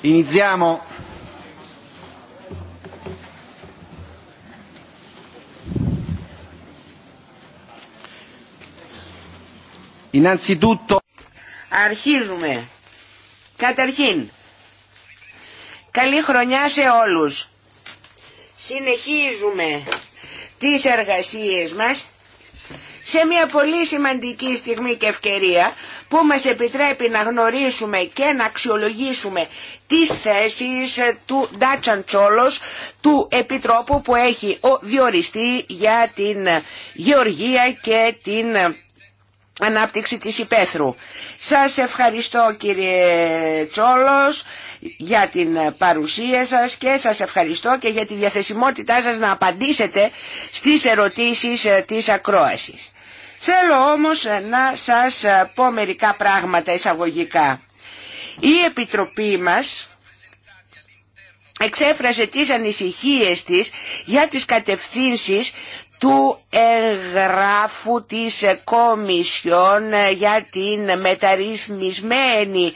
Iniziamo. Innanzitutto. Αρχίζουμε. Καταρχήν. Καλή χρονιά σε όλους. Συνεχίζουμε τις εργασίες μας σε μια πολύ σημαντική στιγμή και ευκαιρία που μας επιτρέπει να γνωρίσουμε και να αξιολογήσουμε τις θέσεις ε, του Ντάτσαν Τσόλος, του Επιτρόπου που έχει διοριστεί για την ε, γεωργία και την ε, ανάπτυξη της υπέθρου. Σας ευχαριστώ κύριε Τσόλος για την παρουσία σας και σας ευχαριστώ και για τη διαθεσιμότητά σας να απαντήσετε στις ερωτήσεις της ακρόασης. Θέλω όμως να σας πω μερικά πράγματα εισαγωγικά. Η Επιτροπή μας εξέφρασε τις ανησυχίες της για τις κατευθύνσεις του εγγράφου της Κομισιόν για την μεταρρυθμισμένη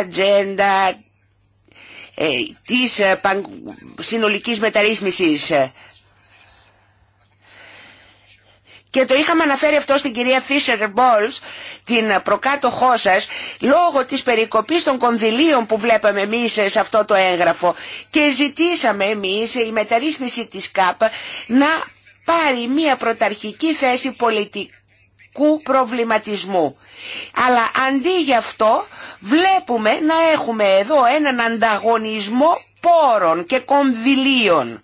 ατζέντα ε, της ε, συνολικής μεταρρύθμισης και το είχαμε αναφέρει αυτό στην κυρία Φίσερ Μπόλς, την προκάτοχό σα λόγω της περικοπής των κονδυλίων που βλέπαμε εμεί σε αυτό το έγγραφο και ζητήσαμε εμεί η μεταρρύθμιση της ΚΑΠ να πάρει μια πρωταρχική θέση πολιτικού προβληματισμού. Αλλά αντί γι' αυτό βλέπουμε να έχουμε εδώ έναν ανταγωνισμό πόρων και κονδυλίων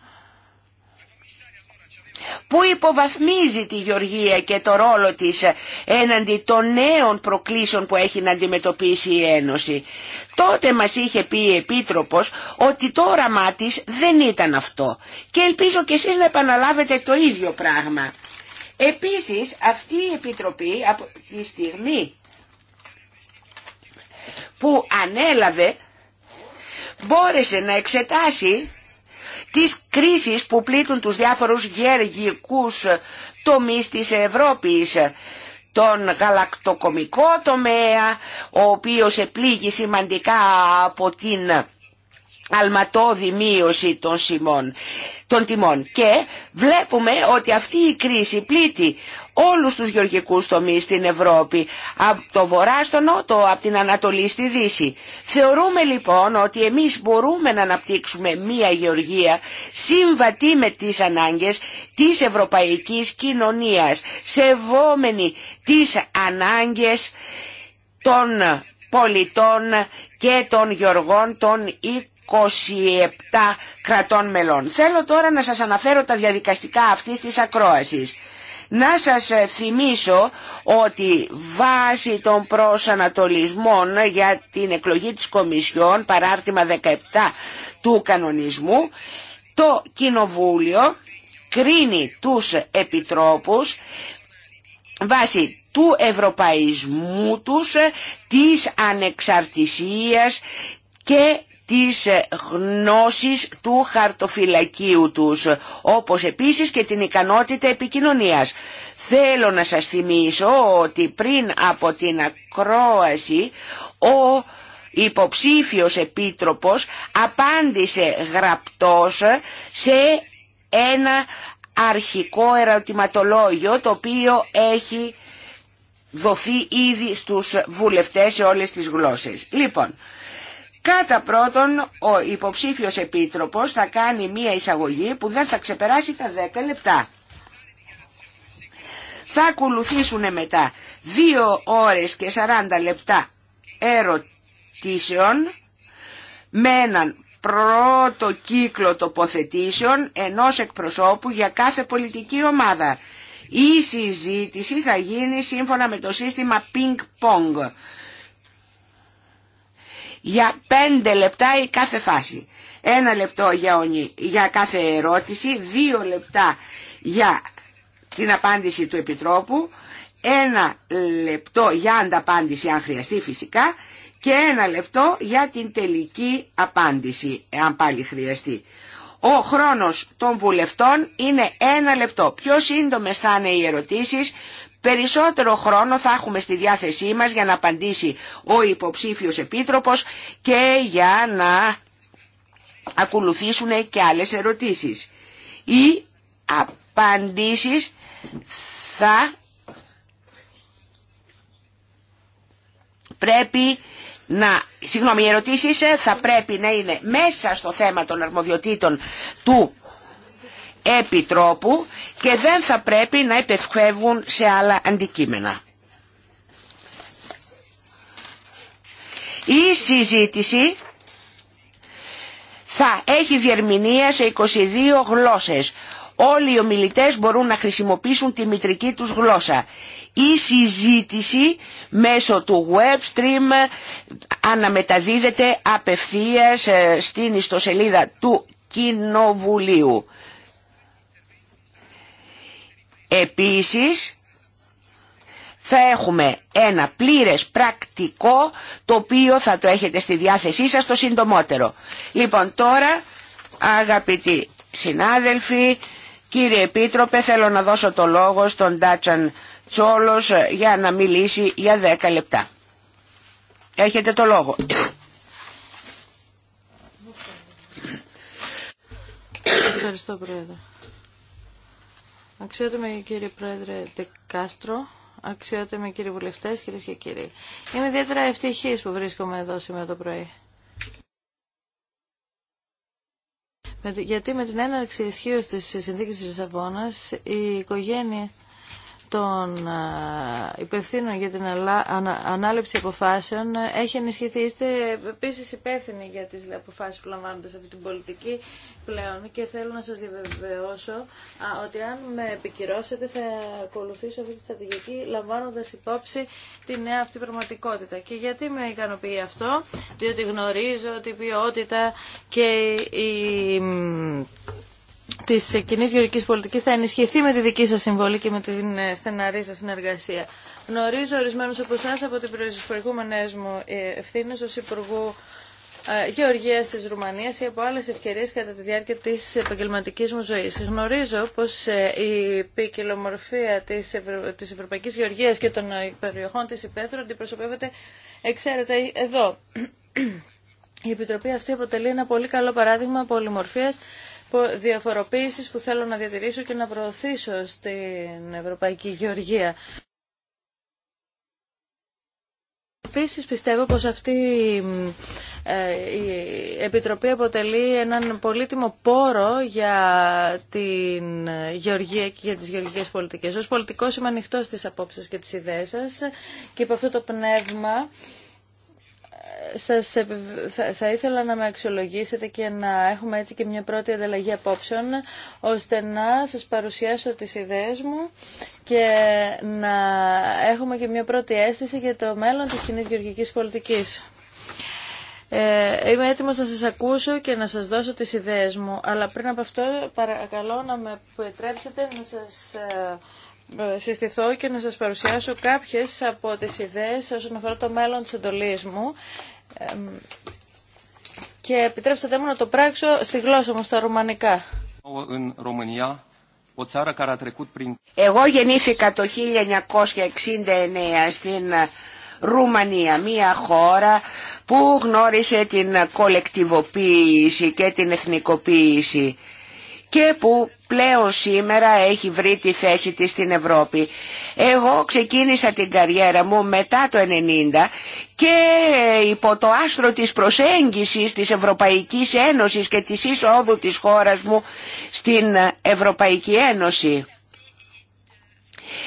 που υποβαθμίζει τη Γεωργία και το ρόλο της ε, έναντι των νέων προκλήσεων που έχει να αντιμετωπίσει η Ένωση. Τότε μας είχε πει η Επίτροπος ότι το όραμά της δεν ήταν αυτό και ελπίζω και εσείς να επαναλάβετε το ίδιο πράγμα. Επίσης αυτή η Επιτροπή από τη στιγμή που ανέλαβε μπόρεσε να εξετάσει της κρίσης που πλήττουν τους διάφορους γεργικούς τομείς της Ευρώπης τον γαλακτοκομικό τομέα, ο οποίος επλήγει σημαντικά από την αλματώδη μείωση των, σημών, των τιμών. Και βλέπουμε ότι αυτή η κρίση πλήττει όλους τους γεωργικούς τομείς στην Ευρώπη, από το βορρά στο νότο, από την Ανατολή στη Δύση. Θεωρούμε λοιπόν ότι εμείς μπορούμε να αναπτύξουμε μία γεωργία σύμβατη με τις ανάγκες της ευρωπαϊκής κοινωνίας, σεβόμενη τις ανάγκες των πολιτών και των γεωργών των οικονομικών 27 κρατών μελών. Θέλω τώρα να σας αναφέρω τα διαδικαστικά αυτής της ακρόασης. Να σας ε, θυμίσω ότι βάσει των προσανατολισμών για την εκλογή της Κομισιόν, παράρτημα 17 του κανονισμού, το Κοινοβούλιο κρίνει τους επιτρόπους βάσει του ευρωπαϊσμού τους, ε, της ανεξαρτησίας και τις ε, γνώσεις του χαρτοφυλακίου τους, όπως επίσης και την ικανότητα επικοινωνίας. Θέλω να σας θυμίσω ότι πριν από την ακρόαση, ο υποψήφιος επίτροπος απάντησε γραπτός σε ένα αρχικό ερωτηματολόγιο το οποίο έχει δοθεί ήδη στους βουλευτές σε όλες τις γλώσσες. Λοιπόν, Κατά πρώτον, ο υποψήφιος επίτροπος θα κάνει μία εισαγωγή που δεν θα ξεπεράσει τα 10 λεπτά. Θα ακολουθήσουν μετά 2 ώρες και 40 λεπτά ερωτήσεων με έναν πρώτο κύκλο τοποθετήσεων ενός εκπροσώπου για κάθε πολιτική ομάδα. Η συζήτηση θα γίνει σύμφωνα με το σύστημα ping-pong για πέντε λεπτά η κάθε φάση. Ένα λεπτό για, για κάθε ερώτηση, δύο λεπτά για την απάντηση του Επιτρόπου, ένα λεπτό για ανταπάντηση αν χρειαστεί φυσικά και ένα λεπτό για την τελική απάντηση, αν πάλι χρειαστεί. Ο χρόνος των βουλευτών είναι ένα λεπτό. Πιο σύντομες θα είναι οι ερωτήσεις, περισσότερο χρόνο θα έχουμε στη διάθεσή μας για να απαντήσει ο υποψήφιος επίτροπος και για να ακολουθήσουν και άλλες ερωτήσεις. Οι απαντήσεις θα πρέπει να, συγγνώμη, οι ερωτήσεις θα πρέπει να είναι μέσα στο θέμα των αρμοδιοτήτων του επιτρόπου και δεν θα πρέπει να επευκεύουν σε άλλα αντικείμενα. Η συζήτηση θα έχει διερμηνία σε 22 γλώσσες. Όλοι οι ομιλητές μπορούν να χρησιμοποιήσουν τη μητρική τους γλώσσα. Η συζήτηση μέσω του web stream αναμεταδίδεται απευθείας ε, στην ιστοσελίδα του Κοινοβουλίου. Επίσης, θα έχουμε ένα πλήρες πρακτικό το οποίο θα το έχετε στη διάθεσή σας το συντομότερο. Λοιπόν τώρα αγαπητοί συνάδελφοι, κύριε Επίτροπε θέλω να δώσω το λόγο στον Τάτσαν Τσόλος ε, για να μιλήσει για 10 λεπτά. Έχετε το λόγο. Ευχαριστώ Πρόεδρε με κύριε Πρόεδρε Τεκάστρο, αξιότιμοι κύριοι βουλευτές, κυρίε και κύριοι. Είμαι ιδιαίτερα ευτυχής που βρίσκομαι εδώ σήμερα το πρωί. Γιατί με την έναρξη ισχύω τη συνθήκη τη Λισαβόνα, η οικογένεια των ε, υπευθύνων για την ανάληψη αποφάσεων ε, έχει ενισχυθεί. Είστε επίσης υπεύθυνοι για τις αποφάσει που λαμβάνονται σε αυτή την πολιτική πλέον και θέλω να σας διαβεβαιώσω ότι αν με επικυρώσετε θα ακολουθήσω αυτή τη στρατηγική λαμβάνοντα υπόψη τη νέα αυτή πραγματικότητα. Και γιατί με ικανοποιεί αυτό, διότι γνωρίζω ότι η ποιότητα και η Τη κοινή γεωργική πολιτική θα ενισχυθεί με τη δική σα συμβολή και με την ε, στεναρή σα συνεργασία. Γνωρίζω ορισμένου από εσά από τι προηγούμενε μου ε, ευθύνε ω Υπουργού ε, Γεωργίας της Ρουμανίας ή από άλλε ευκαιρίε κατά τη διάρκεια τη επαγγελματική μου ζωή. Γνωρίζω πω η ποικιλομορφία τη Ευρωπαϊκή της Ευρωπαϊκής και των περιοχών τη Υπέθρου αντιπροσωπεύεται εξαίρετα εδώ. Η Επιτροπή αυτή αποτελεί ένα πολύ καλό παράδειγμα πολυμορφίας διαφοροποίησης που θέλω να διατηρήσω και να προωθήσω στην Ευρωπαϊκή Γεωργία. Επίση πιστεύω πως αυτή ε, η Επιτροπή αποτελεί έναν πολύτιμο πόρο για την γεωργία και για τις γεωργικές πολιτικές. Ως πολιτικός είμαι ανοιχτό στις απόψεις και τις ιδέες σας και από αυτό το πνεύμα θα ήθελα να με αξιολογήσετε και να έχουμε έτσι και μια πρώτη ανταλλαγή απόψεων, ώστε να σας παρουσιάσω τις ιδέες μου και να έχουμε και μια πρώτη αίσθηση για το μέλλον της κοινή γεωργικής πολιτικής. Ε, είμαι έτοιμος να σας ακούσω και να σας δώσω τις ιδέες μου, αλλά πριν από αυτό παρακαλώ να με επιτρέψετε να σας ε, ε, συστηθώ και να σας παρουσιάσω κάποιες από τις ιδέες όσον αφορά το μέλλον της εντολής μου και επιτρέψτε μου να το πράξω στη γλώσσα μου στα ρουμανικά. Εγώ γεννήθηκα το 1969 στην Ρουμανία, μια χώρα που γνώρισε την κολεκτιβοποίηση και την εθνικοποίηση και που πλέον σήμερα έχει βρει τη θέση της στην Ευρώπη. Εγώ ξεκίνησα την καριέρα μου μετά το 1990 και υπό το άστρο της προσέγγισης της Ευρωπαϊκής Ένωσης και της εισόδου της χώρας μου στην Ευρωπαϊκή Ένωση.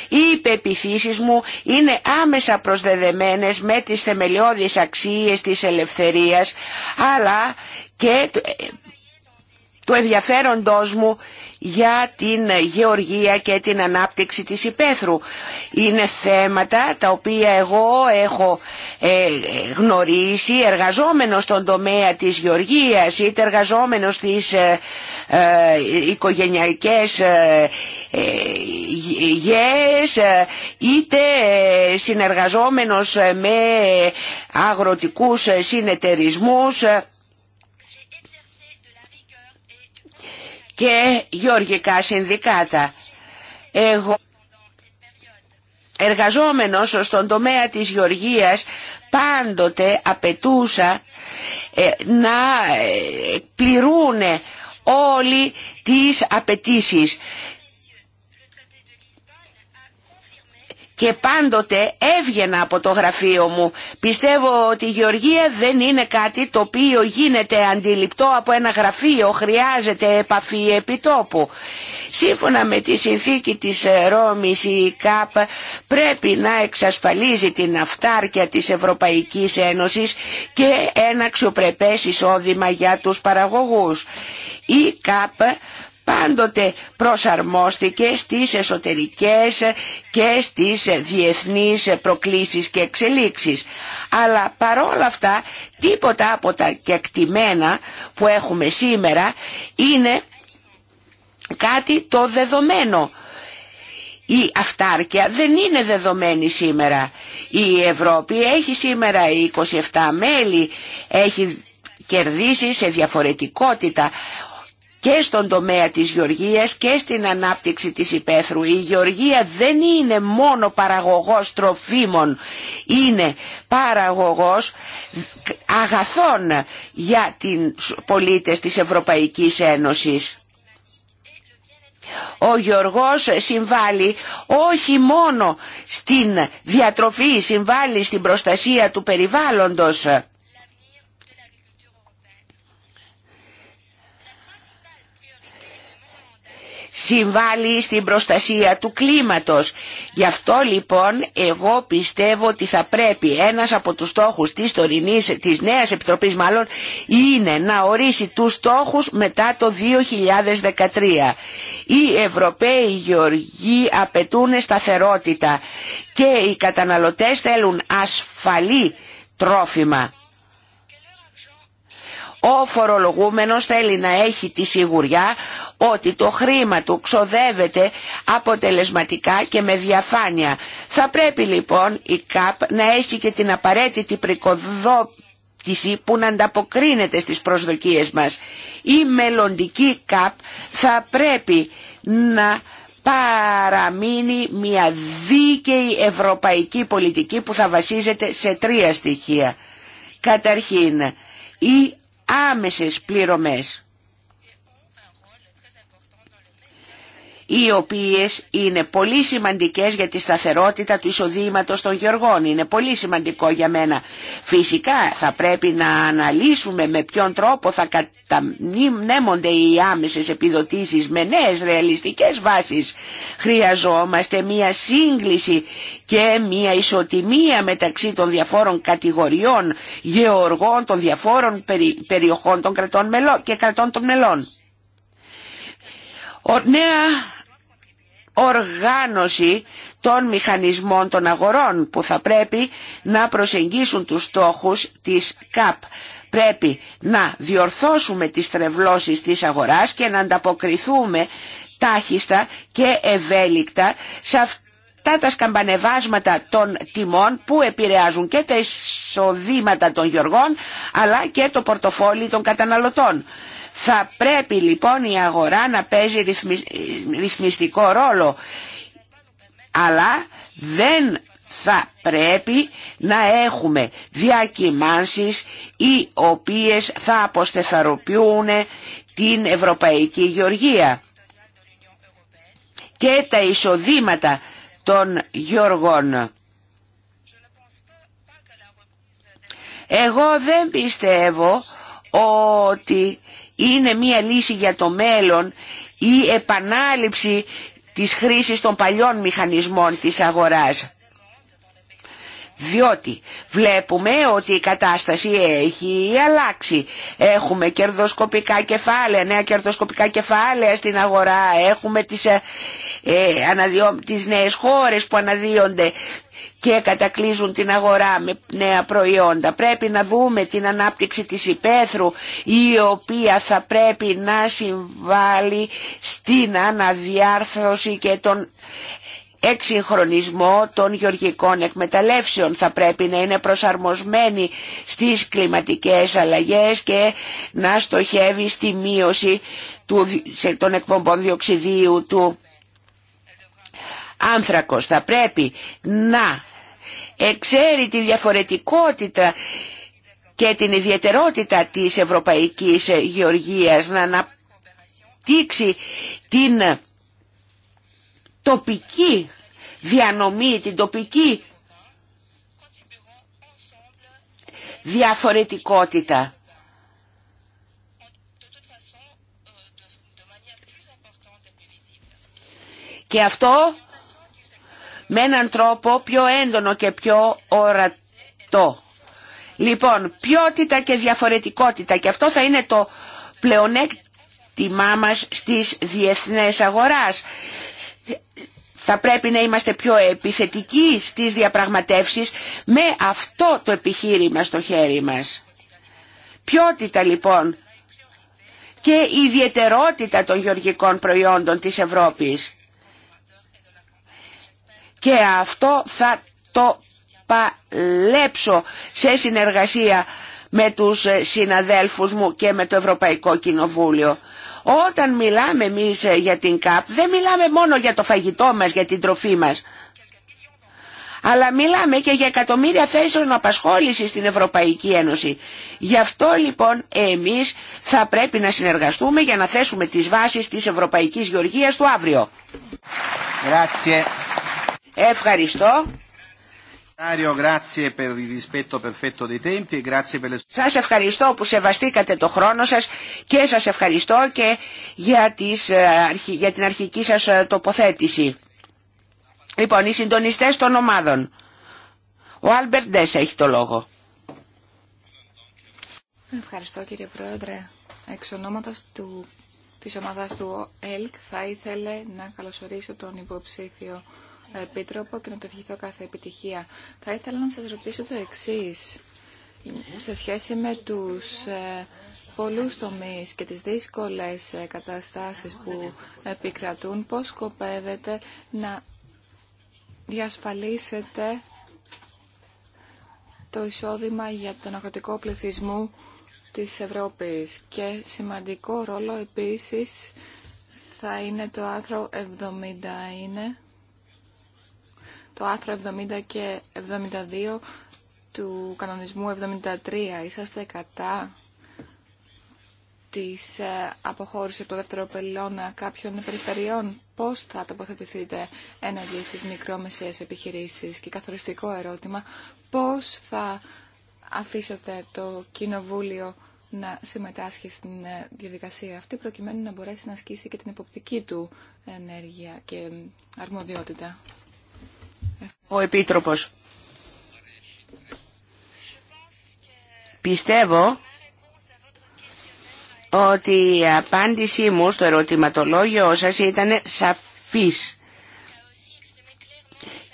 Οι υπεπιθύσεις μου είναι άμεσα προσδεδεμένες με τις θεμελιώδεις αξίες της ελευθερίας αλλά και του ενδιαφέροντός μου για την γεωργία και την ανάπτυξη της υπαίθρου. Είναι θέματα τα οποία εγώ έχω ε, γνωρίσει εργαζόμενος στον τομέα της γεωργίας είτε εργαζόμενος στις ε, ε, οικογενειακές γέες είτε συνεργαζόμενος με αγροτικούς συνεταιρισμούς και γεωργικά συνδικάτα. Εγώ εργαζόμενος στον τομέα της γεωργίας πάντοτε απαιτούσα ε, να ε, πληρούνε όλοι τις απαιτήσει και πάντοτε έβγαινα από το γραφείο μου. Πιστεύω ότι η γεωργία δεν είναι κάτι το οποίο γίνεται αντιληπτό από ένα γραφείο, χρειάζεται επαφή επιτόπου. Σύμφωνα με τη συνθήκη της ε, Ρώμης η ΚΑΠ πρέπει να εξασφαλίζει την αυτάρκεια της Ευρωπαϊκής Ένωσης και ένα αξιοπρεπές εισόδημα για τους παραγωγούς. Η ΚΑΠ πάντοτε προσαρμόστηκε στις εσωτερικές και στις διεθνείς προκλήσεις και εξελίξεις. Αλλά παρόλα αυτά τίποτα από τα κεκτημένα που έχουμε σήμερα είναι κάτι το δεδομένο. Η αυτάρκεια δεν είναι δεδομένη σήμερα. Η Ευρώπη έχει σήμερα 27 μέλη, έχει κερδίσει σε διαφορετικότητα και στον τομέα της γεωργίας και στην ανάπτυξη της υπαίθρου. Η γεωργία δεν είναι μόνο παραγωγός τροφίμων, είναι παραγωγός αγαθών για την πολίτες της Ευρωπαϊκής Ένωσης. Ο Γιωργός συμβάλλει όχι μόνο στην διατροφή, συμβάλλει στην προστασία του περιβάλλοντος. συμβάλλει στην προστασία του κλίματος. Γι' αυτό λοιπόν εγώ πιστεύω ότι θα πρέπει ένας από τους στόχους της, τωρινής, της νέας επιτροπής μάλλον είναι να ορίσει τους στόχους μετά το 2013. Οι Ευρωπαίοι γεωργοί απαιτούν σταθερότητα και οι καταναλωτές θέλουν ασφαλή τρόφιμα. Ο φορολογούμενος θέλει να έχει τη σιγουριά ότι το χρήμα του ξοδεύεται αποτελεσματικά και με διαφάνεια. Θα πρέπει λοιπόν η ΚΑΠ να έχει και την απαραίτητη πρικοδότηση που να ανταποκρίνεται στις προσδοκίες μας. Η μελλοντική ΚΑΠ θα πρέπει να παραμείνει μια δίκαιη ευρωπαϊκή πολιτική που θα βασίζεται σε τρία στοιχεία. Καταρχήν, οι άμεσες πληρωμές οι οποίες είναι πολύ σημαντικές για τη σταθερότητα του εισοδήματος των γεωργών. Είναι πολύ σημαντικό για μένα. Φυσικά θα πρέπει να αναλύσουμε με ποιον τρόπο θα καταμνέμονται οι άμεσες επιδοτήσεις με νέες ρεαλιστικές βάσεις. Χρειαζόμαστε μία σύγκληση και μία ισοτιμία μεταξύ των διαφόρων κατηγοριών γεωργών των διαφόρων περιοχών των κρατών μελών και κρατών των μελών. Νέα οργάνωση των μηχανισμών των αγορών που θα πρέπει να προσεγγίσουν τους στόχους της ΚΑΠ. Πρέπει να διορθώσουμε τις τρευλώσεις της αγοράς και να ανταποκριθούμε τάχιστα και ευέλικτα σε αυτά τα σκαμπανεβάσματα των τιμών που επηρεάζουν και τα εισοδήματα των γεωργών αλλά και το πορτοφόλι των καταναλωτών. Θα πρέπει λοιπόν η αγορά να παίζει ρυθμιστικό ρόλο, αλλά δεν θα πρέπει να έχουμε διακοιμάνσεις οι οποίες θα αποστεθαροποιούν την Ευρωπαϊκή Γεωργία και τα εισοδήματα των Γεωργών. Εγώ δεν πιστεύω ότι είναι μία λύση για το μέλλον η επανάληψη της χρήσης των παλιών μηχανισμών της αγοράς. Διότι βλέπουμε ότι η κατάσταση έχει αλλάξει. Έχουμε κερδοσκοπικά κεφάλαια, νέα κερδοσκοπικά κεφάλαια στην αγορά. Έχουμε τις, ε, ε τις νέες χώρες που αναδύονται και κατακλείζουν την αγορά με νέα προϊόντα. Πρέπει να δούμε την ανάπτυξη της υπαίθρου η οποία θα πρέπει να συμβάλλει στην αναδιάρθρωση και τον εξυγχρονισμό των γεωργικών εκμεταλλεύσεων. Θα πρέπει να είναι προσαρμοσμένη στις κλιματικές αλλαγές και να στοχεύει στη μείωση των εκπομπών διοξιδίου του άνθρακος. Θα πρέπει να εξέρει τη διαφορετικότητα και την ιδιαιτερότητα της ευρωπαϊκής γεωργίας να αναπτύξει την τοπική διανομή, την τοπική διαφορετικότητα. Και αυτό με έναν τρόπο πιο έντονο και πιο ορατό. Λοιπόν, ποιότητα και διαφορετικότητα και αυτό θα είναι το πλεονέκτημά μας στις διεθνές αγοράς. Θα πρέπει να είμαστε πιο επιθετικοί στις διαπραγματεύσεις με αυτό το επιχείρημα στο χέρι μας. Ποιότητα λοιπόν και ιδιαιτερότητα των γεωργικών προϊόντων της Ευρώπης και αυτό θα το παλέψω σε συνεργασία με τους συναδέλφους μου και με το Ευρωπαϊκό Κοινοβούλιο. Όταν μιλάμε εμεί για την ΚΑΠ δεν μιλάμε μόνο για το φαγητό μας, για την τροφή μας. Αλλά μιλάμε και για εκατομμύρια θέσεων απασχόλησης στην Ευρωπαϊκή Ένωση. Γι' αυτό λοιπόν εμείς θα πρέπει να συνεργαστούμε για να θέσουμε τις βάσεις της Ευρωπαϊκής Γεωργίας του αύριο. Ευχαριστώ. Σας ευχαριστώ που σεβαστήκατε το χρόνο σας και σας ευχαριστώ και για, τις, ε, την αρχική σας ε, τοποθέτηση. Λοιπόν, οι συντονιστές των ομάδων. Ο Άλμπερτ έχει το λόγο. Ευχαριστώ κύριε Πρόεδρε. Εξ ονόματος του, της ομάδας του ΕΛΚ θα ήθελε να καλωσορίσω τον υποψήφιο Επίτροπο και να του ευχηθώ κάθε επιτυχία. Θα ήθελα να σας ρωτήσω το εξής. Σε σχέση με τους ε, πολλούς τομείς και τις δύσκολες ε, καταστάσεις που επικρατούν, πώς σκοπεύετε να διασφαλίσετε το εισόδημα για τον αγροτικό πληθυσμό της Ευρώπης. Και σημαντικό ρόλο επίσης θα είναι το άρθρο 70 είναι το άρθρο 70 και 72 του κανονισμού 73. Είσαστε κατά της ε, αποχώρηση από το δεύτερο πελώνα κάποιων περιφερειών. Πώς θα τοποθετηθείτε έναντι στις μικρόμεσαίες επιχειρήσεις και καθοριστικό ερώτημα, πώς θα αφήσετε το Κοινοβούλιο να συμμετάσχει στην ε, διαδικασία αυτή προκειμένου να μπορέσει να ασκήσει και την υποπτική του ενέργεια και ε, αρμοδιότητα ο Επίτροπος. Πιστεύω ότι η απάντησή μου στο ερωτηματολόγιο σας ήταν σαφής.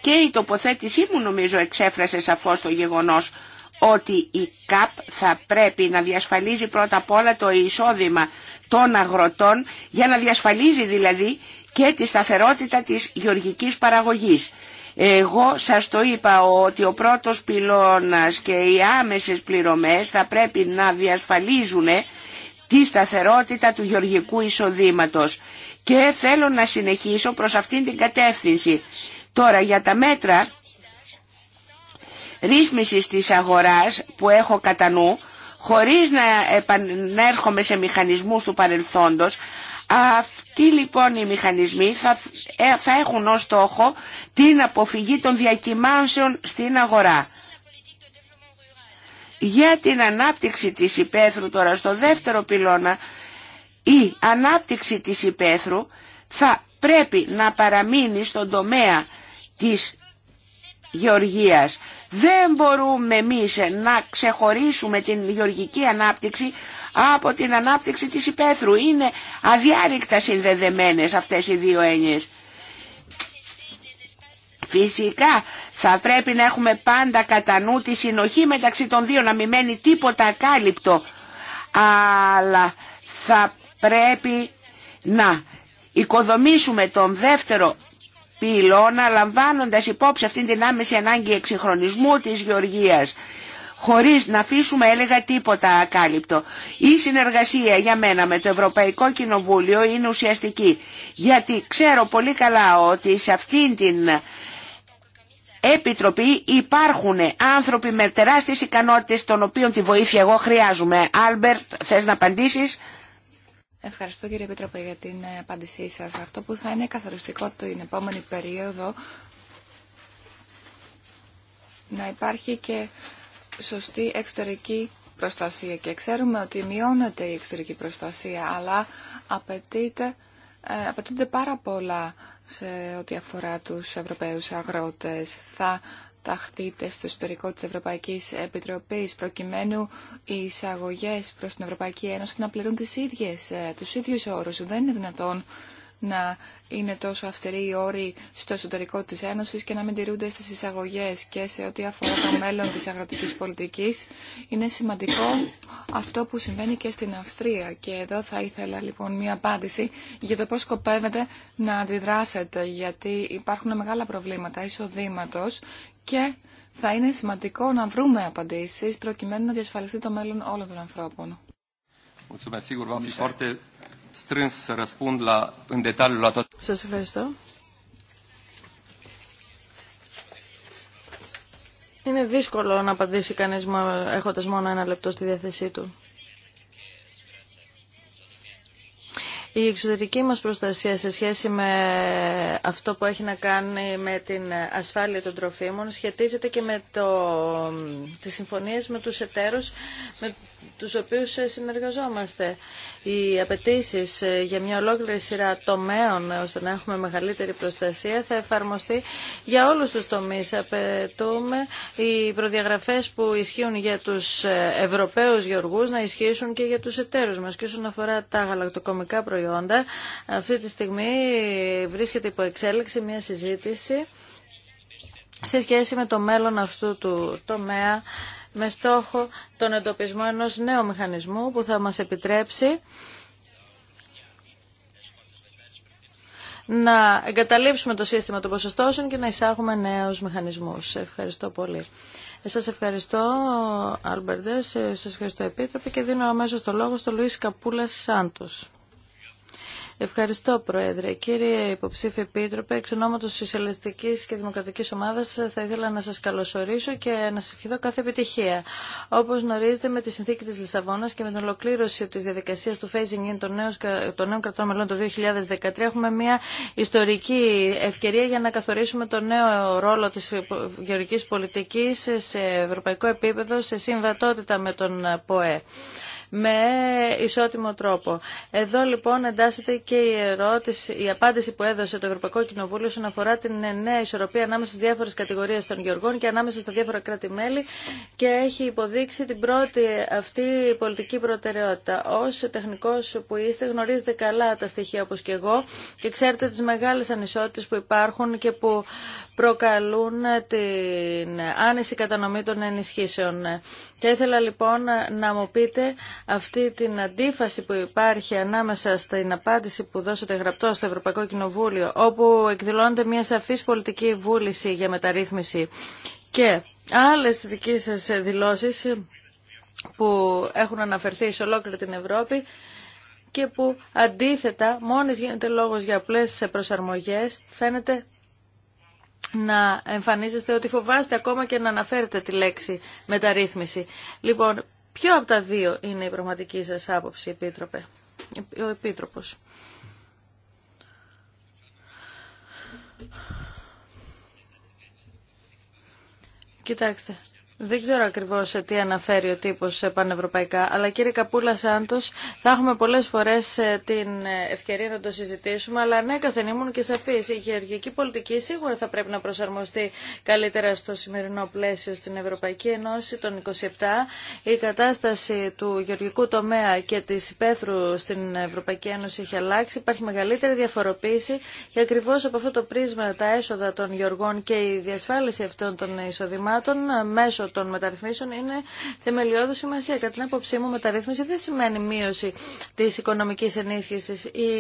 Και η τοποθέτησή μου νομίζω εξέφρασε σαφώς το γεγονός ότι η ΚΑΠ θα πρέπει να διασφαλίζει πρώτα απ' όλα το εισόδημα των αγροτών για να διασφαλίζει δηλαδή και τη σταθερότητα της γεωργικής παραγωγής. Εγώ σας το είπα ότι ο πρώτος πυλώνας και οι άμεσες πληρωμές θα πρέπει να διασφαλίζουν τη σταθερότητα του γεωργικού εισοδήματος και θέλω να συνεχίσω προς αυτήν την κατεύθυνση. Τώρα για τα μέτρα ρύθμισης της αγοράς που έχω κατά νου χωρίς να έρχομαι σε μηχανισμούς του παρελθόντος. Αυτοί λοιπόν οι μηχανισμοί θα, ε, θα έχουν ως στόχο την αποφυγή των διακυμάνσεων στην αγορά. Για την ανάπτυξη της υπαίθρου τώρα στο δεύτερο πυλώνα, η ανάπτυξη της υπαίθρου θα πρέπει να παραμείνει στον τομέα της γεωργίας. Δεν μπορούμε εμείς να ξεχωρίσουμε την γεωργική ανάπτυξη από την ανάπτυξη της υπαίθρου. Είναι αδιάρρηκτα συνδεδεμένες αυτές οι δύο έννοιες. Φυσικά θα πρέπει να έχουμε πάντα κατά νου τη συνοχή μεταξύ των δύο, να μην μένει τίποτα ακάλυπτο. Αλλά θα πρέπει να οικοδομήσουμε τον δεύτερο πυλώνα λαμβάνοντας υπόψη αυτήν την άμεση ανάγκη εξυγχρονισμού της γεωργίας χωρίς να αφήσουμε έλεγα τίποτα ακάλυπτο. Η συνεργασία για μένα με το Ευρωπαϊκό Κοινοβούλιο είναι ουσιαστική, γιατί ξέρω πολύ καλά ότι σε αυτήν την Επιτροπή υπάρχουν άνθρωποι με τεράστιες ικανότητες των οποίων τη βοήθεια εγώ χρειάζομαι. Άλμπερτ, θες να απαντήσεις? Ευχαριστώ κύριε Επίτροπε για την ε, απάντησή σας. Αυτό που θα είναι καθοριστικό την επόμενη περίοδο να υπάρχει και σωστή εξωτερική προστασία. Και ξέρουμε ότι μειώνεται η εξωτερική προστασία, αλλά απαιτείται, ε, απαιτούνται πάρα πολλά σε ό,τι αφορά τους Ευρωπαίους αγρότες. Θα ταχθείτε στο εσωτερικό της Ευρωπαϊκής Επιτροπής προκειμένου οι εισαγωγές προς την Ευρωπαϊκή Ένωση να πληρούν τις ίδιες, ε, τους ίδιους όρους. Δεν είναι δυνατόν να είναι τόσο αυστηροί οι όροι στο εσωτερικό της Ένωσης και να μην τηρούνται στις εισαγωγές και σε ό,τι αφορά το μέλλον της αγροτικής πολιτικής. Είναι σημαντικό αυτό που συμβαίνει και στην Αυστρία και εδώ θα ήθελα λοιπόν μία απάντηση για το πώς σκοπεύετε να αντιδράσετε γιατί υπάρχουν μεγάλα προβλήματα εισοδήματο και θα είναι σημαντικό να βρούμε απαντήσεις προκειμένου να διασφαλιστεί το μέλλον όλων των ανθρώπων. Σας ευχαριστώ. Είναι δύσκολο να απαντήσει κανείς έχοντας μόνο ένα λεπτό στη διάθεσή του. Η εξωτερική μας προστασία σε σχέση με αυτό που έχει να κάνει με την ασφάλεια των τροφίμων σχετίζεται και με το, τις συμφωνίες με τους εταίρους τους οποίους ε, συνεργαζόμαστε. Οι απαιτήσει ε, για μια ολόκληρη σειρά τομέων ε, ώστε να έχουμε μεγαλύτερη προστασία θα εφαρμοστεί για όλους τους τομείς. Απαιτούμε οι προδιαγραφές που ισχύουν για τους Ευρωπαίους γεωργούς να ισχύσουν και για τους εταίρους μας. Και όσον αφορά τα γαλακτοκομικά προϊόντα, αυτή τη στιγμή βρίσκεται υπό εξέλιξη μια συζήτηση σε σχέση με το μέλλον αυτού του τομέα με στόχο τον εντοπισμό ενός νέου μηχανισμού που θα μας επιτρέψει να εγκαταλείψουμε το σύστημα των ποσοστώσεων και να εισάγουμε νέους μηχανισμούς. Ευχαριστώ πολύ. Ε, σας ευχαριστώ, Άλμπερντε, ε, σας ευχαριστώ, Επίτροπε, και δίνω αμέσως το λόγο στο Λουίς Καπούλας Σάντος. Ευχαριστώ, Πρόεδρε. Κύριε Υποψήφιε Επίτροπε, εξ ονόματο τη Σοσιαλιστική και Δημοκρατική Ομάδα, θα ήθελα να σα καλωσορίσω και να σα ευχηθώ κάθε επιτυχία. Όπω γνωρίζετε, με τη συνθήκη τη Λισαβόνα και με την ολοκλήρωση τη διαδικασία του phasing in των νέων, των νέων κρατών μελών το 2013, έχουμε μια ιστορική ευκαιρία για να καθορίσουμε τον νέο ρόλο τη γεωργική πολιτική σε ευρωπαϊκό επίπεδο, σε συμβατότητα με τον ΠΟΕ με ισότιμο τρόπο. Εδώ λοιπόν εντάσσεται και η ερώτηση, η απάντηση που έδωσε το Ευρωπαϊκό Κοινοβούλιο όσον αφορά την νέα ισορροπία ανάμεσα στι διάφορες κατηγορίε των γεωργών και ανάμεσα στα διάφορα κράτη-μέλη και έχει υποδείξει την πρώτη αυτή πολιτική προτεραιότητα. Ω τεχνικό που είστε γνωρίζετε καλά τα στοιχεία όπω και εγώ και ξέρετε τι μεγάλε ανισότητε που υπάρχουν και που προκαλούν την άνεση κατανομή των ενισχύσεων. Και ήθελα λοιπόν να μου πείτε αυτή την αντίφαση που υπάρχει ανάμεσα στην απάντηση που δώσατε γραπτό στο Ευρωπαϊκό Κοινοβούλιο, όπου εκδηλώνεται μια σαφής πολιτική βούληση για μεταρρύθμιση και άλλες δικές σας δηλώσεις που έχουν αναφερθεί σε ολόκληρη την Ευρώπη και που αντίθετα μόνες γίνεται λόγος για απλές προσαρμογές φαίνεται να εμφανίζεστε ότι φοβάστε ακόμα και να αναφέρετε τη λέξη μεταρρύθμιση. Λοιπόν, ποιο από τα δύο είναι η πραγματική σας άποψη, Επίτροπε, ο Επίτροπος. Κοιτάξτε, δεν ξέρω ακριβώ σε τι αναφέρει ο τύπο πανευρωπαϊκά, αλλά κύριε Καπούλα Σάντο, θα έχουμε πολλέ φορέ ε, την ε, ευκαιρία να το συζητήσουμε, αλλά ναι, ναι, ήμουν και σαφή. Η γεωργική πολιτική σίγουρα θα πρέπει να προσαρμοστεί καλύτερα στο σημερινό πλαίσιο στην Ευρωπαϊκή Ενώση των 27. Η κατάσταση του γεωργικού τομέα και τη υπαίθρου στην Ευρωπαϊκή Ένωση έχει αλλάξει. Υπάρχει μεγαλύτερη διαφοροποίηση και ακριβώ από αυτό το πρίσμα τα έσοδα των γεωργών και η διασφάλιση αυτών των εισοδημάτων ε, μέσω των μεταρρυθμίσεων είναι θεμελιώδη σημασία. Κατά την άποψή μου, μεταρρύθμιση δεν σημαίνει μείωση τη οικονομική ενίσχυση ή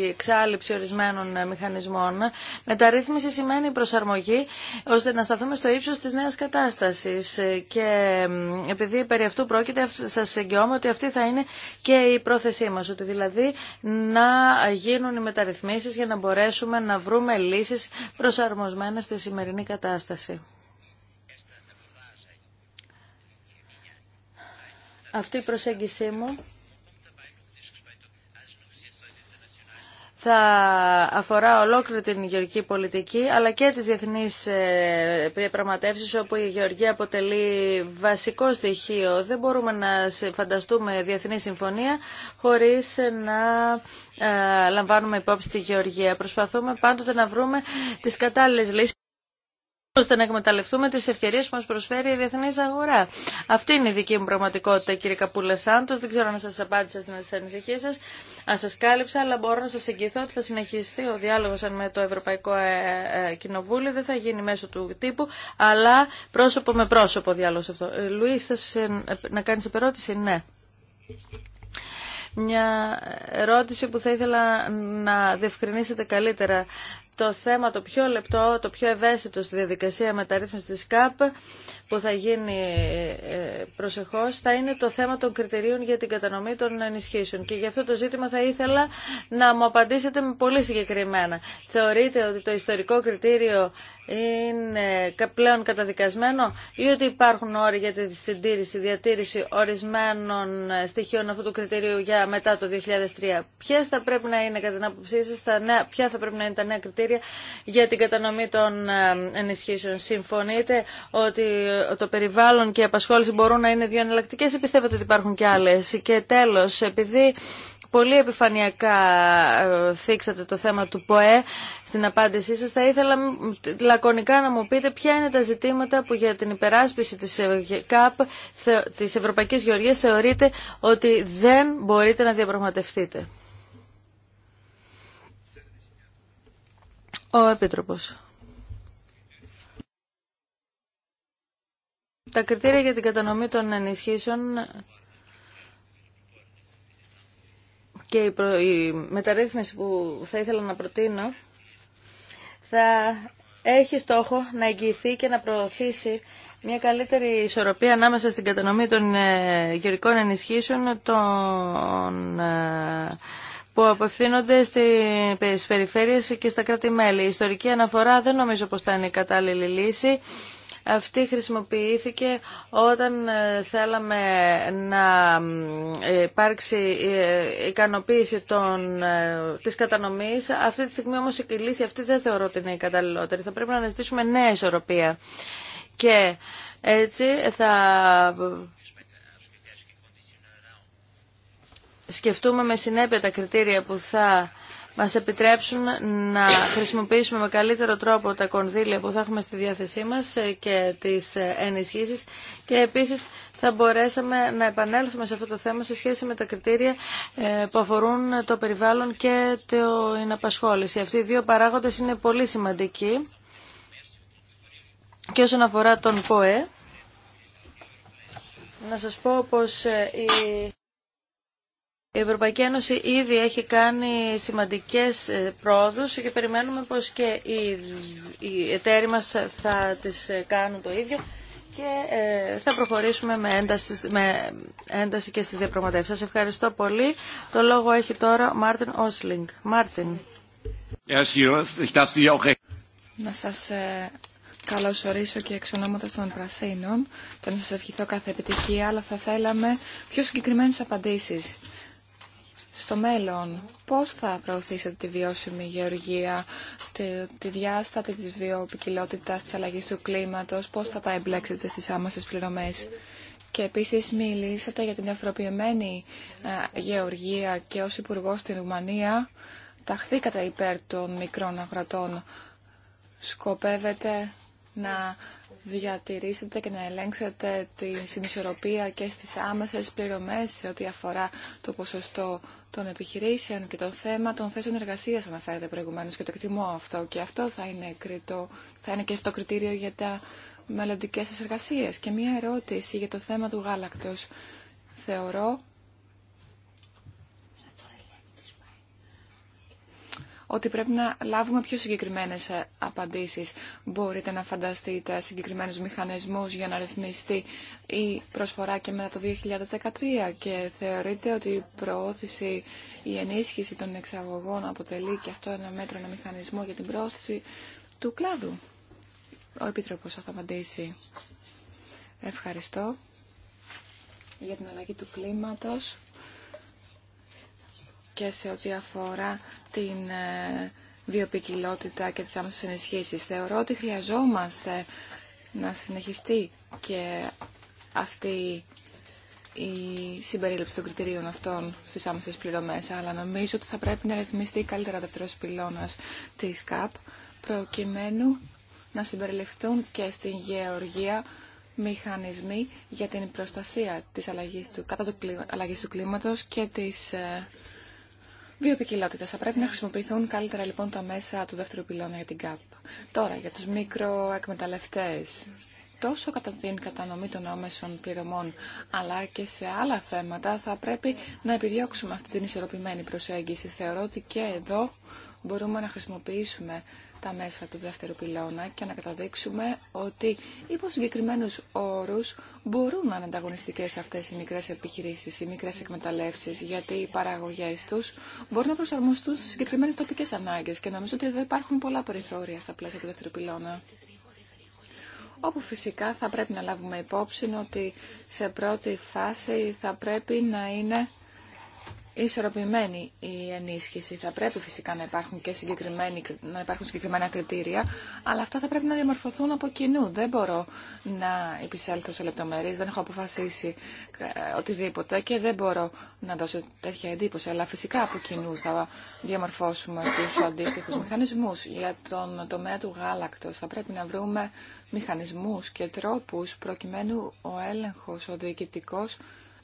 η εξάλληψη ορισμένων ε, μηχανισμών. Μεταρρύθμιση σημαίνει προσαρμογή ώστε να σταθούμε στο ύψο τη νέα κατάσταση. Ε, και επειδή περί αυτού πρόκειται, σα εγγυώμαι ότι αυτή θα είναι και η πρόθεσή μα. Ότι δηλαδή να γίνουν οι μεταρρυθμίσει για να μπορέσουμε να βρούμε λύσει προσαρμοσμένε στη σημερινή κατάσταση. αυτή η προσέγγιση μου θα αφορά ολόκληρη την γεωργική πολιτική, αλλά και τις διεθνείς ε, πραγματεύσεις όπου η γεωργία αποτελεί βασικό στοιχείο. Δεν μπορούμε να φανταστούμε διεθνή συμφωνία χωρίς να ε, λαμβάνουμε υπόψη τη γεωργία. Προσπαθούμε πάντοτε να βρούμε τις κατάλληλες λύσεις ώστε να εκμεταλλευτούμε τις ευκαιρίες που μας προσφέρει η διεθνής αγορά. Αυτή είναι η δική μου πραγματικότητα κύριε Καπούλα Σάντος. Δεν ξέρω αν σας απάντησα στην ανησυχία σας, αν σας κάλυψα, αλλά μπορώ να σας εγγυηθώ ότι θα συνεχιστεί ο διάλογος με το Ευρωπαϊκό ε, ε, Κοινοβούλιο. Δεν θα γίνει μέσω του τύπου, αλλά πρόσωπο με πρόσωπο διάλογος αυτό. Ε, Λουίς, θες να κάνεις επερώτηση, ναι. Μια ερώτηση που θα ήθελα να διευκρινίσετε καλύτερα το θέμα το πιο λεπτό, το πιο ευαίσθητο στη διαδικασία μεταρρύθμισης της ΚΑΠ που θα γίνει ε, προσεχώς θα είναι το θέμα των κριτηρίων για την κατανομή των ενισχύσεων. Και γι' αυτό το ζήτημα θα ήθελα να μου απαντήσετε με πολύ συγκεκριμένα. Θεωρείτε ότι το ιστορικό κριτήριο είναι πλέον καταδικασμένο ή ότι υπάρχουν όροι για τη συντήρηση, διατήρηση ορισμένων ε, στοιχείων αυτού του κριτηρίου για μετά το 2003. Ποιε θα πρέπει να είναι κατά την άποψή σα, ποια θα πρέπει να είναι τα νέα κριτήρια για την κατανομή των ε, ενισχύσεων. Συμφωνείτε ότι το περιβάλλον και η απασχόληση μπορούν να είναι δύο εναλλακτικέ ή πιστεύετε ότι υπάρχουν και άλλε. Και τέλο, επειδή πολύ επιφανειακά ε, θίξατε το θέμα του ΠΟΕ στην απάντησή σας. Θα ήθελα λακωνικά να μου πείτε ποια είναι τα ζητήματα που για την υπεράσπιση της ε, ΚΑΠ, της Ευρωπαϊκής Γεωργίας, θεωρείτε ότι δεν μπορείτε να διαπραγματευτείτε. Ο Επίτροπος. Τα κριτήρια για την κατανομή των ενισχύσεων και η μεταρρύθμιση που θα ήθελα να προτείνω θα έχει στόχο να εγγυηθεί και να προωθήσει μια καλύτερη ισορροπία ανάμεσα στην κατανομή των ε, γεωρικών ενισχύσεων των ε, που απευθύνονται στις περιφέρειες και στα κράτη-μέλη. Η ιστορική αναφορά δεν νομίζω πως θα είναι η κατάλληλη λύση. Αυτή χρησιμοποιήθηκε όταν ε, θέλαμε να υπάρξει ε, ικανοποίηση των, ε, της κατανομής. Αυτή τη στιγμή όμως η λύση αυτή δεν θεωρώ ότι είναι η καταλληλότερη. Θα πρέπει να αναζητήσουμε νέα ισορροπία. Και έτσι θα σκεφτούμε με συνέπεια τα κριτήρια που θα μας επιτρέψουν να χρησιμοποιήσουμε με καλύτερο τρόπο τα κονδύλια που θα έχουμε στη διάθεσή μας ε, και τις ε, ενισχύσεις και επίσης θα μπορέσαμε να επανέλθουμε σε αυτό το θέμα σε σχέση με τα κριτήρια ε, που αφορούν το περιβάλλον και την απασχόληση. Αυτοί οι δύο παράγοντες είναι πολύ σημαντικοί και όσον αφορά τον ΠΟΕ να σας πω πως η η Ευρωπαϊκή Ένωση ήδη έχει κάνει σημαντικές ε, πρόοδους και περιμένουμε πως και οι εταίροι μας θα τις ε, κάνουν το ίδιο και ε, θα προχωρήσουμε με ένταση, με ένταση και στις διαπραγματεύσεις. Σας ευχαριστώ πολύ. Το λόγο έχει τώρα Μάρτιν Όσλινγκ. Μάρτιν. Να σας καλωσορίσω και εξ ονόματος των Πρασίνων, Θα να σας ευχηθώ κάθε επιτυχία, αλλά θα θέλαμε πιο συγκεκριμένες απαντήσεις στο μέλλον. Πώς θα προωθήσετε τη βιώσιμη γεωργία, τη, τη διάστατη της βιοποικιλότητας, της αλλαγής του κλίματος, πώς θα τα εμπλέξετε στις άμασες πληρωμές. Και επίσης μιλήσατε για την ευρωποιημένη ε, γεωργία και ως υπουργό στην Ρουμανία ταχθήκατε υπέρ των μικρών αγρατών. Σκοπεύετε να διατηρήσετε και να ελέγξετε τη συνισορροπία και στις άμεσες πληρωμές σε ό,τι αφορά το ποσοστό των επιχειρήσεων και το θέμα των θέσεων εργασίας αναφέρεται προηγουμένως και το εκτιμώ αυτό και αυτό θα είναι, κριτό, θα είναι και το κριτήριο για τα μελλοντικές σας εργασίες. Και μια ερώτηση για το θέμα του γάλακτος. Θεωρώ ότι πρέπει να λάβουμε πιο συγκεκριμένες ε, απαντήσεις. Μπορείτε να φανταστείτε συγκεκριμένους μηχανισμούς για να ρυθμιστεί η προσφορά και μετά το 2013 και θεωρείτε ότι η προώθηση, η ενίσχυση των εξαγωγών αποτελεί και αυτό ένα μέτρο, ένα μηχανισμό για την πρόθεση του κλάδου. Ο Επίτροπος θα απαντήσει. Ευχαριστώ για την αλλαγή του κλίματος και σε ό,τι αφορά την ε, βιοπικιλότητα και τις άμεσες ενισχύσεις. Θεωρώ ότι χρειαζόμαστε να συνεχιστεί και αυτή η συμπερίληψη των κριτηρίων αυτών στις άμεσες πληρωμές, αλλά νομίζω ότι θα πρέπει να ρυθμιστεί καλύτερα δεύτερος πυλώνας της ΚΑΠ, προκειμένου να συμπεριληφθούν και στην γεωργία μηχανισμοί για την προστασία της αλλαγής του, κατά του αλλαγής του κλίματος και της ε, Δύο ποικιλότητες. Θα πρέπει να χρησιμοποιηθούν καλύτερα λοιπόν τα μέσα του δεύτερου πυλώνα για την ΚΑΠ. Τώρα, για τους μικροεκμεταλλευτές τόσο κατά την κατανομή των άμεσων πληρωμών, αλλά και σε άλλα θέματα θα πρέπει να επιδιώξουμε αυτή την ισορροπημένη προσέγγιση. Θεωρώ ότι και εδώ μπορούμε να χρησιμοποιήσουμε τα μέσα του δεύτερου πυλώνα και να καταδείξουμε ότι υπό συγκεκριμένου όρου μπορούν να είναι ανταγωνιστικέ αυτέ οι μικρέ επιχειρήσει, οι μικρέ εκμεταλλεύσει, γιατί οι παραγωγέ του μπορούν να προσαρμοστούν στι συγκεκριμένε τοπικέ ανάγκε και νομίζω ότι εδώ υπάρχουν πολλά περιθώρια στα πλαίσια του δεύτερου πυλώνα όπου φυσικά θα πρέπει να λάβουμε υπόψη ότι σε πρώτη φάση θα πρέπει να είναι ισορροπημένη η ενίσχυση. Θα πρέπει φυσικά να υπάρχουν να υπάρχουν συγκεκριμένα κριτήρια, αλλά αυτά θα πρέπει να διαμορφωθούν από κοινού. Δεν μπορώ να επισέλθω σε λεπτομέρειες, δεν έχω αποφασίσει ε, οτιδήποτε και δεν μπορώ να δώσω τέτοια εντύπωση. Αλλά φυσικά από κοινού θα διαμορφώσουμε τους αντίστοιχους μηχανισμούς. Για τον τομέα του γάλακτος θα πρέπει να βρούμε μηχανισμούς και τρόπους προκειμένου ο έλεγχος, ο διοικητικός,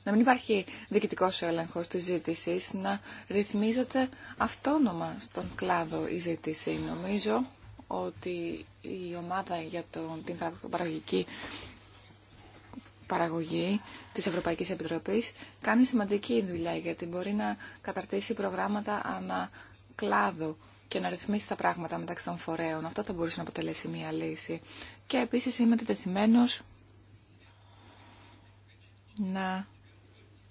να μην υπάρχει διοικητικός έλεγχος της ζήτησης, να ρυθμίζεται αυτόνομα στον κλάδο η ζήτηση. Νομίζω ότι η ομάδα για τον, την παραγωγική παραγωγή της Ευρωπαϊκής Επιτροπής κάνει σημαντική δουλειά γιατί μπορεί να καταρτήσει προγράμματα ανά κλάδο και να ρυθμίσει τα πράγματα μεταξύ των φορέων. Αυτό θα μπορούσε να αποτελέσει μία λύση. Και επίσης είμαι τεθειμένος να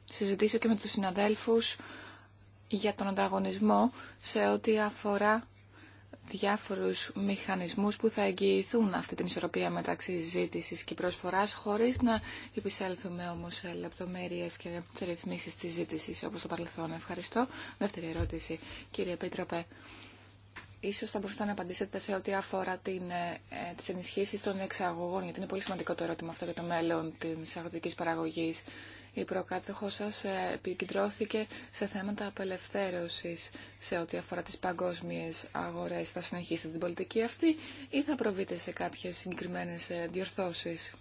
συζητήσω και με τους συναδέλφους για τον ανταγωνισμό σε ό,τι αφορά διάφορους μηχανισμούς που θα εγγυηθούν αυτή την ισορροπία μεταξύ ζήτησης και προσφοράς χωρίς να επισέλθουμε όμως σε λεπτομέρειες και σε ρυθμίσεις της ζήτησης όπως το παρελθόν. Ευχαριστώ. Δεύτερη ερώτηση, κύριε Πίτροπε. Ίσως θα μπορούσατε να απαντήσετε σε ό,τι αφορά την, ε, ε, τις ενισχύσεις των εξαγωγών, γιατί είναι πολύ σημαντικό το ερώτημα αυτό για το μέλλον της αγροτικής παραγωγής. Η προκάτοχό σας ε, επικεντρώθηκε σε θέματα απελευθέρωσης σε ό,τι αφορά τις παγκόσμιες αγορές. Θα συνεχίσετε την πολιτική αυτή ή θα προβείτε σε κάποιες συγκεκριμένες ε, διορθώσεις.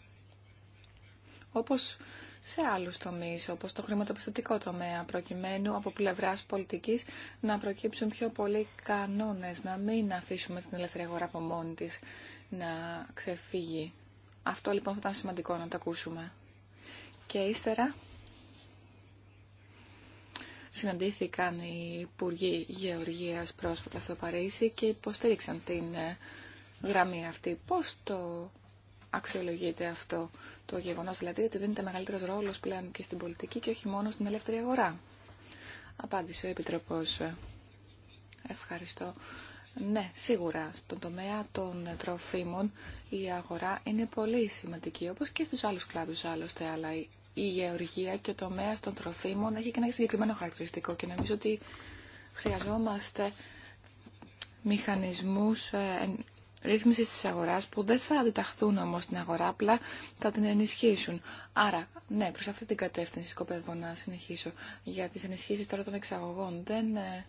Όπως σε άλλους τομείς, όπως το χρηματοπιστωτικό τομέα, προκειμένου από πλευράς πολιτικής να προκύψουν πιο πολλοί κανόνες, να μην αφήσουμε την ελεύθερη αγορά από μόνη της να ξεφύγει. Αυτό λοιπόν θα ήταν σημαντικό να το ακούσουμε. Και ύστερα συναντήθηκαν οι Υπουργοί Γεωργίας πρόσφατα στο Παρίσι και υποστήριξαν την ε, γραμμή αυτή. Πώς το αξιολογείται αυτό το γεγονός δηλαδή ότι δίνεται μεγαλύτερος ρόλος πλέον και στην πολιτική και όχι μόνο στην ελεύθερη αγορά. Απάντησε ο Επιτροπός. Ευχαριστώ. Ναι, σίγουρα. Στον τομέα των τροφίμων η αγορά είναι πολύ σημαντική, όπως και στους άλλους κλάδους άλλωστε, αλλά η γεωργία και ο τομέα των τροφίμων έχει και ένα συγκεκριμένο χαρακτηριστικό και νομίζω ότι χρειαζόμαστε μηχανισμούς ε, ρύθμισης της αγοράς που δεν θα αντιταχθούν όμως την αγορά, απλά θα την ενισχύσουν. Άρα, ναι, προς αυτή την κατεύθυνση σκοπεύω να συνεχίσω. Για τις ενισχύσεις τώρα των εξαγωγών δεν ε,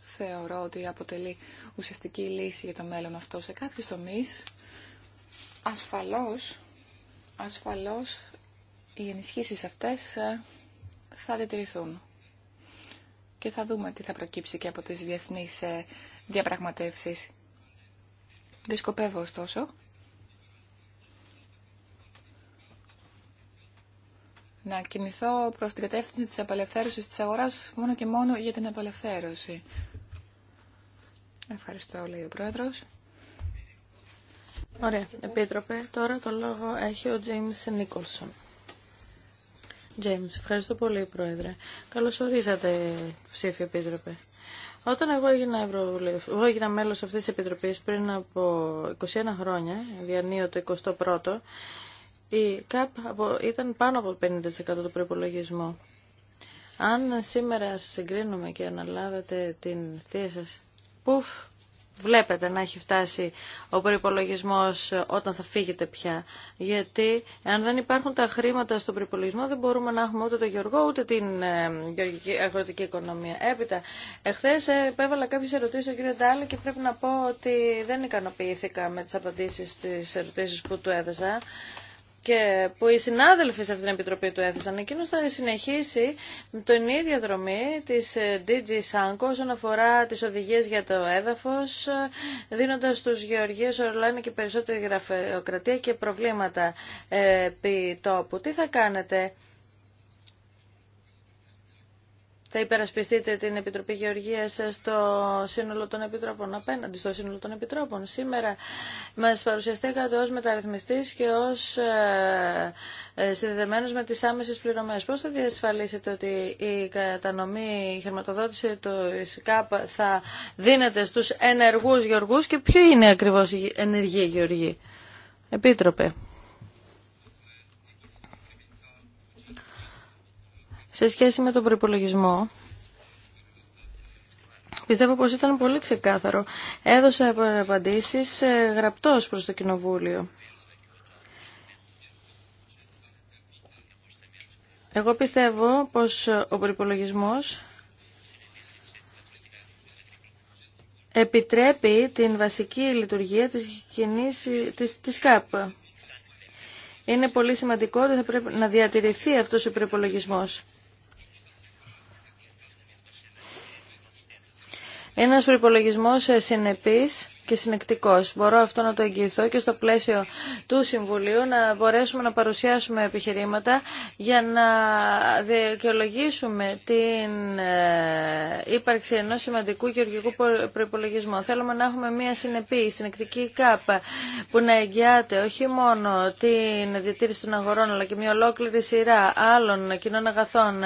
θεωρώ ότι αποτελεί ουσιαστική λύση για το μέλλον αυτό σε κάποιους τομείς. Ασφαλώς, ασφαλώς οι ενισχύσεις αυτές ε, θα διατηρηθούν. Και θα δούμε τι θα προκύψει και από τις διεθνείς ε, διαπραγματεύσεις Δισκοπεύω ωστόσο να κινηθώ προς την κατεύθυνση της απελευθέρωσης της αγοράς μόνο και μόνο για την απελευθέρωση. Ευχαριστώ, λέει ο Πρόεδρος. Ωραία, Επίτροπε. Τώρα το λόγο έχει ο Τζέιμς Νίκολσον. Τζέιμς, ευχαριστώ πολύ, Πρόεδρε. Καλώς ορίσατε, ψήφι Επίτροπε. Όταν εγώ έγινα, μέλο έγινα μέλος αυτής της Επιτροπής πριν από 21 χρόνια, διανύω το 21ο, η ΚΑΠ ήταν πάνω από 50% του προπολογισμού. Αν σήμερα σας συγκρίνουμε και αναλάβετε την θεία σας, πουφ, βλέπετε να έχει φτάσει ο προπολογισμό όταν θα φύγετε πια. Γιατί αν δεν υπάρχουν τα χρήματα στον προπολογισμό δεν μπορούμε να έχουμε ούτε το γεωργό ούτε την ε, γεωργική αγροτική οικονομία. Έπειτα, εχθέ επέβαλα κάποιε ερωτήσει στον κύριο Ντάλη και πρέπει να πω ότι δεν ικανοποιήθηκα με τι απαντήσει στι ερωτήσει που του έδωσα και που οι συνάδελφοι σε αυτήν την επιτροπή του έθεσαν. Εκείνο θα συνεχίσει με την ίδια δρομή τη ε, DG Sanko όσον αφορά τι οδηγίε για το έδαφο, δίνοντα στου γεωργίε ορλάνε και περισσότερη γραφειοκρατία και προβλήματα ε, επί τόπου. Τι θα κάνετε θα υπερασπιστείτε την Επιτροπή Γεωργίας στο σύνολο των Επιτρόπων, απέναντι στο σύνολο των Επιτρόπων. Σήμερα μα παρουσιαστήκατε ω μεταρρυθμιστής και ως ε, ε, συνδεδεμένο με τις άμεσες πληρωμές. Πώς θα διασφαλίσετε ότι η κατανομή, η χρηματοδότηση του ΣΚΑΠ θα δίνεται στους ενεργούς γεωργούς και ποιοι είναι ακριβώ οι ενεργοί γεωργοί. Επίτροπε. σε σχέση με τον προπολογισμό, Πιστεύω πως ήταν πολύ ξεκάθαρο. Έδωσα απαντήσεις ε, γραπτός προς το Κοινοβούλιο. Εγώ πιστεύω πως ο προπολογισμό επιτρέπει την βασική λειτουργία της, κοινής, της, της ΚΑΠ. Είναι πολύ σημαντικό ότι θα να διατηρηθεί αυτός ο προπολογισμό. Ένας προϋπολογισμός ε, συνεπής και συνεκτικός. Μπορώ αυτό να το εγγυηθώ και στο πλαίσιο του Συμβουλίου να μπορέσουμε να παρουσιάσουμε επιχειρήματα για να δικαιολογήσουμε την ε, ύπαρξη ενός σημαντικού γεωργικού προϋπολογισμού. Θέλουμε να έχουμε μια συνεπή, συνεκτική κάπα που να εγγυάται όχι μόνο την διατήρηση των αγορών αλλά και μια ολόκληρη σειρά άλλων κοινών αγαθών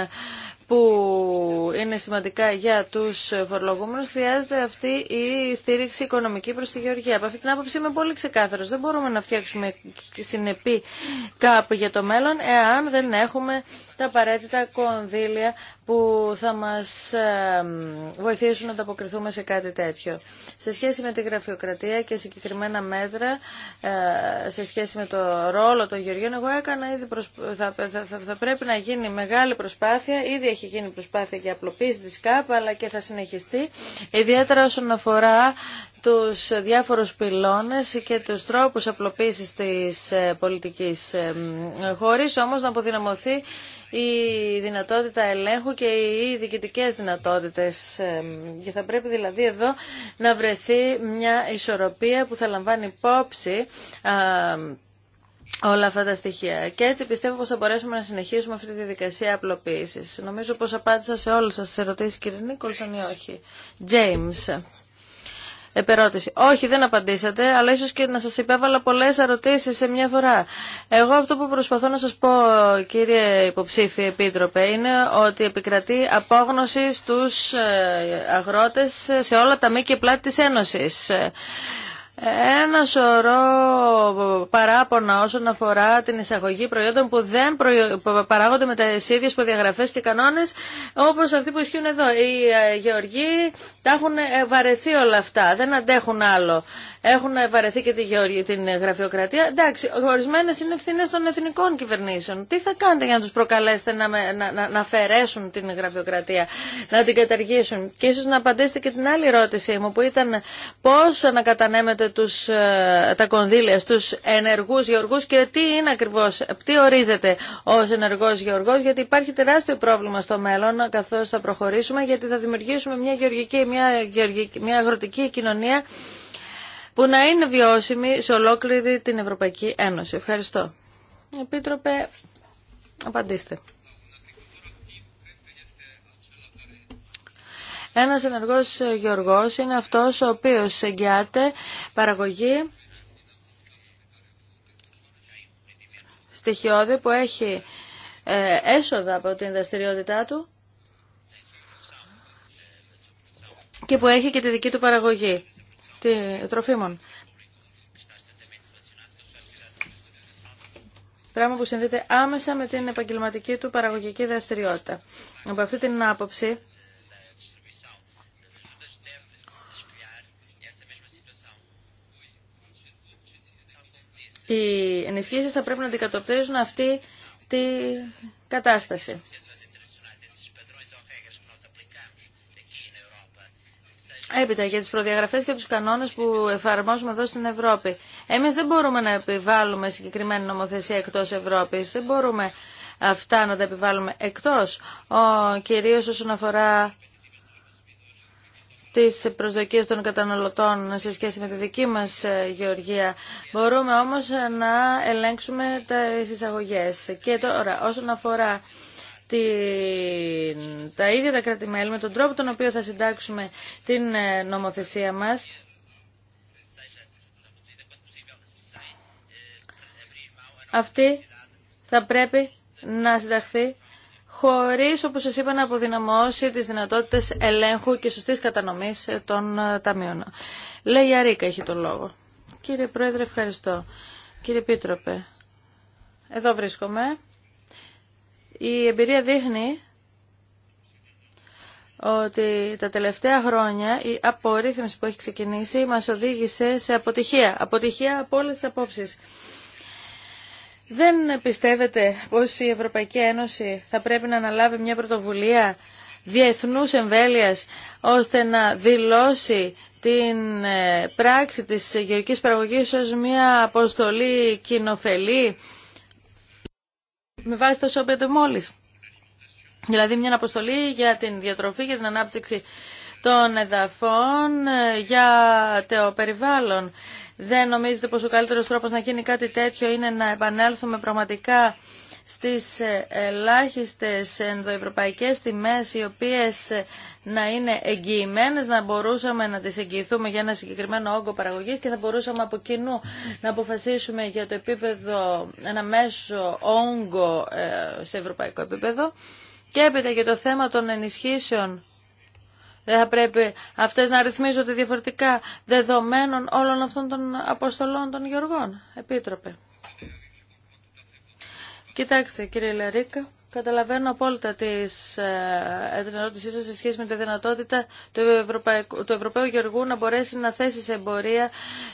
που είναι σημαντικά για του φορολογούμενου, χρειάζεται αυτή η στήριξη οικονομική προ τη Γεωργία. Από αυτή την άποψη είμαι πολύ ξεκάθαρο. Δεν μπορούμε να φτιάξουμε συνεπή κάπου για το μέλλον, εάν δεν έχουμε τα απαραίτητα κονδύλια που θα μας ε, βοηθήσουν να ανταποκριθούμε σε κάτι τέτοιο. Σε σχέση με τη γραφειοκρατία και συγκεκριμένα μέτρα, ε, σε σχέση με το ρόλο των Γεωργίων, εγώ έκανα ήδη θα, θα, θα πρέπει να γίνει μεγάλη προσπάθεια, ήδη έχει έχει γίνει προσπάθεια για απλοποίηση της ΚΑΠ, αλλά και θα συνεχιστεί, ιδιαίτερα όσον αφορά τους διάφορους πυλώνες και τους τρόπους απλοποίησης της ε, πολιτικής, ε, χωρίς όμως να αποδυναμωθεί η δυνατότητα ελέγχου και οι διοικητικές δυνατότητες. Ε, και θα πρέπει δηλαδή εδώ να βρεθεί μια ισορροπία που θα λαμβάνει υπόψη όλα αυτά τα στοιχεία. Και έτσι πιστεύω πως θα μπορέσουμε να συνεχίσουμε αυτή τη δικασία απλοποίησης. Νομίζω πως απάντησα σε όλες σας τις ερωτήσεις κύριε Νίκολσον ή όχι. James. Επερώτηση. Όχι, δεν απαντήσατε, αλλά ίσως και να σας υπέβαλα πολλές ερωτήσεις σε μια φορά. Εγώ αυτό που προσπαθώ να σας πω, κύριε υποψήφιε επίτροπε, είναι ότι επικρατεί απόγνωση στους ε, αγρότες σε όλα τα μήκη πλάτη της Ένωσης ένα σωρό παράπονα όσον αφορά την εισαγωγή προϊόντων που δεν παράγονται με τις ίδιε προδιαγραφέ και κανόνε όπω αυτοί που ισχύουν εδώ. Οι ε, γεωργοί τα έχουν βαρεθεί όλα αυτά. Δεν αντέχουν άλλο. Έχουν βαρεθεί και τη την γραφειοκρατία. Εντάξει, ορισμένε είναι ευθύνε των εθνικών κυβερνήσεων. Τι θα κάνετε για να του προκαλέσετε να, να, να, να αφαιρέσουν την γραφειοκρατία, να την καταργήσουν. Και ίσω να απαντήσετε και την άλλη ερώτησή μου που ήταν πώ ανακατανέμεται τους, ε, τα κονδύλια στους ενεργούς γεωργούς και τι είναι ακριβώς, τι ορίζεται ως ενεργός γεωργός, γιατί υπάρχει τεράστιο πρόβλημα στο μέλλον καθώς θα προχωρήσουμε, γιατί θα δημιουργήσουμε μια γεωργική, μια, γεωργική, μια αγροτική κοινωνία που να είναι βιώσιμη σε ολόκληρη την Ευρωπαϊκή Ένωση. Ευχαριστώ. Επίτροπε, απαντήστε. Ένας ενεργός ε, γεωργός είναι αυτός ο οποίος εγγυάται παραγωγή στοιχειώδη που έχει ε, έσοδα από την δραστηριότητά του και που έχει και τη δική του παραγωγή τροφίμων. Πράγμα που συνδέεται άμεσα με την επαγγελματική του παραγωγική δραστηριότητα. Από αυτή την άποψη, οι ενισχύσεις θα πρέπει να αντικατοπτρίζουν αυτή τη κατάσταση. Έπειτα για τις προδιαγραφές και τους κανόνες που εφαρμόζουμε εδώ στην Ευρώπη. Εμείς δεν μπορούμε να επιβάλλουμε συγκεκριμένη νομοθεσία εκτός Ευρώπης. Δεν μπορούμε αυτά να τα επιβάλλουμε εκτός, ο, κυρίως όσον αφορά τις προσδοκίε των καταναλωτών σε σχέση με τη δική μας ε, γεωργία. Μπορούμε όμως ε, να ελέγξουμε τι εισαγωγές. Και τώρα, όσον αφορά την, τα ίδια τα κράτη-μέλη, με τον τρόπο τον οποίο θα συντάξουμε την ε, νομοθεσία μας, αυτή θα πρέπει να συνταχθεί χωρίς, όπως σα είπα, να αποδυναμώσει τις δυνατότητες ελέγχου και σωστή κατανομής των ε, ταμείων. Λέει η Αρίκα έχει τον λόγο. Κύριε Πρόεδρε, ευχαριστώ. Κύριε Πίτροπε, εδώ βρίσκομαι. Η εμπειρία δείχνει ότι τα τελευταία χρόνια η απορρίθμιση που έχει ξεκινήσει μας οδήγησε σε αποτυχία. Αποτυχία από όλες τις απόψεις. Δεν πιστεύετε πως η Ευρωπαϊκή Ένωση θα πρέπει να αναλάβει μια πρωτοβουλία διεθνούς εμβέλειας ώστε να δηλώσει την ε, πράξη της γεωργικής παραγωγής ως μια αποστολή κοινοφελή με βάση το του μόλις. Δηλαδή μια αποστολή για την διατροφή, για την ανάπτυξη των εδαφών, ε, για το περιβάλλον δεν νομίζετε πως ο καλύτερος τρόπος να γίνει κάτι τέτοιο είναι να επανέλθουμε πραγματικά στις ε, ελάχιστες ενδοευρωπαϊκές τιμές οι οποίες ε, να είναι εγγυημένες, να μπορούσαμε να τις εγγυηθούμε για ένα συγκεκριμένο όγκο παραγωγής και θα μπορούσαμε από κοινού να αποφασίσουμε για το επίπεδο, ένα μέσο όγκο ε, σε ευρωπαϊκό επίπεδο και έπειτα για το θέμα των ενισχύσεων δεν θα πρέπει αυτές να ρυθμίζονται διαφορετικά δεδομένων όλων αυτών των αποστολών των Γεωργών. Επίτροπε. Κοιτάξτε κύριε Λαρίκα. Καταλαβαίνω απόλυτα τις, ε, ε, την ερώτησή σας σε σχέση με τη δυνατότητα του, Ευρωπαϊκού, του Ευρωπαίου Γεωργού να μπορέσει να θέσει σε εμπορία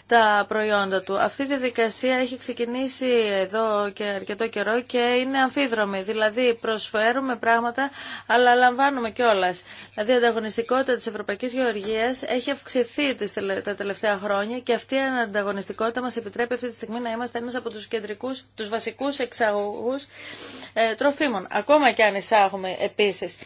τα προϊόντα του. Αυτή η διαδικασία έχει ξεκινήσει εδώ και αρκετό καιρό και είναι αμφίδρομη. Δηλαδή προσφέρουμε πράγματα αλλά λαμβάνουμε κιόλα. Δηλαδή η ανταγωνιστικότητα της Ευρωπαϊκής Γεωργίας έχει αυξηθεί τα τελευταία χρόνια και αυτή η ανταγωνιστικότητα μας επιτρέπει αυτή τη στιγμή να είμαστε ένας από τους κεντρικούς, τους βασικούς εξαγωγούς ε, τροφίμων ακόμα και αν εισάγουμε επίσης.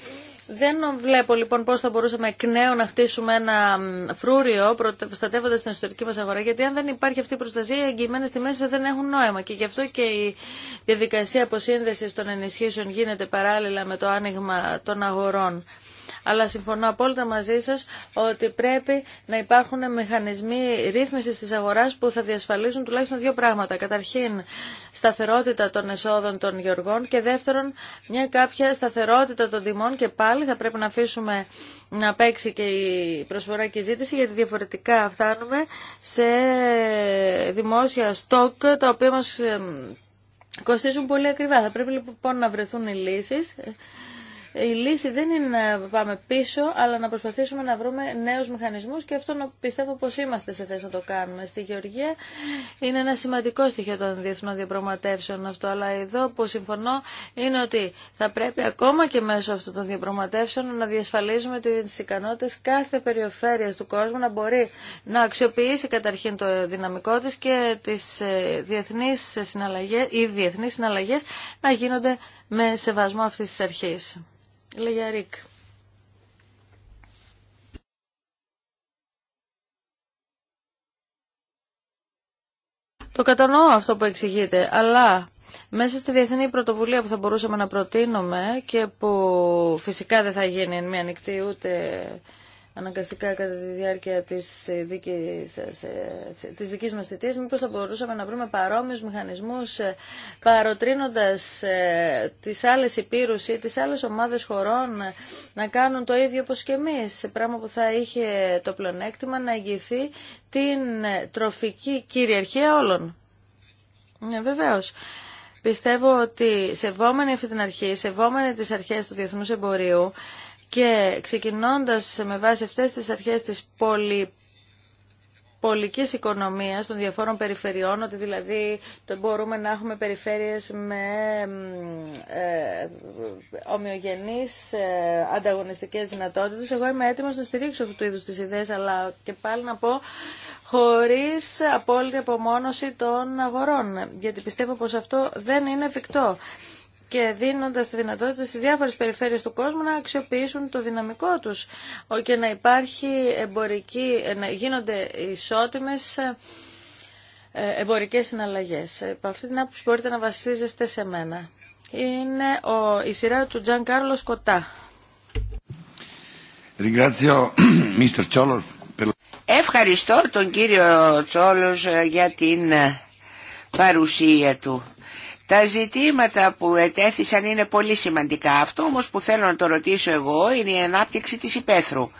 Δεν βλέπω λοιπόν πώ θα μπορούσαμε εκ νέου να χτίσουμε ένα φρούριο προστατεύοντα την εσωτερική μα αγορά. Γιατί αν δεν υπάρχει αυτή η προστασία, οι εγγυημένε τιμέ δεν έχουν νόημα. Και γι' αυτό και η διαδικασία αποσύνδεση των ενισχύσεων γίνεται παράλληλα με το άνοιγμα των αγορών αλλά συμφωνώ απόλυτα μαζί σας ότι πρέπει να υπάρχουν μηχανισμοί ρύθμισης της αγοράς που θα διασφαλίζουν τουλάχιστον δύο πράγματα. Καταρχήν, σταθερότητα των εσόδων των γεωργών και δεύτερον, μια κάποια σταθερότητα των τιμών και πάλι θα πρέπει να αφήσουμε να παίξει και η προσφορά και η ζήτηση γιατί διαφορετικά φτάνουμε σε δημόσια στόκ τα οποία μας κοστίζουν πολύ ακριβά. Θα πρέπει λοιπόν να βρεθούν οι λύσεις η λύση δεν είναι να πάμε πίσω, αλλά να προσπαθήσουμε να βρούμε νέους μηχανισμούς και αυτό να πιστεύω πως είμαστε σε θέση να το κάνουμε. Στη Γεωργία είναι ένα σημαντικό στοιχείο των διεθνών διαπραγματεύσεων αυτό, αλλά εδώ που συμφωνώ είναι ότι θα πρέπει ακόμα και μέσω αυτών των διαπραγματεύσεων να διασφαλίζουμε τις ικανότητες κάθε περιοφέρειας του κόσμου να μπορεί να αξιοποιήσει καταρχήν το δυναμικό της και τις ε, διεθνείς συναλλαγές, οι διεθνείς συναλλαγές να γίνονται με σεβασμό αυτής της αρχής. Ρίκ. Το κατανοώ αυτό που εξηγείτε, αλλά μέσα στη διεθνή πρωτοβουλία που θα μπορούσαμε να προτείνουμε και που φυσικά δεν θα γίνει εν μία νυχτή ούτε αναγκαστικά κατά τη διάρκεια της δικής, της δικής μας θητείας, μήπως θα μπορούσαμε να βρούμε παρόμοιους μηχανισμούς ε, παροτρύνοντας ε, τις άλλες υπήρους ή τις άλλες ομάδες χωρών ε, να κάνουν το ίδιο όπως και εμείς, πράγμα που θα είχε το πλονέκτημα να εγγυηθεί την τροφική κυριαρχία όλων. Ναι, βεβαίως. Πιστεύω ότι σεβόμενοι αυτή την αρχή, σεβόμενοι τις αρχές του διεθνούς εμπορίου, και ξεκινώντας με βάση αυτές τις αρχές της πολυ πολικής οικονομίας των διαφόρων περιφερειών, ότι δηλαδή μπορούμε να έχουμε περιφέρειες με ε, ομοιογενείς ε, ανταγωνιστικές δυνατότητες. Εγώ είμαι έτοιμος να στηρίξω αυτού του είδους τις ιδέες, αλλά και πάλι να πω χωρίς απόλυτη απομόνωση των αγορών, γιατί πιστεύω πως αυτό δεν είναι εφικτό και δίνοντας τη δυνατότητα στις διάφορες περιφέρειες του κόσμου να αξιοποιήσουν το δυναμικό τους και να υπάρχει εμπορική, να γίνονται ισότιμες ε, εμπορικές συναλλαγές. Από αυτή την άποψη μπορείτε να βασίζεστε σε μένα. Είναι ο, η σειρά του Τζαν Κάρλο Κοτά. Ευχαριστώ τον κύριο Τσόλος ε, για την ε, παρουσία του. Τα ζητήματα που ετέθησαν είναι πολύ σημαντικά. Αυτό όμως που θέλω να το ρωτήσω εγώ είναι η ανάπτυξη της υπαίθρου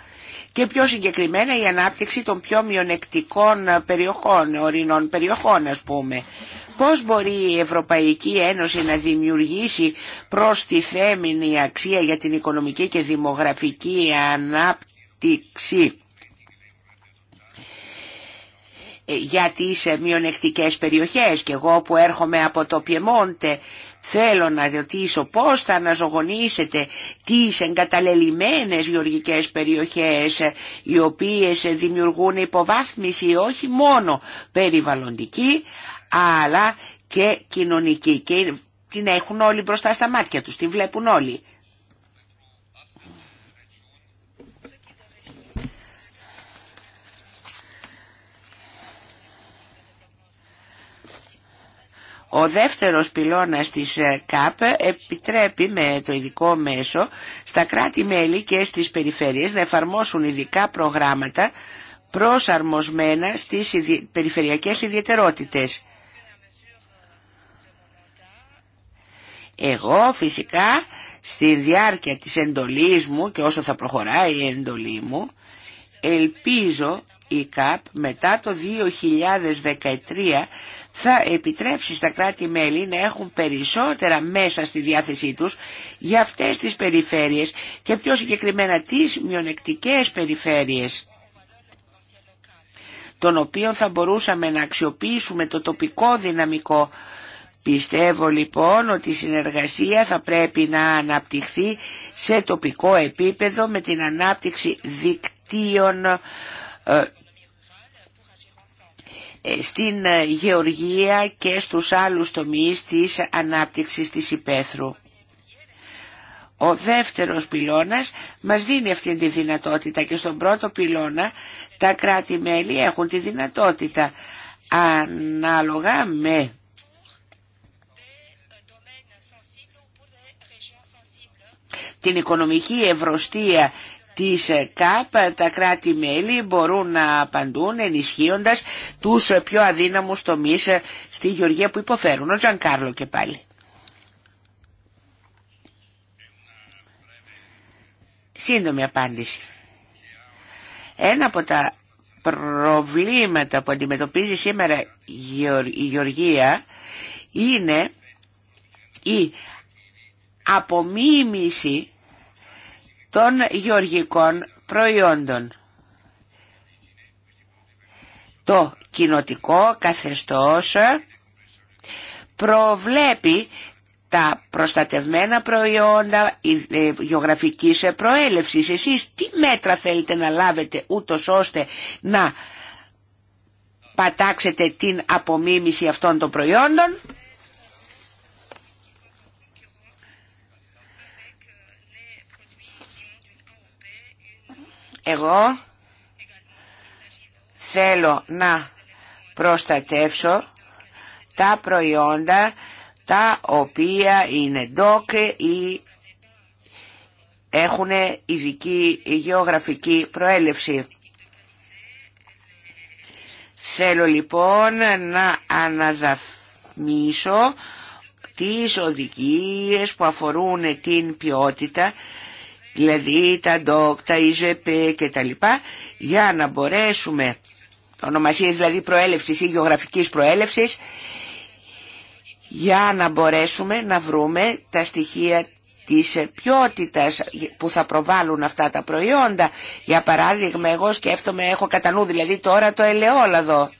και πιο συγκεκριμένα η ανάπτυξη των πιο μειονεκτικών περιοχών, ορεινών περιοχών ας πούμε. Πώς μπορεί η Ευρωπαϊκή Ένωση να δημιουργήσει προς τη θέμηνη αξία για την οικονομική και δημογραφική ανάπτυξη για τις μειονεκτικές περιοχές και εγώ που έρχομαι από το Πιεμόντε θέλω να ρωτήσω πώς θα αναζωογονήσετε τις εγκαταλελειμμένες γεωργικές περιοχές οι οποίες δημιουργούν υποβάθμιση όχι μόνο περιβαλλοντική αλλά και κοινωνική και την έχουν όλοι μπροστά στα μάτια τους, την βλέπουν όλοι. Ο δεύτερος πυλώνας της ε, ΚΑΠ επιτρέπει με το ειδικό μέσο στα κράτη-μέλη και στις περιφέρειες να εφαρμόσουν ειδικά προγράμματα προσαρμοσμένα στις περιφερειακές ιδιαιτερότητες. Εγώ φυσικά στη διάρκεια της εντολής μου και όσο θα προχωράει η εντολή μου ελπίζω η ΚΑΠ μετά το 2013 θα επιτρέψει στα κράτη-μέλη να έχουν περισσότερα μέσα στη διάθεσή τους για αυτές τις περιφέρειες και πιο συγκεκριμένα τις μειονεκτικές περιφέρειες των οποίων θα μπορούσαμε να αξιοποιήσουμε το τοπικό δυναμικό. Πιστεύω λοιπόν ότι η συνεργασία θα πρέπει να αναπτυχθεί σε τοπικό επίπεδο με την ανάπτυξη δικτύων ε, στην ε, γεωργία και στους άλλους τομείς της ανάπτυξης της υπαίθρου. Ο δεύτερος πυλώνας μας δίνει αυτή τη δυνατότητα και στον πρώτο πυλώνα τα κράτη-μέλη έχουν τη δυνατότητα ανάλογα με την οικονομική ευρωστία της ΚΑΠ τα κράτη-μέλη μπορούν να απαντούν ενισχύοντας τους πιο αδύναμους τομείς στη Γεωργία που υποφέρουν. Ο Τζαν και πάλι. Σύντομη απάντηση. Ένα από τα προβλήματα που αντιμετωπίζει σήμερα η Γεωργία είναι η απομίμηση των γεωργικών προϊόντων. Το κοινοτικό καθεστώς προβλέπει τα προστατευμένα προϊόντα ε, γεωγραφικής προέλευσης. Εσείς τι μέτρα θέλετε να λάβετε ούτως ώστε να πατάξετε την απομίμηση αυτών των προϊόντων. Εγώ θέλω να προστατεύσω τα προϊόντα τα οποία είναι ντόκ ή έχουν ειδική γεωγραφική προέλευση. Θέλω λοιπόν να αναδαφνίσω τις οδηγίες που αφορούν την ποιότητα δηλαδή τα ντοκ, τα ΙΖΕΠ και τα λοιπά, για να μπορέσουμε, ονομασίες δηλαδή προέλευσης ή γεωγραφικής προέλευσης, για να μπορέσουμε να βρούμε τα στοιχεία της ποιότητας που θα προβάλλουν αυτά τα προϊόντα. Για παράδειγμα, εγώ σκέφτομαι, έχω κατά νου δηλαδή τώρα το ελαιόλαδο,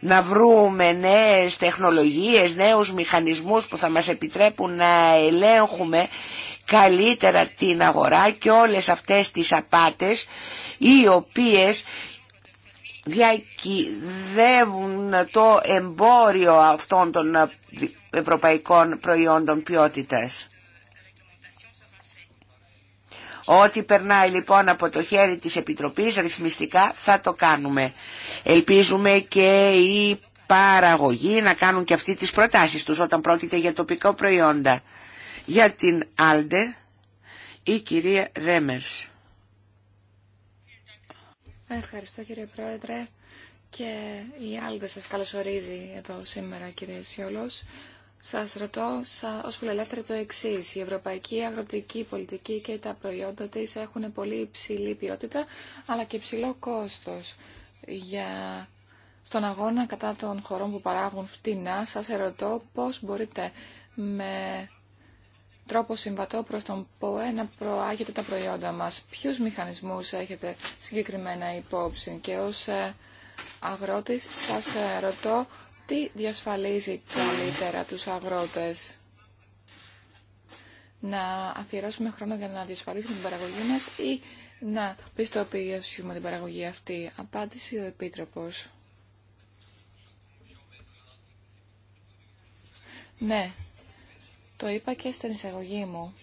να βρούμε νέες τεχνολογίες, νέους μηχανισμούς που θα μας επιτρέπουν να ελέγχουμε καλύτερα την αγορά και όλες αυτές τις απάτες οι οποίες διακυδεύουν το εμπόριο αυτών των ευρωπαϊκών προϊόντων ποιότητας. Ό,τι περνάει λοιπόν από το χέρι της Επιτροπής ρυθμιστικά θα το κάνουμε. Ελπίζουμε και οι παραγωγοί να κάνουν και αυτοί τις προτάσεις τους όταν πρόκειται για τοπικό προϊόντα. Για την Άλντε, η κυρία Ρέμερς. Ευχαριστώ κύριε Πρόεδρε και η Άλντε σας καλωσορίζει εδώ σήμερα κύριε Σιόλος. Σας ρωτώ ως φιλελεύθερη το εξή. Η ευρωπαϊκή αγροτική πολιτική και τα προϊόντα της έχουν πολύ υψηλή ποιότητα αλλά και υψηλό κόστος. Για στον αγώνα κατά των χωρών που παράγουν φτηνά σας ερωτώ πώς μπορείτε με τρόπο συμβατό προς τον ΠΟΕ να προάγεται τα προϊόντα μας. Ποιους μηχανισμούς έχετε συγκεκριμένα υπόψη και ως ε, αγρότης σας ε, ρωτώ τι διασφαλίζει καλύτερα τους αγρότες. Να αφιερώσουμε χρόνο για να διασφαλίσουμε την παραγωγή μας ή να πιστοποιήσουμε την παραγωγή αυτή. Απάντηση ο Επίτροπος. Ναι, το είπα και στην εισαγωγή μου.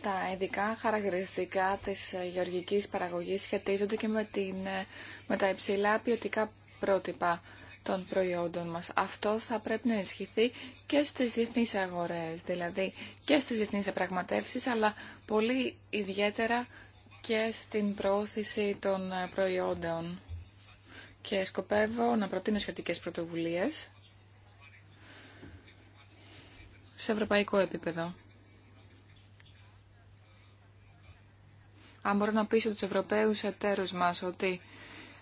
Τα ειδικά χαρακτηριστικά της γεωργικής παραγωγής σχετίζονται και με, την, με τα υψηλά ποιοτικά πρότυπα των προϊόντων μας. Αυτό θα πρέπει να ενισχυθεί και στις διεθνείς αγορές, δηλαδή και στις διεθνείς επραγματεύσεις, αλλά πολύ ιδιαίτερα και στην προώθηση των προϊόντων και σκοπεύω να προτείνω σχετικές πρωτοβουλίες σε ευρωπαϊκό επίπεδο. Αν μπορώ να πείσω τους Ευρωπαίους εταίρους μας ότι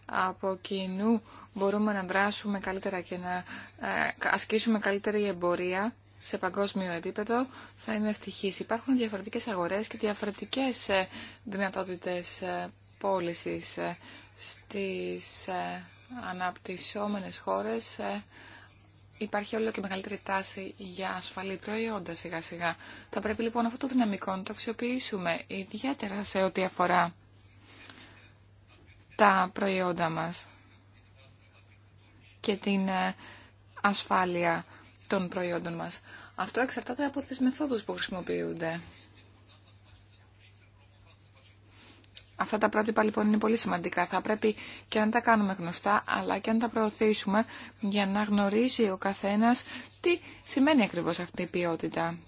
από κοινού μπορούμε να δράσουμε καλύτερα και να ε, ασκήσουμε καλύτερη εμπορία σε παγκόσμιο επίπεδο, θα είμαι ευτυχής. Υπάρχουν διαφορετικές αγορές και διαφορετικές ε, δυνατότητες ε, πώλησης στις αναπτυσσόμενες χώρες ε, υπάρχει όλο και μεγαλύτερη τάση για ασφαλή προϊόντα σιγά σιγά. Θα πρέπει λοιπόν αυτό το δυναμικό να το αξιοποιήσουμε ιδιαίτερα σε ό,τι αφορά τα προϊόντα μας και την ε, ασφάλεια των προϊόντων μας. Αυτό εξαρτάται από τις μεθόδους που χρησιμοποιούνται. Αυτά τα πρότυπα λοιπόν είναι πολύ σημαντικά. Θα πρέπει και να τα κάνουμε γνωστά, αλλά και να τα προωθήσουμε για να γνωρίζει ο καθένας τι σημαίνει ακριβώς αυτή η ποιότητα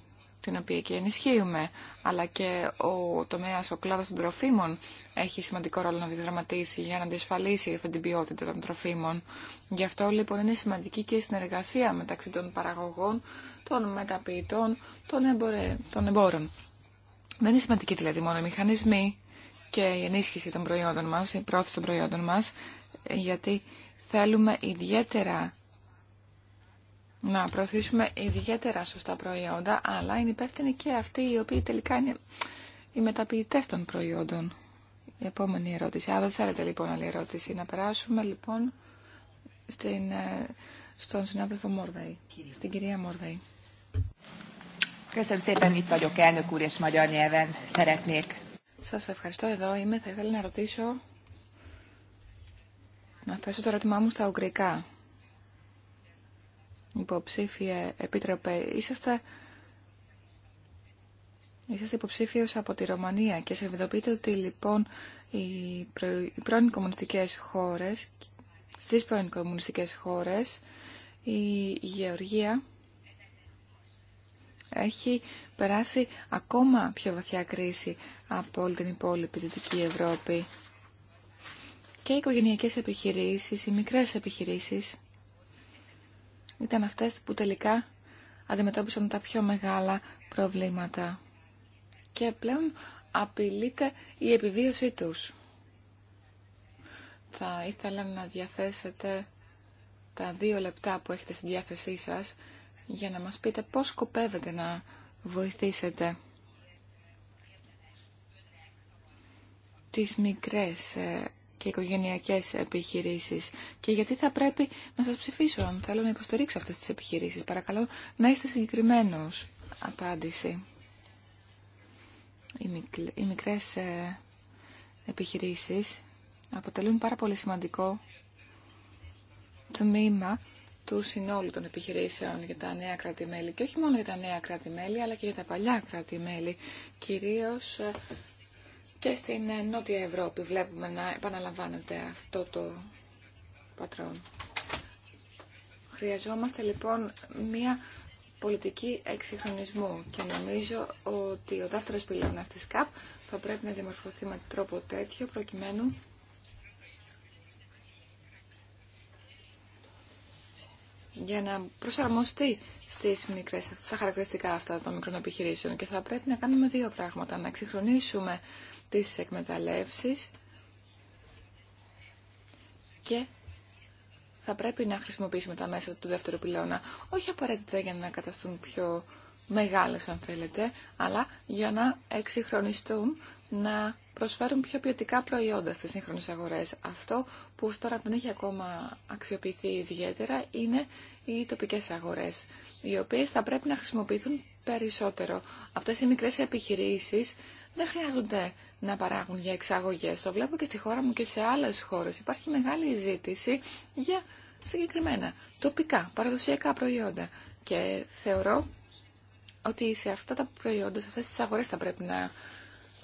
την οποία και ενισχύουμε, αλλά και ο τομέας, ο κλάδος των τροφίμων έχει σημαντικό ρόλο να διδραματίσει για να αντισφαλίσει αυτή την ποιότητα των τροφίμων. Γι' αυτό λοιπόν είναι σημαντική και η συνεργασία μεταξύ των παραγωγών, των μεταποιητών, των, των εμπόρων. Δεν είναι σημαντική δηλαδή μόνο οι μηχανισμοί, και η ενίσχυση των προϊόντων μας, η πρόθεση των προϊόντων μας, γιατί θέλουμε ιδιαίτερα να προωθήσουμε ιδιαίτερα σωστά προϊόντα, αλλά είναι υπεύθυνοι και αυτοί οι οποίοι τελικά είναι οι μεταποιητές των προϊόντων. Η επόμενη ερώτηση. Αν δεν θέλετε λοιπόν άλλη ερώτηση. Να περάσουμε λοιπόν ε, στον συνάδελφο Μόρβεϊ, στην κυρία Μόρβεϊ. Köszönöm szépen, itt vagyok, elnök úr, és magyar σας ευχαριστώ εδώ είμαι. Θα ήθελα να ρωτήσω, να θέσω το ερώτημά μου στα ουγγρικά. Υποψήφιε επίτροπε, είσαστε, είσαστε υποψήφιος από τη Ρωμανία και συνειδητοποιείτε ότι λοιπόν οι, προ... πρώην κομμουνιστικές χώρες, στις πρώην κομμουνιστικές χώρες, η Γεωργία έχει περάσει ακόμα πιο βαθιά κρίση από όλη την υπόλοιπη Δυτική Ευρώπη. Και οι οικογενειακές επιχειρήσεις, οι μικρές επιχειρήσεις, ήταν αυτές που τελικά αντιμετώπισαν τα πιο μεγάλα προβλήματα. Και πλέον απειλείται η επιβίωσή τους. Θα ήθελα να διαθέσετε τα δύο λεπτά που έχετε στη διάθεσή σας για να μας πείτε πώς σκοπεύετε να βοηθήσετε τις μικρές ε, και οικογενειακές επιχειρήσεις και γιατί θα πρέπει να σας ψηφίσω αν θέλω να υποστηρίξω αυτές τις επιχειρήσεις. Παρακαλώ να είστε συγκεκριμένος. Απάντηση. Οι μικρές ε, επιχειρήσεις αποτελούν πάρα πολύ σημαντικό τμήμα του συνόλου των επιχειρήσεων για τα νέα κράτη-μέλη και όχι μόνο για τα νέα κράτη-μέλη αλλά και για τα παλιά κράτη-μέλη κυρίως ε, και στην ε, Νότια Ευρώπη βλέπουμε να επαναλαμβάνεται αυτό το πατρόν. Χρειαζόμαστε λοιπόν μία πολιτική εξυγχρονισμού και νομίζω ότι ο δεύτερος πυλώνας της ΚΑΠ θα πρέπει να διαμορφωθεί με τρόπο τέτοιο προκειμένου για να προσαρμοστεί στις μικρές, στα χαρακτηριστικά αυτά των μικρών επιχειρήσεων και θα πρέπει να κάνουμε δύο πράγματα. Να εξυγχρονίσουμε τις εκμεταλλεύσεις και θα πρέπει να χρησιμοποιήσουμε τα μέσα του δεύτερου πυλώνα. Όχι απαραίτητα για να καταστούν πιο μεγάλες αν θέλετε, αλλά για να εξυγχρονιστούν να προσφέρουν πιο ποιοτικά προϊόντα στις σύγχρονες αγορές. Αυτό που ως τώρα δεν έχει ακόμα αξιοποιηθεί ιδιαίτερα είναι οι τοπικές αγορές, οι οποίες θα πρέπει να χρησιμοποιηθούν περισσότερο. Αυτές οι μικρές επιχειρήσεις δεν χρειάζονται να παράγουν για εξαγωγές. Το βλέπω και στη χώρα μου και σε άλλες χώρες. Υπάρχει μεγάλη ζήτηση για συγκεκριμένα τοπικά, παραδοσιακά προϊόντα. Και θεωρώ ότι σε αυτά τα προϊόντα, σε αυτές τις αγορές θα πρέπει να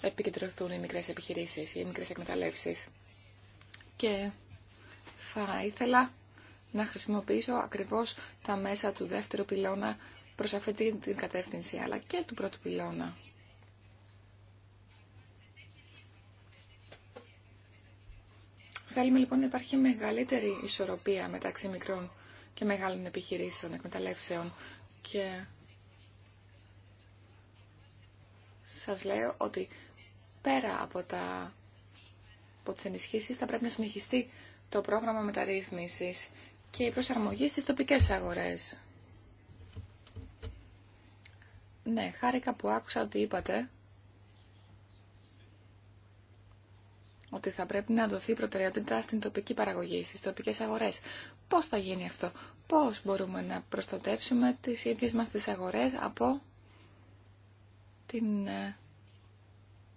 επικεντρωθούν οι μικρές επιχειρήσεις, οι μικρές εκμεταλλεύσεις. Και θα ήθελα να χρησιμοποιήσω ακριβώς τα μέσα του δεύτερου πυλώνα προς αυτή την κατεύθυνση, αλλά και του πρώτου πυλώνα. Θέλουμε λοιπόν να υπάρχει μεγαλύτερη ισορροπία μεταξύ μικρών και μεγάλων επιχειρήσεων, εκμεταλλεύσεων και σας λέω ότι πέρα από, τα, από τις θα πρέπει να συνεχιστεί το πρόγραμμα μεταρρύθμισης και η προσαρμογή στις τοπικές αγορές. Ναι, χάρηκα που άκουσα ότι είπατε ότι θα πρέπει να δοθεί προτεραιότητα στην τοπική παραγωγή, στις τοπικές αγορές. Πώς θα γίνει αυτό, πώς μπορούμε να προστατεύσουμε τις ίδιες μας τις αγορές από την ε,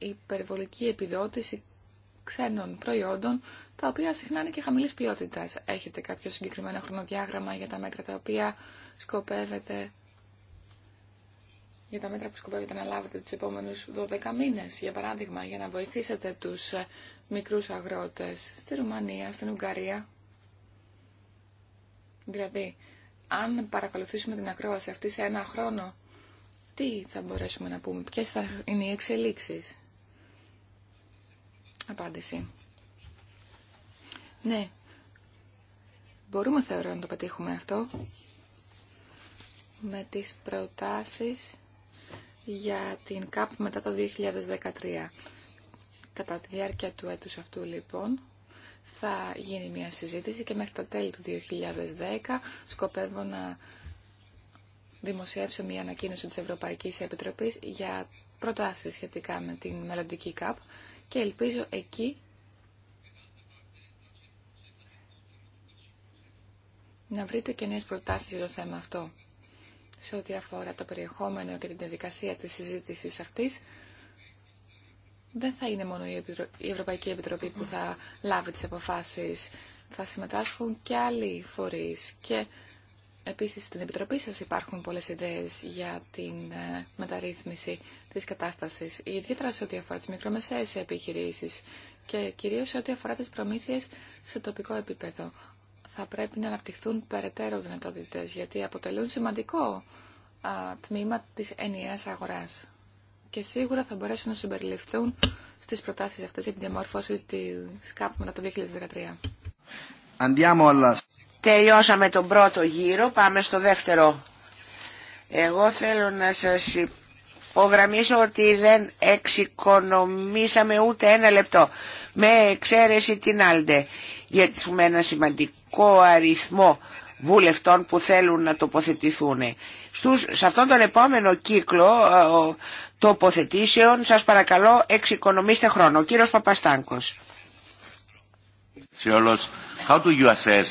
υπερβολική επιδότηση ξένων προϊόντων, τα οποία συχνά είναι και χαμηλή ποιότητα. Έχετε κάποιο συγκεκριμένο χρονοδιάγραμμα για τα μέτρα τα οποία σκοπεύετε για τα μέτρα που σκοπεύετε να λάβετε τους επόμενους 12 μήνες, για παράδειγμα, για να βοηθήσετε τους μικρούς αγρότες στη Ρουμανία, στην Ουγγαρία. Δηλαδή, αν παρακολουθήσουμε την ακρόαση αυτή σε ένα χρόνο, τι θα μπορέσουμε να πούμε, ποιες θα είναι οι εξελίξεις. Απάντηση. Ναι. Μπορούμε θεωρώ να το πετύχουμε αυτό με τις προτάσεις για την ΚΑΠ μετά το 2013. Κατά τη διάρκεια του έτους αυτού λοιπόν θα γίνει μια συζήτηση και μέχρι τα τέλη του 2010 σκοπεύω να δημοσιεύσω μια ανακοίνωση της Ευρωπαϊκής Επιτροπής για προτάσεις σχετικά με την μελλοντική ΚΑΠ και ελπίζω εκεί να βρείτε και νέες προτάσεις για το θέμα αυτό. Σε ό,τι αφορά το περιεχόμενο και την διαδικασία της συζήτησης αυτής, δεν θα είναι μόνο η Ευρωπαϊκή Επιτροπή που θα λάβει τις αποφάσεις. Θα συμμετάσχουν και άλλοι φορείς και Επίσης, στην Επιτροπή σας υπάρχουν πολλές ιδέες για την ε, μεταρρύθμιση της κατάστασης, ιδιαίτερα σε ό,τι αφορά τις μικρομεσαίες επιχειρήσεις και κυρίως σε ό,τι αφορά τις προμήθειες σε τοπικό επίπεδο. Θα πρέπει να αναπτυχθούν περαιτέρω δυνατότητες, γιατί αποτελούν σημαντικό α, τμήμα της ενιαίας αγοράς. Και σίγουρα θα μπορέσουν να συμπεριληφθούν στις προτάσεις αυτές για την διαμόρφωση της ΚΑΠ μετά το 2013. Andiamo Τελειώσαμε τον πρώτο γύρο, πάμε στο δεύτερο. Εγώ θέλω να σας υπογραμμίσω ότι δεν εξοικονομήσαμε ούτε ένα λεπτό. Με εξαίρεση την Άλντε, γιατί έχουμε ένα σημαντικό αριθμό βουλευτών που θέλουν να τοποθετηθούν. Στους, σε αυτόν τον επόμενο κύκλο ε, τοποθετήσεων σας παρακαλώ εξοικονομήστε χρόνο. Ο κύριος Παπαστάνκος. How do you assess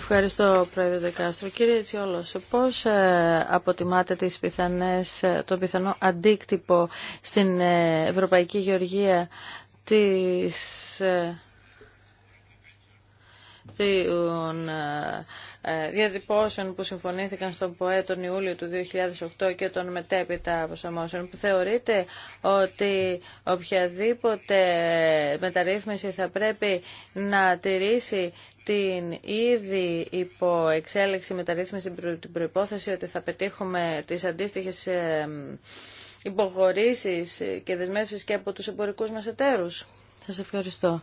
Ευχαριστώ, Πρόεδρε Δεκάστρο. Κύριε Τσιόλος, πώς ε, αποτιμάτε τις πιθανές, ε, τον πιθανό αντίκτυπο στην ε, Ευρωπαϊκή Γεωργία της των διατυπώσεων που συμφωνήθηκαν στον ΠΟΕ τον Ιούλιο του 2008 και των μετέπειτα προσαρμόσεων που θεωρείται ότι οποιαδήποτε μεταρρύθμιση θα πρέπει να τηρήσει την ήδη υπό εξέλιξη μεταρρύθμιση την προϋπόθεση ότι θα πετύχουμε τις αντίστοιχες ε, υποχωρήσεις και δεσμεύσεις και από τους εμπορικούς μας εταίρους. Σας ευχαριστώ.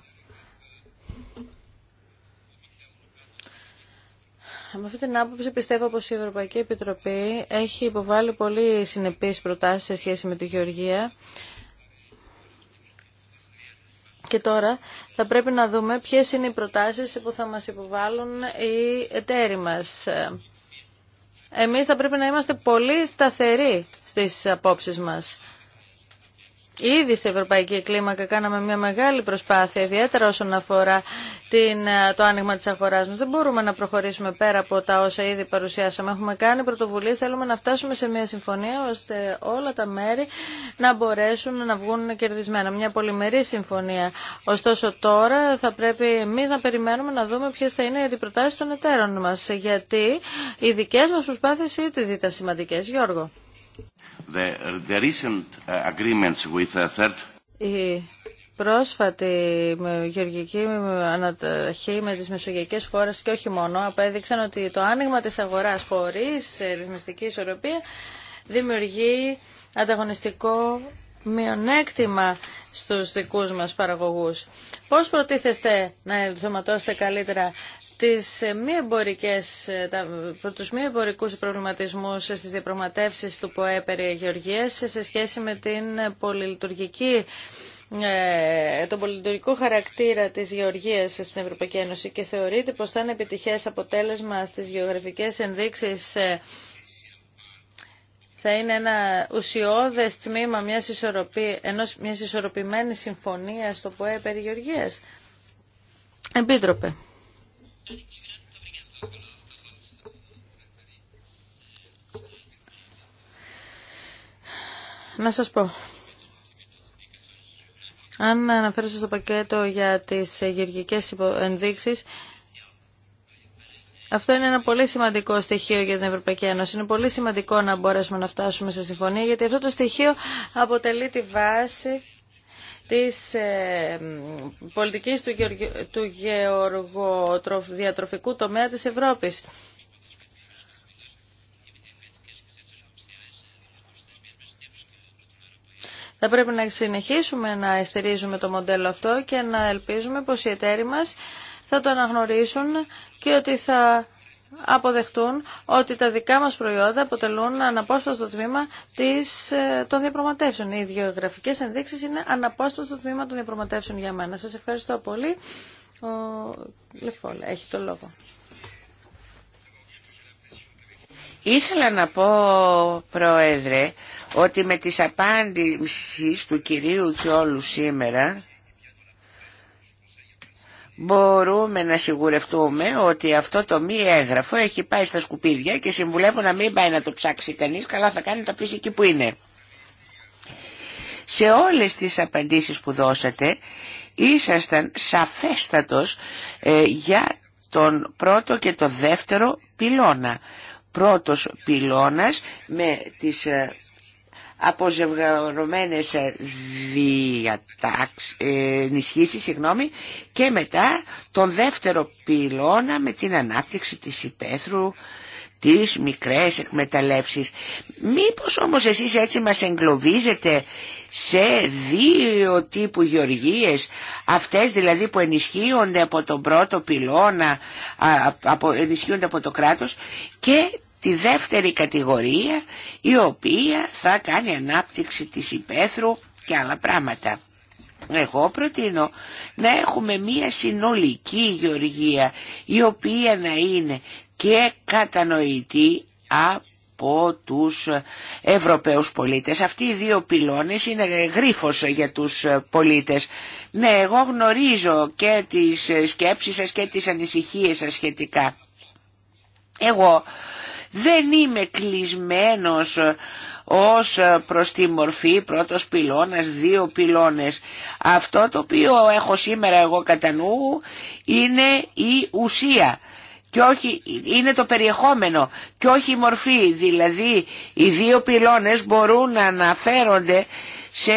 Με αυτή την άποψη πιστεύω πως η Ευρωπαϊκή Επιτροπή έχει υποβάλει πολύ συνεπείς προτάσεις σε σχέση με τη Γεωργία και τώρα θα πρέπει να δούμε ποιες είναι οι προτάσεις που θα μας υποβάλουν οι εταίροι μας. Εμείς θα πρέπει να είμαστε πολύ σταθεροί στις απόψεις μας. Ήδη σε ευρωπαϊκή κλίμακα κάναμε μια μεγάλη προσπάθεια, ιδιαίτερα όσον αφορά την, ε, το άνοιγμα της αγοράς μας. Δεν μπορούμε να προχωρήσουμε πέρα από τα όσα ήδη παρουσιάσαμε. Έχουμε κάνει πρωτοβουλίες, θέλουμε να φτάσουμε σε μια συμφωνία ώστε όλα τα μέρη να μπορέσουν να βγουν κερδισμένα. Μια πολυμερή συμφωνία. Ωστόσο τώρα θα πρέπει εμεί να περιμένουμε να δούμε ποιε θα είναι οι αντιπροτάσεις των εταίρων μας. Γιατί οι δικές μας προσπάθειες ήδη ήταν σημαντικέ, Γιώργο. Οι the recent uh, agreements uh, γεωργική αναταχή με τις μεσογειακές χώρες και όχι μόνο απέδειξαν ότι το άνοιγμα της αγοράς χωρίς ε, ρυθμιστική ισορροπία δημιουργεί ανταγωνιστικό μειονέκτημα στους δικούς μας παραγωγούς. Πώς προτίθεστε να ενσωματώσετε καλύτερα τις ε, μη ε, τα, τους μη εμπορικούς προβληματισμούς στις διαπραγματεύσεις του ΠΟΕ περί Γεωργίας σε σχέση με την πολυλειτουργική ε, τον πολιτικό χαρακτήρα της γεωργίας στην Ευρωπαϊκή Ένωση και θεωρείται πως θα είναι επιτυχές αποτέλεσμα στις γεωγραφικές ενδείξεις θα είναι ένα ουσιώδες τμήμα μιας, ισορροπη... ενός, μιας ισορροπημένης συμφωνίας στο ΠΟΕ περί γεωργίας. Επίτροπε. να σας πω. Αν αναφέρεστε στο πακέτο για τις γεωργικές ενδείξεις, αυτό είναι ένα πολύ σημαντικό στοιχείο για την Ευρωπαϊκή Ένωση. Είναι πολύ σημαντικό να μπορέσουμε να φτάσουμε σε συμφωνία, γιατί αυτό το στοιχείο αποτελεί τη βάση της ε, πολιτικής του, γεωργο, του γεωργοδιατροφικού τομέα της Ευρώπης. Θα πρέπει να συνεχίσουμε να εστηρίζουμε το μοντέλο αυτό και να ελπίζουμε πως οι εταίροι μας θα το αναγνωρίσουν και ότι θα αποδεχτούν ότι τα δικά μας προϊόντα αποτελούν αναπόσπαστο τμήμα της, ε, των διαπραγματεύσεων. Οι γεωγραφικές ενδείξεις είναι αναπόσπαστο τμήμα των διαπραγματεύσεων για μένα. Σας ευχαριστώ πολύ. Ήθελα να πω, Πρόεδρε, ότι με τις απάντησεις του κυρίου Τσιόλου σήμερα μπορούμε να σιγουρευτούμε ότι αυτό το μη έγγραφο έχει πάει στα σκουπίδια και συμβουλεύω να μην πάει να το ψάξει κανείς, καλά θα κάνει το αφήσει εκεί που είναι. Σε όλες τις απαντήσεις που δώσατε ήσασταν σαφέστατος ε, για τον πρώτο και το δεύτερο πυλώνα. Πρώτος πυλώνας με τις ε, αποζευγαρωμένες ε, ε, ενισχύσεις συγγνώμη, και μετά τον δεύτερο πυλώνα με την ανάπτυξη της υπαίθρου της μικρές εκμεταλλεύσεις. Μήπως όμως εσείς έτσι μας εγκλωβίζετε σε δύο τύπου γεωργίες, αυτές δηλαδή που ενισχύονται από τον πρώτο πυλώνα, από, ενισχύονται από το κράτος και τη δεύτερη κατηγορία η οποία θα κάνει ανάπτυξη της υπαίθρου και άλλα πράγματα. Εγώ προτείνω να έχουμε μία συνολική γεωργία η οποία να είναι και κατανοητή από τους Ευρωπαίους πολίτες. Αυτοί οι δύο πυλώνες είναι γρίφος για τους πολίτες. Ναι, εγώ γνωρίζω και τις σκέψεις σας και τις ανησυχίες σας σχετικά. Εγώ δεν είμαι κλεισμένος ως προς τη μορφή πρώτος πυλώνας, δύο πυλώνες. Αυτό το οποίο έχω σήμερα εγώ κατά νου είναι η ουσία. Και όχι, είναι το περιεχόμενο και όχι η μορφή. Δηλαδή οι δύο πυλώνες μπορούν να αναφέρονται σε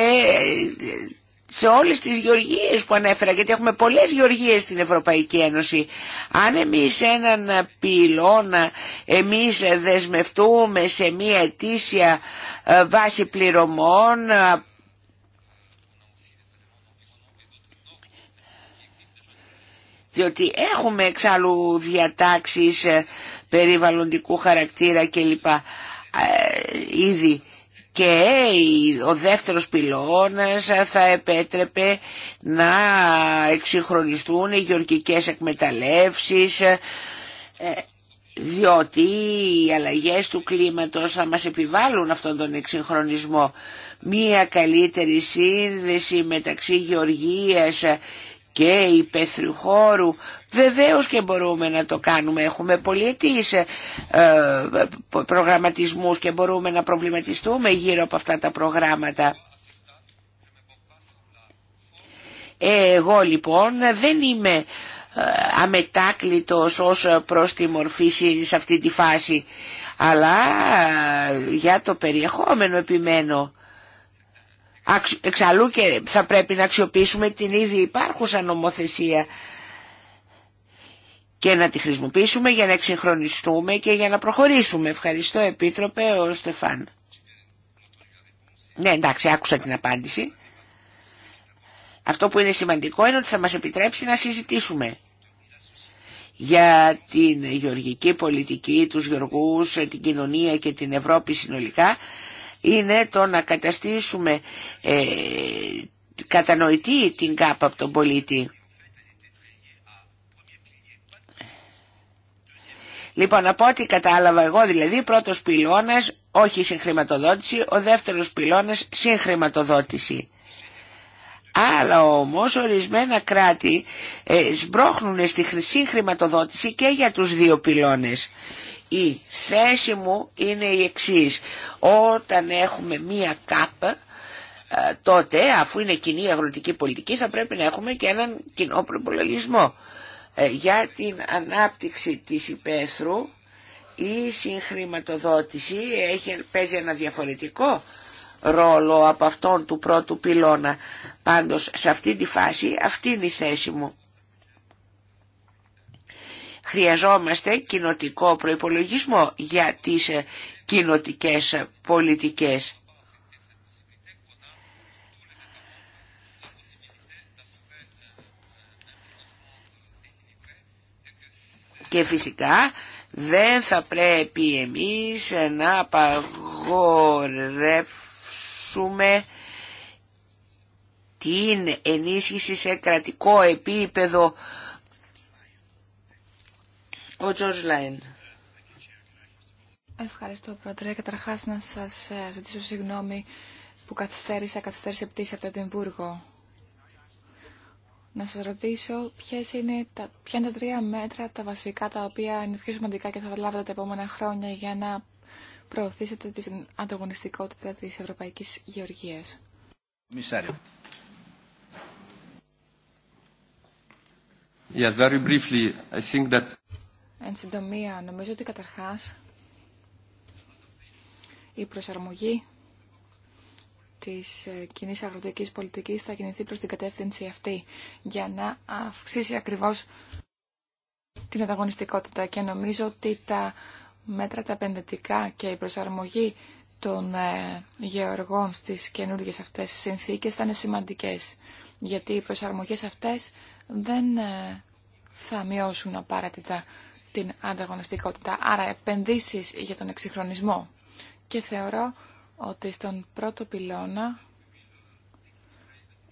σε όλες τις γεωργίες που ανέφερα, γιατί έχουμε πολλές γεωργίες στην Ευρωπαϊκή Ένωση. Αν εμείς έναν πυλώνα, εμείς δεσμευτούμε σε μία αιτήσια ε, βάση πληρωμών, ε, διότι έχουμε εξάλλου διατάξεις ε, περιβαλλοντικού χαρακτήρα κλπ. Ήδη και ο δεύτερος πυλώνας θα επέτρεπε να εξυγχρονιστούν οι γεωργικές εκμεταλλεύσεις ε, διότι οι αλλαγές του κλίματος θα μας επιβάλλουν αυτόν τον εξυγχρονισμό. Μία καλύτερη σύνδεση μεταξύ γεωργίας και υπαίθριου χώρου. Βεβαίως και μπορούμε να το κάνουμε. Έχουμε πολιετής ε, ε, προγραμματισμούς και μπορούμε να προβληματιστούμε γύρω από αυτά τα προγράμματα. Εγώ λοιπόν δεν είμαι ε, αμετάκλητος ως προς τη μορφή σε αυτή τη φάση αλλά ε, για το περιεχόμενο επιμένω Εξαλλού και θα πρέπει να αξιοποιήσουμε την ήδη υπάρχουσα νομοθεσία και να τη χρησιμοποιήσουμε για να εξυγχρονιστούμε και για να προχωρήσουμε. Ευχαριστώ Επίτροπε ο Στεφάν. Ναι εντάξει άκουσα την απάντηση. Αυτό που είναι σημαντικό είναι ότι θα μας επιτρέψει να συζητήσουμε για την γεωργική πολιτική, τους γεωργούς, την κοινωνία και την Ευρώπη συνολικά είναι το να καταστήσουμε ε, κατανοητή την ΚΑΠ από τον πολίτη. Λοιπόν, από ό,τι κατάλαβα εγώ, δηλαδή, πρώτος πυλώνας, όχι συγχρηματοδότηση, ο δεύτερος πυλώνας, συγχρηματοδότηση. Αλλά όμως ορισμένα κράτη ε, σμπρώχνουν στη σύγχρηματοδότηση και για τους δύο πυλώνες η θέση μου είναι η εξής. Όταν έχουμε μία ΚΑΠ, ε, τότε αφού είναι κοινή αγροτική πολιτική θα πρέπει να έχουμε και έναν κοινό προπολογισμό. Ε, για την ανάπτυξη της υπαίθρου η συγχρηματοδότηση έχει, παίζει ένα διαφορετικό ρόλο από αυτόν του πρώτου πυλώνα. Πάντως σε αυτή τη φάση αυτή είναι η θέση μου. Χρειαζόμαστε κοινοτικό προϋπολογισμό για τις ε, κοινοτικές ε, πολιτικές. Και φυσικά δεν θα πρέπει εμείς ε, να απαγορεύσουμε την ενίσχυση σε κρατικό επίπεδο ο Λάιν. Ευχαριστώ, Πρόεδρε. Καταρχά, να σα ε, ζητήσω συγγνώμη που καθυστέρησα, καθυστέρησε πτήση από το Εδιμβούργο. Να σας ρωτήσω ποιες είναι τα, ποια είναι τα τρία μέτρα τα βασικά τα οποία είναι πιο σημαντικά και θα λάβετε τα επόμενα χρόνια για να προωθήσετε την ανταγωνιστικότητα της Ευρωπαϊκής Γεωργίας. Μισάριο. Yes, very briefly, I think that... Εν συντομία, νομίζω ότι καταρχάς η προσαρμογή της ε, κοινή αγροτικής πολιτικής θα κινηθεί προς την κατεύθυνση αυτή για να αυξήσει ακριβώς την ανταγωνιστικότητα και νομίζω ότι τα μέτρα τα επενδυτικά και η προσαρμογή των ε, γεωργών στις καινούργιε αυτές συνθήκες θα είναι σημαντικές γιατί οι προσαρμογές αυτές δεν ε, θα μειώσουν απαραίτητα την ανταγωνιστικότητα, άρα επενδύσεις για τον εξυγχρονισμό. Και θεωρώ ότι στον πρώτο πυλώνα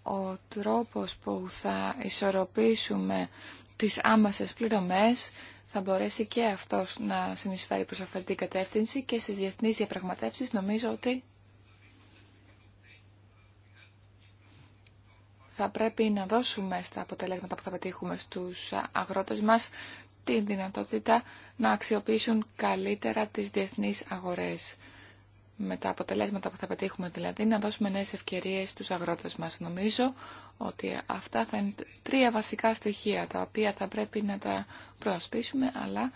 ο τρόπος που θα ισορροπήσουμε τις άμασες πληρωμές θα μπορέσει και αυτός να συνεισφέρει προς αυτή την κατεύθυνση και στις διεθνείς διαπραγματεύσεις νομίζω ότι θα πρέπει να δώσουμε στα αποτελέσματα που θα πετύχουμε στους αγρότες μας τη δυνατότητα να αξιοποιήσουν καλύτερα τις διεθνείς αγορές. Με τα αποτελέσματα που θα πετύχουμε δηλαδή, να δώσουμε νέες ευκαιρίες στους αγρότες μας. Νομίζω ότι αυτά θα είναι τρία βασικά στοιχεία, τα οποία θα πρέπει να τα προασπίσουμε, αλλά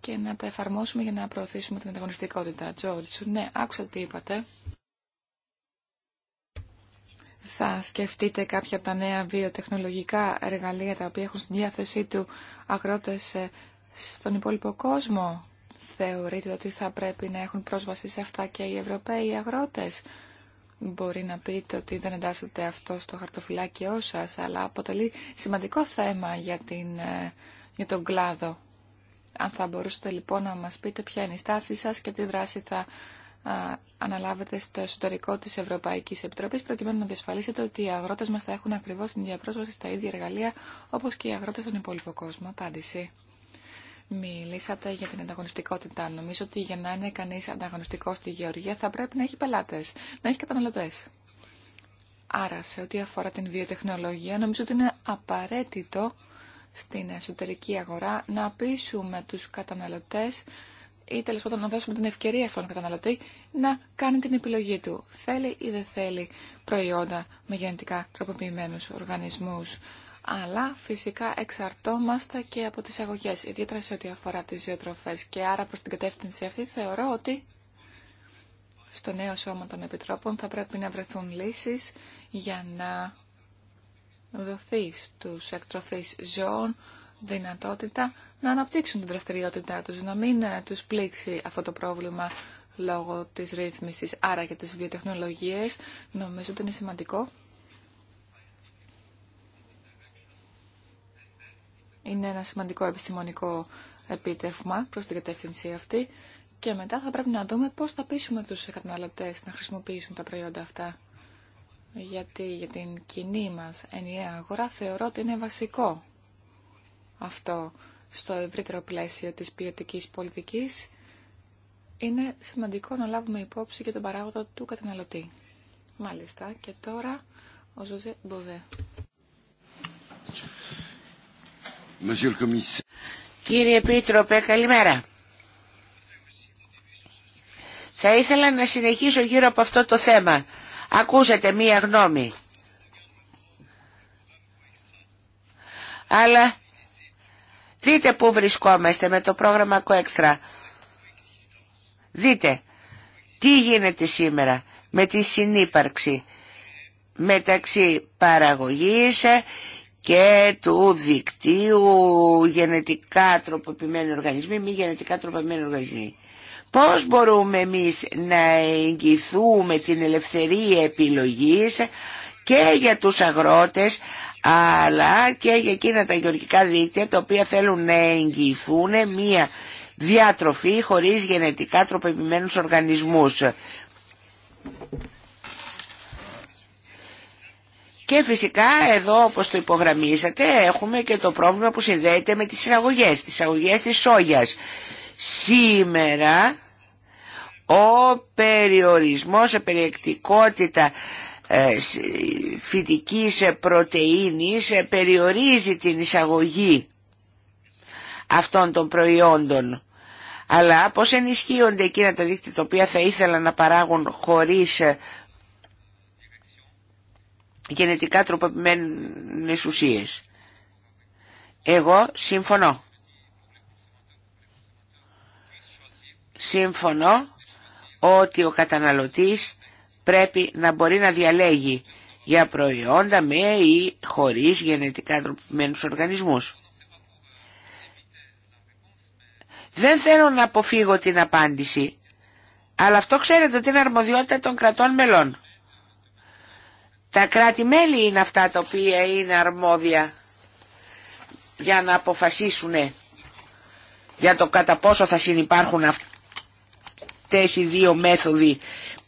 και να τα εφαρμόσουμε για να προωθήσουμε την ανταγωνιστικότητα. Τζόρτς, ναι, άκουσα τι είπατε θα σκεφτείτε κάποια από τα νέα βιοτεχνολογικά εργαλεία τα οποία έχουν στη διάθεσή του αγρότες ε, στον υπόλοιπο κόσμο. Θεωρείτε ότι θα πρέπει να έχουν πρόσβαση σε αυτά και οι Ευρωπαίοι αγρότες. Μπορεί να πείτε ότι δεν εντάσσεται αυτό στο χαρτοφυλάκιό σας, αλλά αποτελεί σημαντικό θέμα για, την, ε, για τον κλάδο. Αν θα μπορούσατε λοιπόν να μας πείτε ποια είναι η στάση σας και τι δράση θα αναλάβετε στο εσωτερικό της Ευρωπαϊκής Επιτροπής προκειμένου να διασφαλίσετε ότι οι αγρότες μας θα έχουν ακριβώς την διαπρόσβαση στα ίδια εργαλεία όπως και οι αγρότες στον υπόλοιπο κόσμο. Απάντηση. Μιλήσατε για την ανταγωνιστικότητα. Νομίζω ότι για να είναι κανείς ανταγωνιστικός στη γεωργία θα πρέπει να έχει πελάτες, να έχει καταναλωτές. Άρα, σε ό,τι αφορά την βιοτεχνολογία, νομίζω ότι είναι απαραίτητο στην εσωτερική αγορά να πείσουμε τους καταναλωτές ή τέλο πάντων να δώσουμε την ευκαιρία στον καταναλωτή να κάνει την επιλογή του. Θέλει ή δεν θέλει προϊόντα με γενετικά τροποποιημένου οργανισμούς. Αλλά φυσικά εξαρτώμαστε και από τις αγωγές, ιδιαίτερα σε ό,τι αφορά τις ζωοτροφές. Και άρα προς την κατεύθυνση αυτή θεωρώ ότι στο νέο σώμα των επιτρόπων θα πρέπει να βρεθούν λύσεις για να δοθεί στους εκτροφείς ζώων δυνατότητα να αναπτύξουν την δραστηριότητά τους, να μην ε, τους πλήξει αυτό το πρόβλημα λόγω της ρύθμισης, άρα και τις βιοτεχνολογίες, νομίζω ότι είναι σημαντικό. Είναι ένα σημαντικό επιστημονικό επίτευγμα προς την κατεύθυνση αυτή και μετά θα πρέπει να δούμε πώς θα πείσουμε τους καταναλωτέ να χρησιμοποιήσουν τα προϊόντα αυτά. Γιατί για την κοινή μας ενιαία αγορά θεωρώ ότι είναι βασικό αυτό στο ευρύτερο πλαίσιο της ποιοτική πολιτικής, είναι σημαντικό να λάβουμε υπόψη και τον παράγοντα του καταναλωτή. Μάλιστα. Και τώρα ο Ζωζέ Μποβέ. Κύριε Επίτροπε, καλημέρα. Θα ήθελα να συνεχίσω γύρω από αυτό το θέμα. Ακούσατε μία γνώμη. Αλλά Δείτε πού βρισκόμαστε με το πρόγραμμα Coextra. Δείτε τι γίνεται σήμερα με τη συνύπαρξη μεταξύ παραγωγής και του δικτύου γενετικά τροποποιημένοι οργανισμοί, μη γενετικά τροποποιημένοι οργανισμοί. Πώς μπορούμε εμείς να εγγυθούμε την ελευθερία επιλογής και για τους αγρότες αλλά και για εκείνα τα γεωργικά δίκτυα τα οποία θέλουν να εγγυηθούν μία διατροφή χωρίς γενετικά τροποποιημένου οργανισμούς. Και φυσικά εδώ όπως το υπογραμμίσατε έχουμε και το πρόβλημα που συνδέεται με τις εισαγωγές, τις εισαγωγές της σόγιας. Σήμερα ο περιορισμός σε περιεκτικότητα ε, φυτικής ε, πρωτεΐνης ε, περιορίζει την εισαγωγή αυτών των προϊόντων. Αλλά πώς ενισχύονται εκείνα τα δίκτυα τα οποία θα ήθελα να παράγουν χωρίς γενετικά τροποποιημένες ουσίες. Εγώ συμφωνώ. Συμφωνώ ότι ο καταναλωτής πρέπει να μπορεί να διαλέγει για προϊόντα με ή χωρίς γενετικά τροπημένους οργανισμούς. Δεν θέλω να αποφύγω την απάντηση, αλλά αυτό ξέρετε ότι είναι αρμοδιότητα των κρατών μελών. Τα κράτη-μέλη είναι αυτά τα οποία είναι αρμόδια για να αποφασίσουν για το κατά πόσο θα συνεπάρχουν αυτές οι δύο μέθοδοι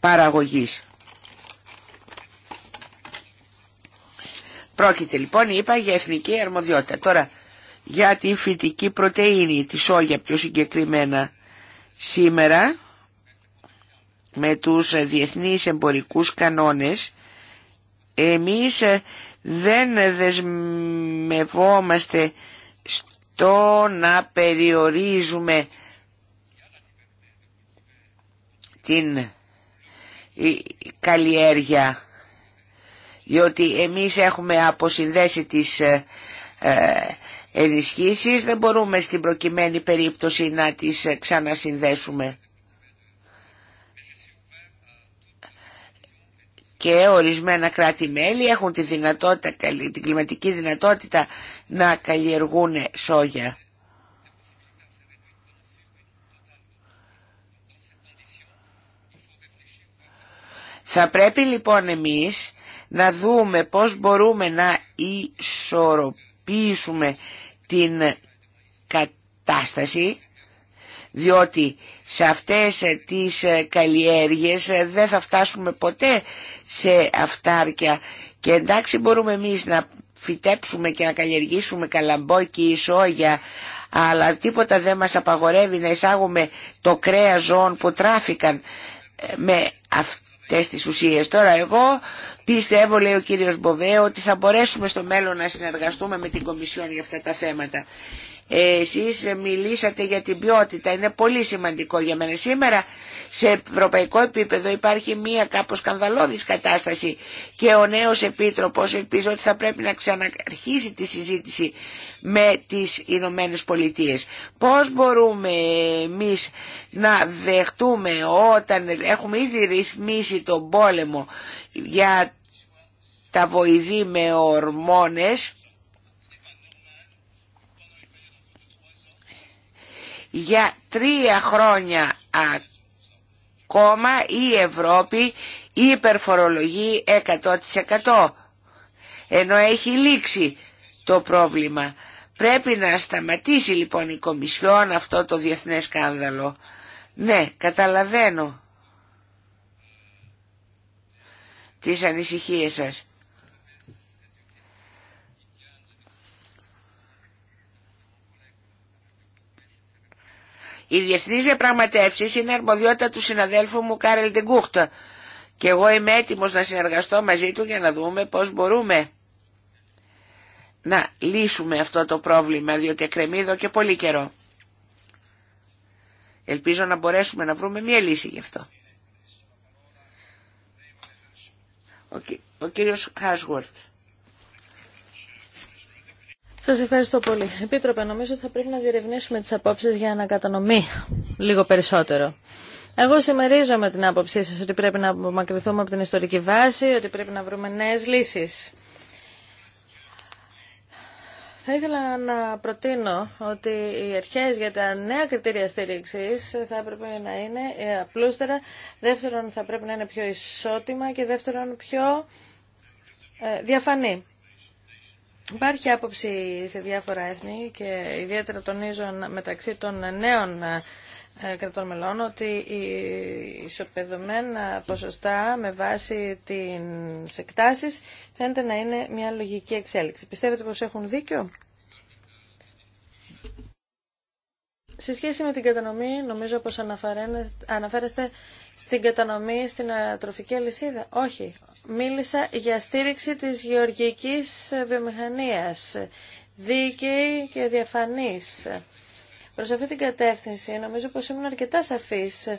παραγωγής. Πρόκειται λοιπόν, είπα, για εθνική αρμοδιότητα. Τώρα, για τη φυτική πρωτεΐνη, τη σόγια πιο συγκεκριμένα σήμερα, με τους διεθνείς εμπορικούς κανόνες, εμείς δεν δεσμευόμαστε στο να περιορίζουμε την η καλλιέργεια διότι εμείς έχουμε αποσυνδέσει τις ε, ε, ενισχύσεις δεν μπορούμε στην προκειμένη περίπτωση να τις ε, ξανασυνδέσουμε και ορισμένα κράτη-μέλη έχουν τη δυνατότητα, την κλιματική δυνατότητα να καλλιεργούν σόγια Θα πρέπει λοιπόν εμείς να δούμε πώς μπορούμε να ισορροπήσουμε την κατάσταση διότι σε αυτές τις καλλιέργειες δεν θα φτάσουμε ποτέ σε αυτάρκεια και εντάξει μπορούμε εμείς να φυτέψουμε και να καλλιεργήσουμε καλαμπόκι ή σόγια αλλά τίποτα δεν μας απαγορεύει να εισάγουμε το κρέα ζώων που τράφηκαν με αυτά τις ουσίες. Τώρα εγώ πιστεύω, λέει ο κύριος Μποβέ, ότι θα μπορέσουμε στο μέλλον να συνεργαστούμε με την Κομισιόν για αυτά τα θέματα. Εσείς μιλήσατε για την ποιότητα, είναι πολύ σημαντικό για μένα. Σήμερα σε ευρωπαϊκό επίπεδο υπάρχει μία κάπως σκανδαλώδης κατάσταση και ο νέος επίτροπος ελπίζω ότι θα πρέπει να ξαναρχίσει τη συζήτηση με τις Ηνωμένε Πολιτείε. Πώς μπορούμε εμείς να δεχτούμε όταν έχουμε ήδη ρυθμίσει τον πόλεμο για τα βοηδή με ορμόνες για τρία χρόνια ακόμα η Ευρώπη υπερφορολογεί 100% ενώ έχει λήξει το πρόβλημα. Πρέπει να σταματήσει λοιπόν η Κομισιόν αυτό το διεθνές σκάνδαλο. Ναι, καταλαβαίνω τις ανησυχίες σας. Οι διεθνεί διαπραγματεύσει είναι αρμοδιότητα του συναδέλφου μου Κάρελ Ντεγκούχτ και εγώ είμαι έτοιμος να συνεργαστώ μαζί του για να δούμε πώς μπορούμε να λύσουμε αυτό το πρόβλημα διότι εκκρεμεί εδώ και πολύ καιρό. Ελπίζω να μπορέσουμε να βρούμε μία λύση γι' αυτό. Ο, κύ, ο κύριος Χάσγουρτ. Σας ευχαριστώ πολύ. Επίτροπε, νομίζω ότι θα πρέπει να διερευνήσουμε τις απόψεις για ανακατανομή λίγο περισσότερο. Εγώ με την άποψή σας ότι πρέπει να απομακρυνθούμε από την ιστορική βάση, ότι πρέπει να βρούμε νέες λύσεις. Θα ήθελα να προτείνω ότι οι αρχές για τα νέα κριτήρια στήριξης θα πρέπει να είναι απλούστερα, δεύτερον θα πρέπει να είναι πιο ισότιμα και δεύτερον πιο ε, διαφανή. Υπάρχει άποψη σε διάφορα έθνη και ιδιαίτερα τονίζω μεταξύ των νέων ε, κρατών μελών ότι οι ισοπεδωμένα ποσοστά με βάση την εκτάσεις φαίνεται να είναι μια λογική εξέλιξη. Πιστεύετε πως έχουν δίκιο? Σε σχέση με την κατανομή, νομίζω πως αναφέρεστε στην κατανομή στην τροφική αλυσίδα. Όχι, μίλησα για στήριξη της γεωργικής βιομηχανίας, δίκαιη και διαφανής. Προς αυτή την κατεύθυνση νομίζω πως ήμουν αρκετά σαφής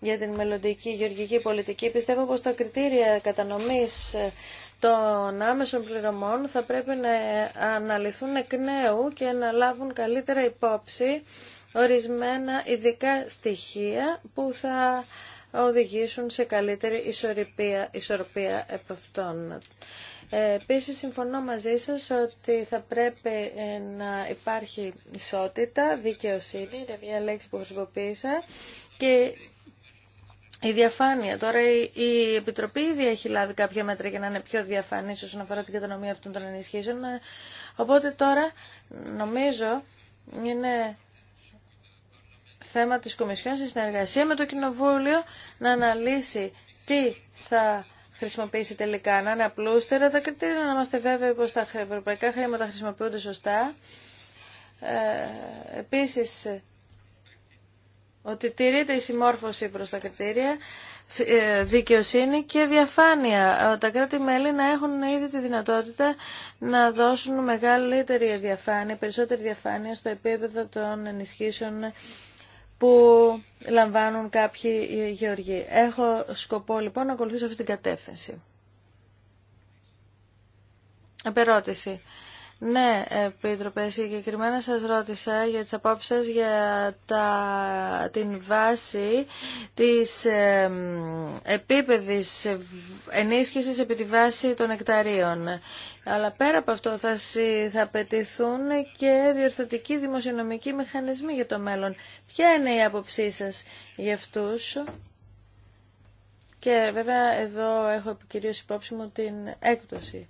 για την μελλοντική γεωργική πολιτική. Πιστεύω πως τα κριτήρια κατανομής των άμεσων πληρωμών θα πρέπει να αναλυθούν εκ νέου και να λάβουν καλύτερα υπόψη ορισμένα ειδικά στοιχεία που θα οδηγήσουν σε καλύτερη ισορροπία, ισορροπία επ' Ε, Επίσης, συμφωνώ μαζί σας ότι θα πρέπει ε, να υπάρχει ισότητα, δικαιοσύνη, είναι μια λέξη που χρησιμοποίησα, και η διαφάνεια. Τώρα η Επιτροπή ήδη έχει λάβει κάποια μέτρα για να είναι πιο διαφανή όσον αφορά την κατανομή αυτών των ενισχύσεων. Ε, οπότε τώρα νομίζω είναι θέμα της Κομισιόν σε συνεργασία με το Κοινοβούλιο να αναλύσει τι θα χρησιμοποιήσει τελικά, να είναι απλούστερα τα κριτήρια, να είμαστε βέβαιοι πως τα ευρωπαϊκά χρήματα χρησιμοποιούνται σωστά. Ε, επίσης, ότι τηρείται η συμμόρφωση προς τα κριτήρια, ε, δικαιοσύνη και διαφάνεια. Ε, τα κράτη-μέλη να έχουν ήδη τη δυνατότητα να δώσουν μεγαλύτερη διαφάνεια, περισσότερη διαφάνεια στο επίπεδο των ενισχύσεων που λαμβάνουν κάποιοι γεωργοί. Έχω σκοπό λοιπόν να ακολουθήσω αυτή την κατεύθυνση. Επερώτηση. Ναι, Επίτροπε, συγκεκριμένα σας ρώτησα για τις απόψεις για τα, την βάση της επίπεδης ενίσχυσης επί τη βάση των εκταρίων. Αλλά πέρα από αυτό θα, θα απαιτηθούν και διορθωτικοί δημοσιονομικοί μηχανισμοί για το μέλλον. Ποια είναι η άποψή σας για αυτούς. Και βέβαια εδώ έχω κυρίως υπόψη μου την έκπτωση.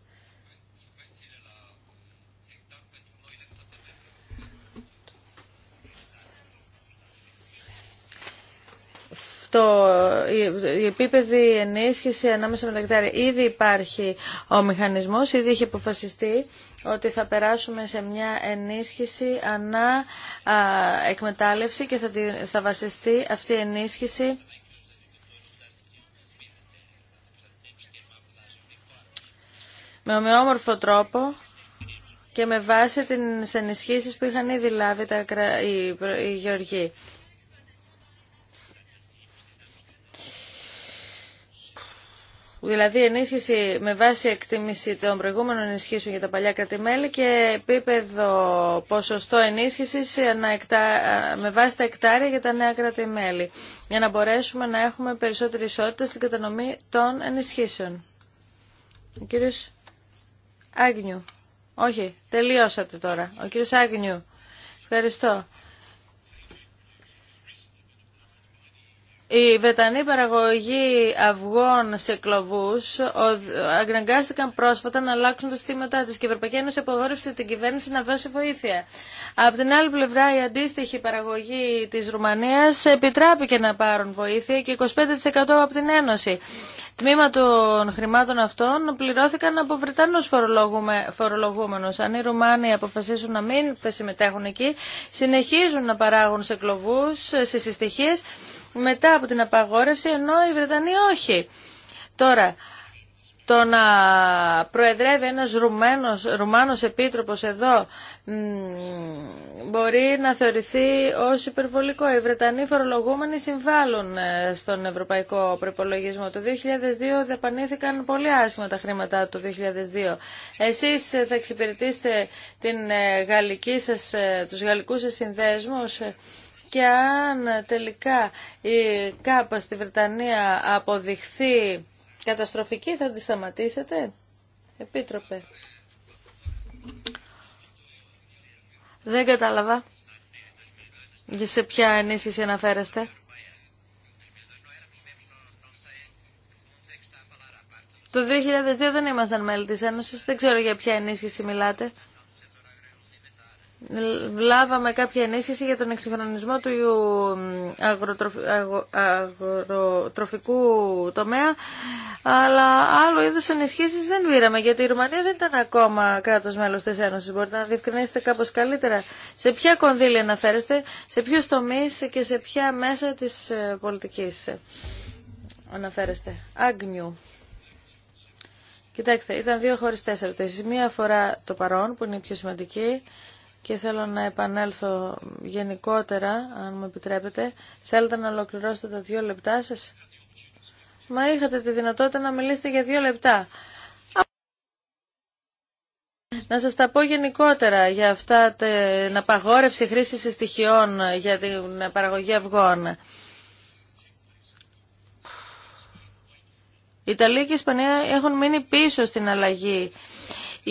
το η επίπεδη ενίσχυση ανάμεσα με τα Ήδη υπάρχει ο μηχανισμός, ήδη έχει αποφασιστεί ότι θα περάσουμε σε μια ενίσχυση ανά εκμετάλλευση και θα, θα βασιστεί αυτή η ενίσχυση με ομοιόμορφο τρόπο και με βάση τις ενισχύσεις που είχαν ήδη λάβει οι, οι γεωργοί. Δηλαδή ενίσχυση με βάση εκτίμηση των προηγούμενων ενισχύσεων για τα παλιά κρατημέλη και επίπεδο ποσοστό ενίσχυσης με βάση τα εκτάρια για τα νέα κρατημέλη για να μπορέσουμε να έχουμε περισσότερη ισότητα στην κατανομή των ενισχύσεων. Ο κύριος Άγνιου. Όχι, τελειώσατε τώρα. Ο κύριος Άγνιου. Ευχαριστώ. Οι Βρετανοί παραγωγοί αυγών σε κλοβού αναγκάστηκαν πρόσφατα να αλλάξουν τα στήματά τη και η Ευρωπαϊκή Ένωση απογόρευσε την κυβέρνηση να δώσει βοήθεια. Από την άλλη πλευρά, η αντίστοιχη παραγωγή τη Ρουμανία επιτράπηκε να πάρουν βοήθεια και 25% από την Ένωση. Τμήμα των χρημάτων αυτών πληρώθηκαν από Βρετανού φορολογούμενου. Αν οι Ρουμάνοι αποφασίσουν να μην συμμετέχουν εκεί, συνεχίζουν να παράγουν σε κλοβού, σε συστοιχίε μετά από την απαγόρευση, ενώ οι Βρετανοί όχι. Τώρα, το να προεδρεύει ένας Ρουμάνος, Ρουμάνος επίτροπος εδώ μπορεί να θεωρηθεί ως υπερβολικό. Οι Βρετανοί φορολογούμενοι συμβάλλουν ε, στον ευρωπαϊκό προπολογισμό. Το 2002 δεπανήθηκαν πολύ άσχημα τα χρήματα του 2002. Εσείς θα εξυπηρετήσετε την ε, γαλλική σας, ε, τους γαλλικούς σας συνδέσμους και αν τελικά η ΚΑΠΑ στη Βρετανία αποδειχθεί καταστροφική θα τη σταματήσετε. Επίτροπε. Δεν κατάλαβα. σε ποια ενίσχυση αναφέρεστε. Το 2002 δεν ήμασταν μέλη της Ένωσης. Δεν ξέρω για ποια ενίσχυση μιλάτε λάβαμε κάποια ενίσχυση για τον εξυγχρονισμό του ε, αγροτροφικού τομέα, αλλά άλλο είδους ενισχύσεις δεν βήραμε γιατί η Ρουμανία δεν ήταν ακόμα κράτος μέλος της Ένωσης. Μπορείτε να διευκρινίσετε κάπως καλύτερα σε ποια κονδύλια αναφέρεστε, σε ποιους τομείς και σε ποια μέσα της ε, πολιτικής αναφέρεστε. Άγνιου. Κοιτάξτε, ήταν δύο χωρί τέσσερα. Μία αφορά το παρόν, που είναι η πιο σημαντική, και θέλω να επανέλθω γενικότερα, αν μου επιτρέπετε. Θέλετε να ολοκληρώσετε τα δύο λεπτά σας. Μα είχατε τη δυνατότητα να μιλήσετε για δύο λεπτά. Να σας τα πω γενικότερα για αυτά την απαγόρευση χρήση στοιχειών για την παραγωγή αυγών. Ιταλία και Ισπανία έχουν μείνει πίσω στην αλλαγή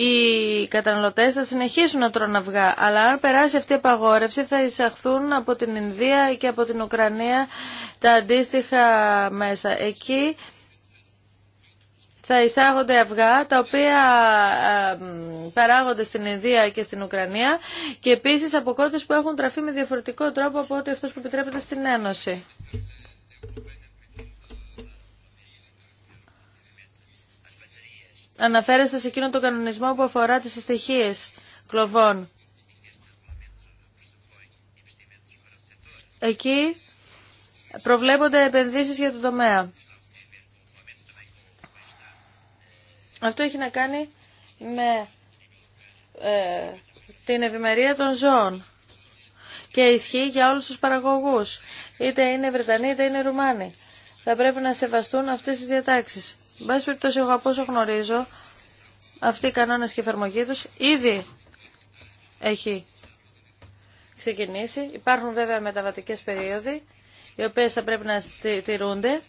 οι καταναλωτές θα συνεχίσουν να τρώνε αυγά. Αλλά αν περάσει αυτή η απαγόρευση θα εισαχθούν από την Ινδία και από την Ουκρανία τα αντίστοιχα μέσα. Εκεί θα εισάγονται αυγά τα οποία παράγονται στην Ινδία και στην Ουκρανία και επίσης από κότε που έχουν τραφεί με διαφορετικό τρόπο από ό,τι αυτός που επιτρέπεται στην Ένωση. αναφέρεστε σε εκείνο τον κανονισμό που αφορά τις στοιχείες κλοβών. Εκεί προβλέπονται επενδύσεις για το τομέα. Αυτό έχει να κάνει με ε, την ευημερία των ζώων και ισχύει για όλους τους παραγωγούς, είτε είναι Βρετανοί είτε είναι Ρουμάνοι. Θα πρέπει να σεβαστούν αυτές τις διατάξεις. Εν πάση περιπτώσει, εγώ από όσο γνωρίζω, αυτοί οι κανόνε και η εφαρμογή του ήδη έχει ξεκινήσει. Υπάρχουν βέβαια μεταβατικές περίοδοι, οι οποίες θα πρέπει να τηρούνται.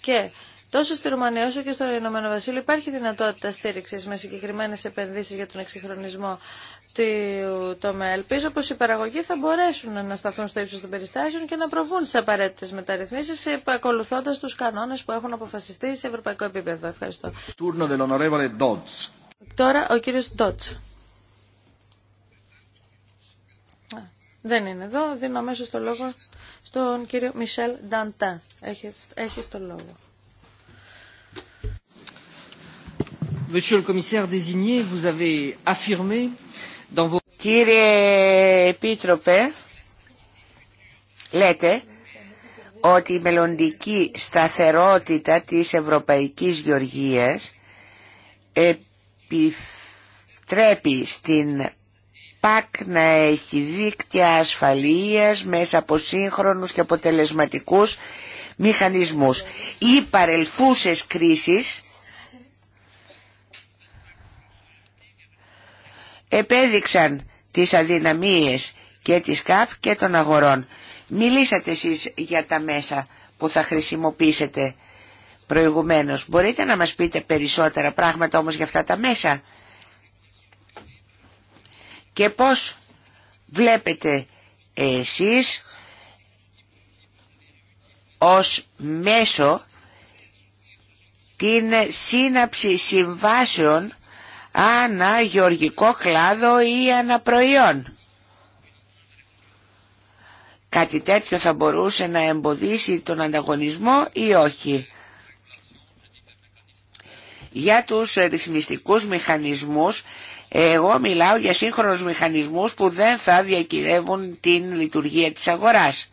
Και Τόσο στη Ρουμανία όσο και στο Ηνωμένο Βασίλειο υπάρχει δυνατότητα στήριξη με συγκεκριμένε επενδύσει για τον εξυγχρονισμό του τομέα. Ελπίζω πω οι παραγωγοί θα μπορέσουν να σταθούν στο ύψο των περιστάσεων και να προβούν στι απαραίτητε μεταρρυθμίσει ακολουθώντα του κανόνε που έχουν αποφασιστεί σε ευρωπαϊκό επίπεδο. Ευχαριστώ. Τώρα ο κύριο Ντότ. Δεν είναι εδώ. Δίνω αμέσω το λόγο στον κύριο Μισελ Νταντά. Έχει, έχει το λόγο. Κύριε Επίτροπε, λέτε ότι η μελλοντική σταθερότητα της Ευρωπαϊκής Γεωργίας επιτρέπει στην ΠΑΚ να έχει δίκτυα ασφαλείας μέσα από σύγχρονους και αποτελεσματικούς μηχανισμούς. Οι παρελθούσες κρίσεις επέδειξαν τις αδυναμίες και τις ΚΑΠ και των αγορών. Μιλήσατε εσείς για τα μέσα που θα χρησιμοποιήσετε προηγουμένως. Μπορείτε να μας πείτε περισσότερα πράγματα όμως για αυτά τα μέσα. Και πώς βλέπετε εσείς ως μέσο την σύναψη συμβάσεων ανά γεωργικό κλάδο ή αναπροϊόν. Κάτι τέτοιο θα μπορούσε να εμποδίσει τον ανταγωνισμό ή όχι. Για τους ρυθμιστικούς μηχανισμούς, εγώ μιλάω για σύγχρονους μηχανισμούς που δεν θα διακυδεύουν την λειτουργία της αγοράς.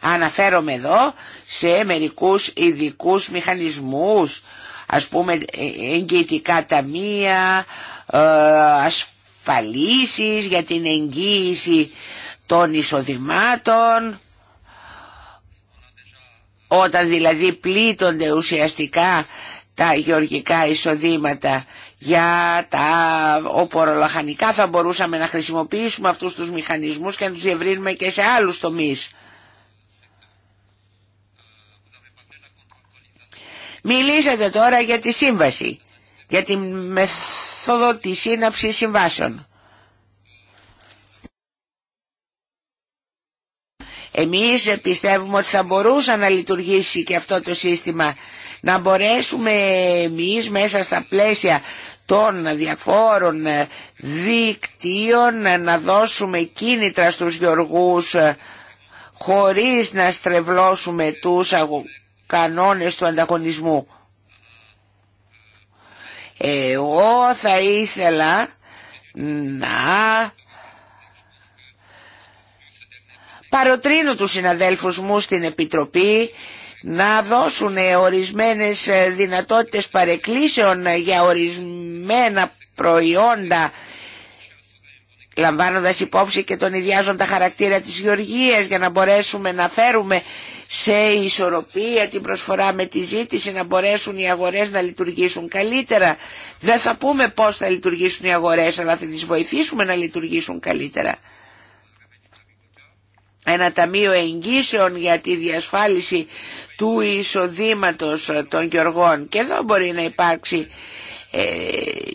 Αναφέρομαι εδώ σε μερικούς ειδικού μηχανισμούς, ας πούμε ε, εγγυητικά ταμεία, ε, ασφαλίσεις για την εγγύηση των εισοδημάτων, όταν δηλαδή πλήττονται ουσιαστικά τα γεωργικά εισοδήματα για τα οπορολαχανικά θα μπορούσαμε να χρησιμοποιήσουμε αυτούς τους μηχανισμούς και να τους διευρύνουμε και σε άλλους τομείς. Μιλήσατε τώρα για τη σύμβαση, για τη μεθόδο της σύναψης συμβάσεων. Εμείς πιστεύουμε ότι θα μπορούσε να λειτουργήσει και αυτό το σύστημα, να μπορέσουμε εμείς μέσα στα πλαίσια των διαφόρων δικτύων να δώσουμε κίνητρα στους γεωργούς ε, χωρίς να στρεβλώσουμε τους κανόνες του ανταγωνισμού. Εγώ θα ήθελα να παροτρύνω τους συναδέλφους μου στην Επιτροπή να δώσουν ορισμένες δυνατότητες παρεκκλήσεων για ορισμένα προϊόντα λαμβάνοντας υπόψη και τον ιδιάζοντα χαρακτήρα της γεωργίας για να μπορέσουμε να φέρουμε σε ισορροπία την προσφορά με τη ζήτηση, να μπορέσουν οι αγορές να λειτουργήσουν καλύτερα. Δεν θα πούμε πώς θα λειτουργήσουν οι αγορές, αλλά θα τις βοηθήσουμε να λειτουργήσουν καλύτερα. Ένα ταμείο εγγύσεων για τη διασφάλιση του εισοδήματος των γεωργών και εδώ μπορεί να υπάρξει ε,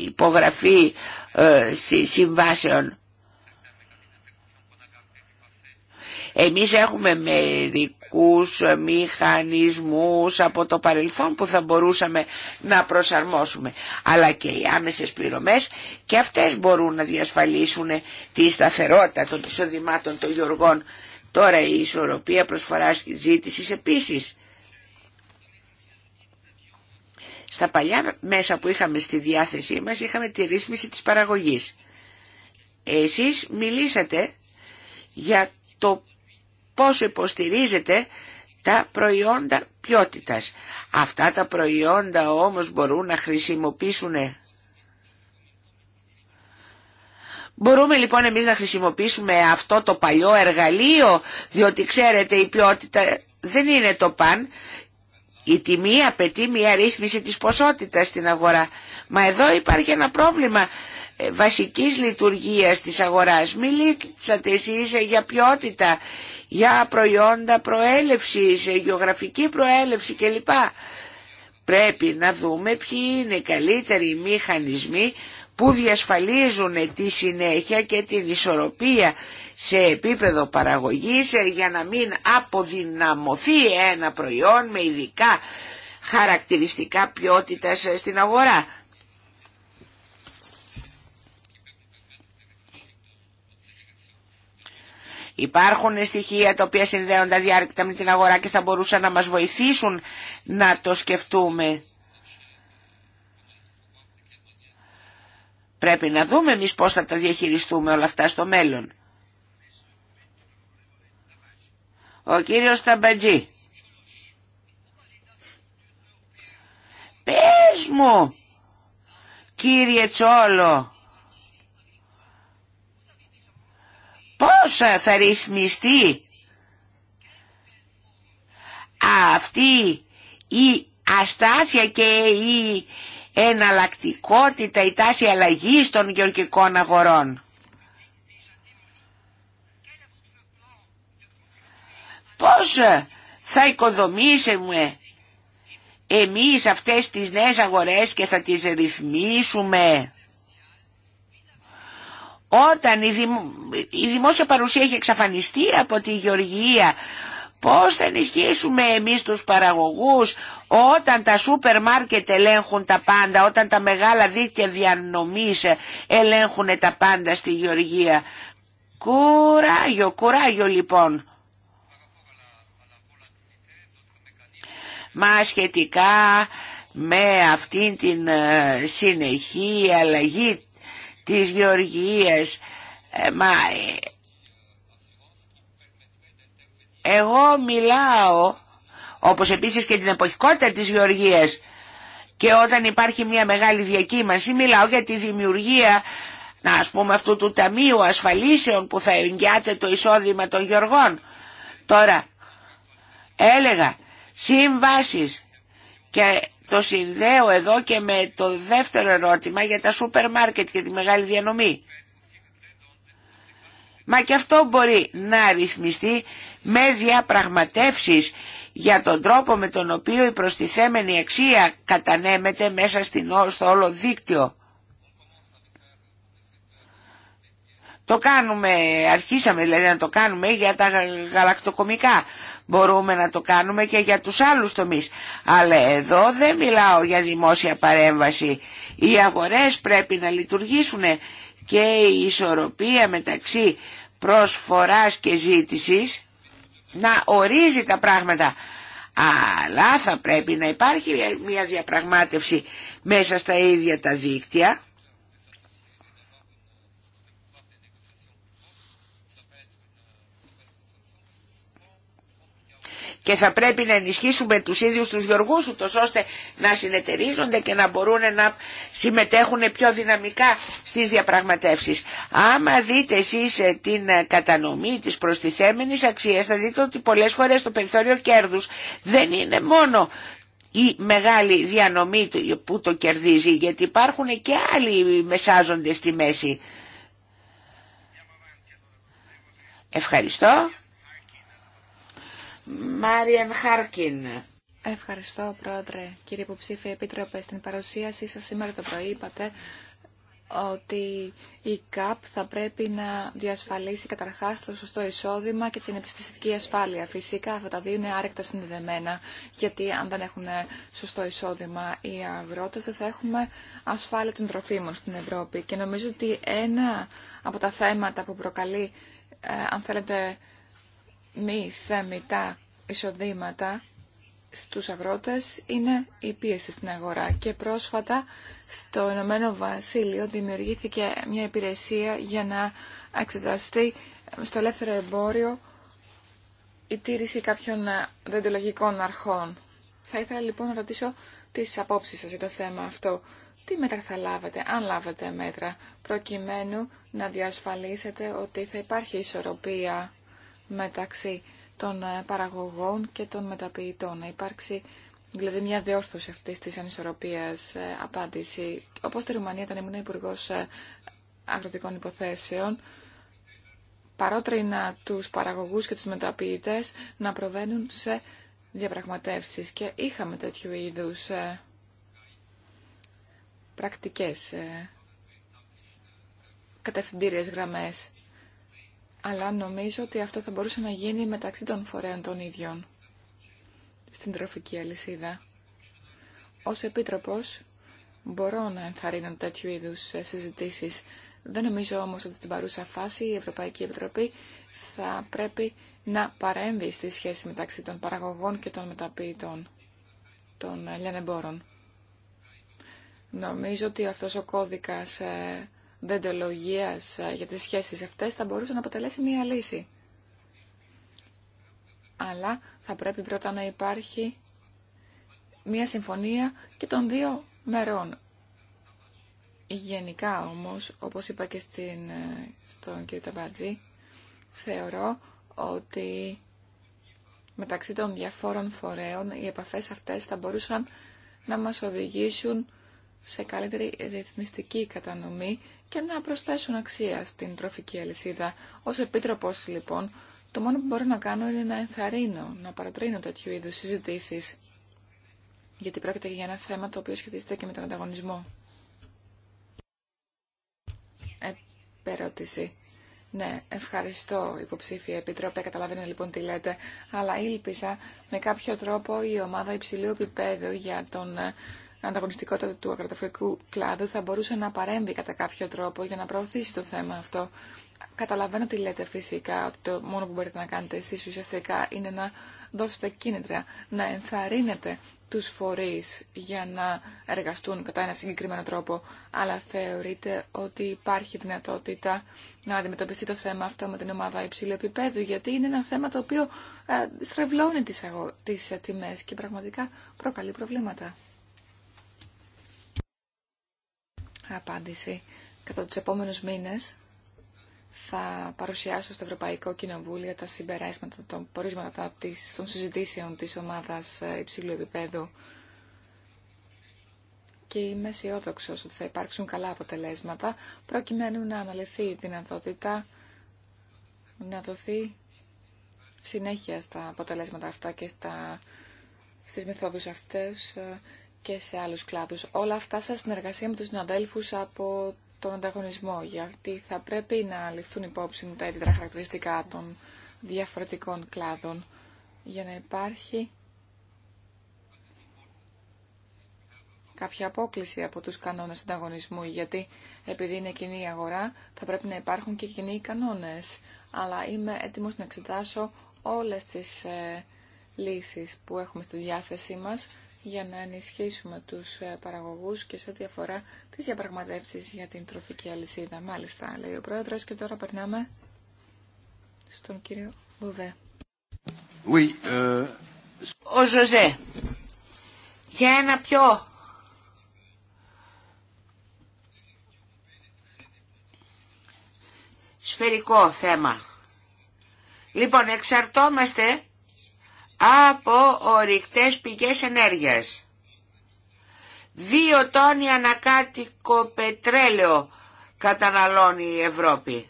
υπογραφή ε, συμβάσεων Εμείς έχουμε μερικούς μηχανισμούς από το παρελθόν που θα μπορούσαμε να προσαρμόσουμε. Αλλά και οι άμεσες πληρωμές και αυτές μπορούν να διασφαλίσουν τη σταθερότητα των εισοδημάτων των γεωργών. Τώρα η ισορροπία προσφοράς και ζήτησης επίσης. Στα παλιά μέσα που είχαμε στη διάθεσή μας είχαμε τη ρύθμιση της παραγωγής. Εσείς μιλήσατε για το πόσο υποστηρίζεται τα προϊόντα ποιότητας. Αυτά τα προϊόντα όμως μπορούν να χρησιμοποιήσουν... Μπορούμε λοιπόν εμείς να χρησιμοποιήσουμε αυτό το παλιό εργαλείο, διότι ξέρετε η ποιότητα δεν είναι το παν. Η τιμή απαιτεί μια ρύθμιση της ποσότητας στην αγορά. Μα εδώ υπάρχει ένα πρόβλημα ε, βασικής λειτουργίας της αγοράς. Μιλήσατε εσείς ε, για ποιότητα, για προϊόντα προέλευσης, ε, γεωγραφική προέλευση κλπ. Πρέπει να δούμε ποιοι είναι οι καλύτεροι μηχανισμοί που διασφαλίζουν τη συνέχεια και την ισορροπία σε επίπεδο παραγωγής για να μην αποδυναμωθεί ένα προϊόν με ειδικά χαρακτηριστικά ποιότητας στην αγορά. Υπάρχουν στοιχεία τα οποία συνδέονται διάρκεια με την αγορά και θα μπορούσαν να μας βοηθήσουν να το σκεφτούμε. Πρέπει να δούμε εμεί πώς θα τα διαχειριστούμε όλα αυτά στο μέλλον. Ο κύριος Ταμπατζή. Πες μου, κύριε Τσόλο, πώς ε, θα ρυθμιστεί αυτή η αστάθεια και η εναλλακτικότητα, η τάση αλλαγής των γεωργικών αγορών. Πώς ε, θα οικοδομήσουμε εμείς αυτές τις νέες αγορές και θα τις ρυθμίσουμε όταν η, η δημόσια παρουσία έχει εξαφανιστεί από τη γεωργία, πώς θα ενισχύσουμε εμείς τους παραγωγούς όταν τα σούπερ μάρκετ ελέγχουν τα πάντα, όταν τα μεγάλα δίκτυα διανομής ελέγχουν τα πάντα στη γεωργία. Κουράγιο, κουράγιο λοιπόν. Μα σχετικά με αυτήν την ε, συνεχή αλλαγή της γεωργίας. Ε, ε, εγώ μιλάω, όπως επίσης και την εποχικότητα της γεωργίας, και όταν υπάρχει μια μεγάλη διακύμανση μιλάω για τη δημιουργία να ας πούμε αυτού του ταμείου ασφαλίσεων που θα εγγυάται το εισόδημα των γεωργών. Τώρα έλεγα συμβάσεις και το συνδέω εδώ και με το δεύτερο ερώτημα για τα σούπερ μάρκετ και τη μεγάλη διανομή. Μα και αυτό μπορεί να ρυθμιστεί με διαπραγματεύσεις για τον τρόπο με τον οποίο η προστιθέμενη αξία κατανέμεται μέσα στην, στο όλο δίκτυο. Το κάνουμε, αρχίσαμε δηλαδή να το κάνουμε για τα γαλακτοκομικά μπορούμε να το κάνουμε και για τους άλλους τομείς. Αλλά εδώ δεν μιλάω για δημόσια παρέμβαση. Οι αγορές πρέπει να λειτουργήσουν και η ισορροπία μεταξύ προσφοράς και ζήτησης να ορίζει τα πράγματα. Αλλά θα πρέπει να υπάρχει μια διαπραγμάτευση μέσα στα ίδια τα δίκτυα και θα πρέπει να ενισχύσουμε τους ίδιους τους γεωργούς ούτως ώστε να συνεταιρίζονται και να μπορούν να συμμετέχουν πιο δυναμικά στις διαπραγματεύσεις. Άμα δείτε εσείς ε, την ε, κατανομή της προστιθέμενης αξίας θα δείτε ότι πολλές φορές το περιθώριο κέρδους δεν είναι μόνο η μεγάλη διανομή που το κερδίζει γιατί υπάρχουν και άλλοι μεσάζονται στη μέση. Ευχαριστώ. Μάριαν Χάρκιν. Ευχαριστώ, Πρόεδρε. Κύριε Υποψήφια Επίτροπε, στην παρουσίασή σας σήμερα το πρωί είπατε ότι η ΚΑΠ θα πρέπει να διασφαλίσει καταρχάς το σωστό εισόδημα και την επιστηστική ασφάλεια. Φυσικά αυτά τα δύο είναι άρρηκτα συνδεδεμένα, γιατί αν δεν έχουν σωστό εισόδημα οι αγρότες δεν θα έχουμε ασφάλεια των τροφίμων στην Ευρώπη. Και νομίζω ότι ένα από τα θέματα που προκαλεί, ε, αν θέλετε, μη θεμητά εισοδήματα στους αγρότες είναι η πίεση στην αγορά και πρόσφατα στο Ηνωμένο Βασίλειο δημιουργήθηκε μια υπηρεσία για να εξεταστεί στο ελεύθερο εμπόριο η τήρηση κάποιων δεντολογικών αρχών. Θα ήθελα λοιπόν να ρωτήσω τις απόψεις σας για το θέμα αυτό. Τι μέτρα θα λάβετε, αν λάβετε μέτρα, προκειμένου να διασφαλίσετε ότι θα υπάρχει ισορροπία μεταξύ των ε, παραγωγών και των μεταποιητών. Να υπάρξει δηλαδή μια διόρθωση αυτή της ανισορροπίας ε, απάντηση. Όπως στη Ρουμανία όταν ήμουν υπουργό ε, Αγροτικών Υποθέσεων, παρότρινα τους παραγωγού και τους μεταποιητέ να προβαίνουν σε διαπραγματεύσεις και είχαμε τέτοιου είδους πρακτικές κατευθυντήριες γραμμές αλλά νομίζω ότι αυτό θα μπορούσε να γίνει μεταξύ των φορέων των ίδιων στην τροφική αλυσίδα. Ως Επίτροπος μπορώ να ενθαρρύνω τέτοιου είδους συζητήσεις. Δεν νομίζω όμως ότι την παρούσα φάση η Ευρωπαϊκή Επιτροπή θα πρέπει να παρέμβει στη σχέση μεταξύ των παραγωγών και των μεταποιητών των ελληνεμπόρων. Νομίζω ότι αυτός ο κώδικας ε, δεντολογίας ε, για τις σχέσεις αυτές θα μπορούσε να αποτελέσει μία λύση. Αλλά θα πρέπει πρώτα να υπάρχει μία συμφωνία και των δύο μερών. Γενικά όμως, όπως είπα και στην, ε, στον κ. Ταμπατζή, θεωρώ ότι μεταξύ των διαφόρων φορέων οι επαφές αυτές θα μπορούσαν να μας οδηγήσουν σε καλύτερη ρυθμιστική κατανομή και να προσθέσουν αξία στην τροφική αλυσίδα. Ως Επίτροπος, λοιπόν, το μόνο που μπορώ να κάνω είναι να ενθαρρύνω, να παρατρύνω τέτοιου είδους συζητήσεις, γιατί πρόκειται για ένα θέμα το οποίο σχετίζεται και με τον ανταγωνισμό. Επερώτηση. Ναι, ευχαριστώ υποψήφια επιτρόπε, καταλαβαίνω λοιπόν τι λέτε, αλλά ήλπιζα με κάποιο τρόπο η ομάδα υψηλού επίπεδου για τον ε, ανταγωνιστικότητα του αγροτοφικού κλάδου θα μπορούσε να παρέμβει κατά κάποιο τρόπο για να προωθήσει το θέμα αυτό. Καταλαβαίνω τι λέτε φυσικά, ότι το μόνο που μπορείτε να κάνετε εσείς ουσιαστικά είναι να δώσετε κίνητρα, να ενθαρρύνετε τους φορείς για να εργαστούν κατά ένα συγκεκριμένο τρόπο, αλλά θεωρείτε ότι υπάρχει δυνατότητα να αντιμετωπιστεί το θέμα αυτό με την ομάδα υψηλού επίπεδου, γιατί είναι ένα θέμα το οποίο ε, στρεβλώνει τις, αγο... τις τιμές και πραγματικά προκαλεί προβλήματα. απάντηση. Κατά τους επόμενους μήνες θα παρουσιάσω στο Ευρωπαϊκό Κοινοβούλιο τα συμπεράσματα των πορίσματα των συζητήσεων της ομάδας ε, υψηλού επίπεδου και είμαι αισιόδοξο ότι θα υπάρξουν καλά αποτελέσματα προκειμένου να αναλυθεί η δυνατότητα να δοθεί συνέχεια στα αποτελέσματα αυτά και στα, στις μεθόδους αυτές ε, και σε άλλους κλάδους. Όλα αυτά σας συνεργασία με τους συναδέλφους από τον ανταγωνισμό, γιατί θα πρέπει να ληφθούν υπόψη τα ιδιαίτερα χαρακτηριστικά των διαφορετικών κλάδων για να υπάρχει κάποια απόκληση από τους κανόνες ανταγωνισμού, γιατί επειδή είναι κοινή η αγορά θα πρέπει να υπάρχουν και κοινοί κανόνες. Αλλά είμαι έτοιμος να εξετάσω όλες τις ε, λύσεις που έχουμε στη διάθεσή μας για να ενισχύσουμε τους ε, παραγωγούς και σε ό,τι αφορά τις διαπραγματεύσεις για την τροφική αλυσίδα. Μάλιστα, λέει ο Πρόεδρος και τώρα περνάμε στον κύριο Μποβέ. Oui, ε, Ο Ζωζέ, για ένα πιο... Σφαιρικό θέμα. Λοιπόν, εξαρτόμαστε από ορυκτές πηγές ενέργειας. Δύο τόνοι ανακάτοικο πετρέλαιο καταναλώνει η Ευρώπη.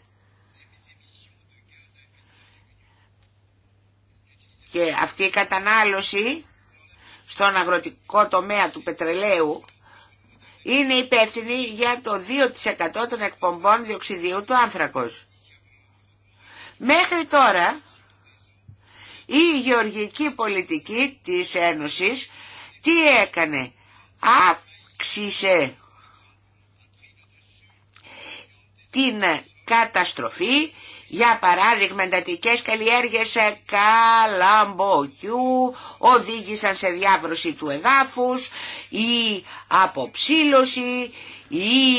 Και αυτή η κατανάλωση στον αγροτικό τομέα του πετρελαίου είναι υπεύθυνη για το 2% των εκπομπών διοξιδίου του άνθρακος. Μέχρι τώρα η γεωργική πολιτική της Ένωσης τι έκανε. Αύξησε την καταστροφή για παράδειγμα, εντατικές καλλιέργειες καλαμποκιού οδήγησαν σε διάβρωση του εδάφους ή αποψήλωση ή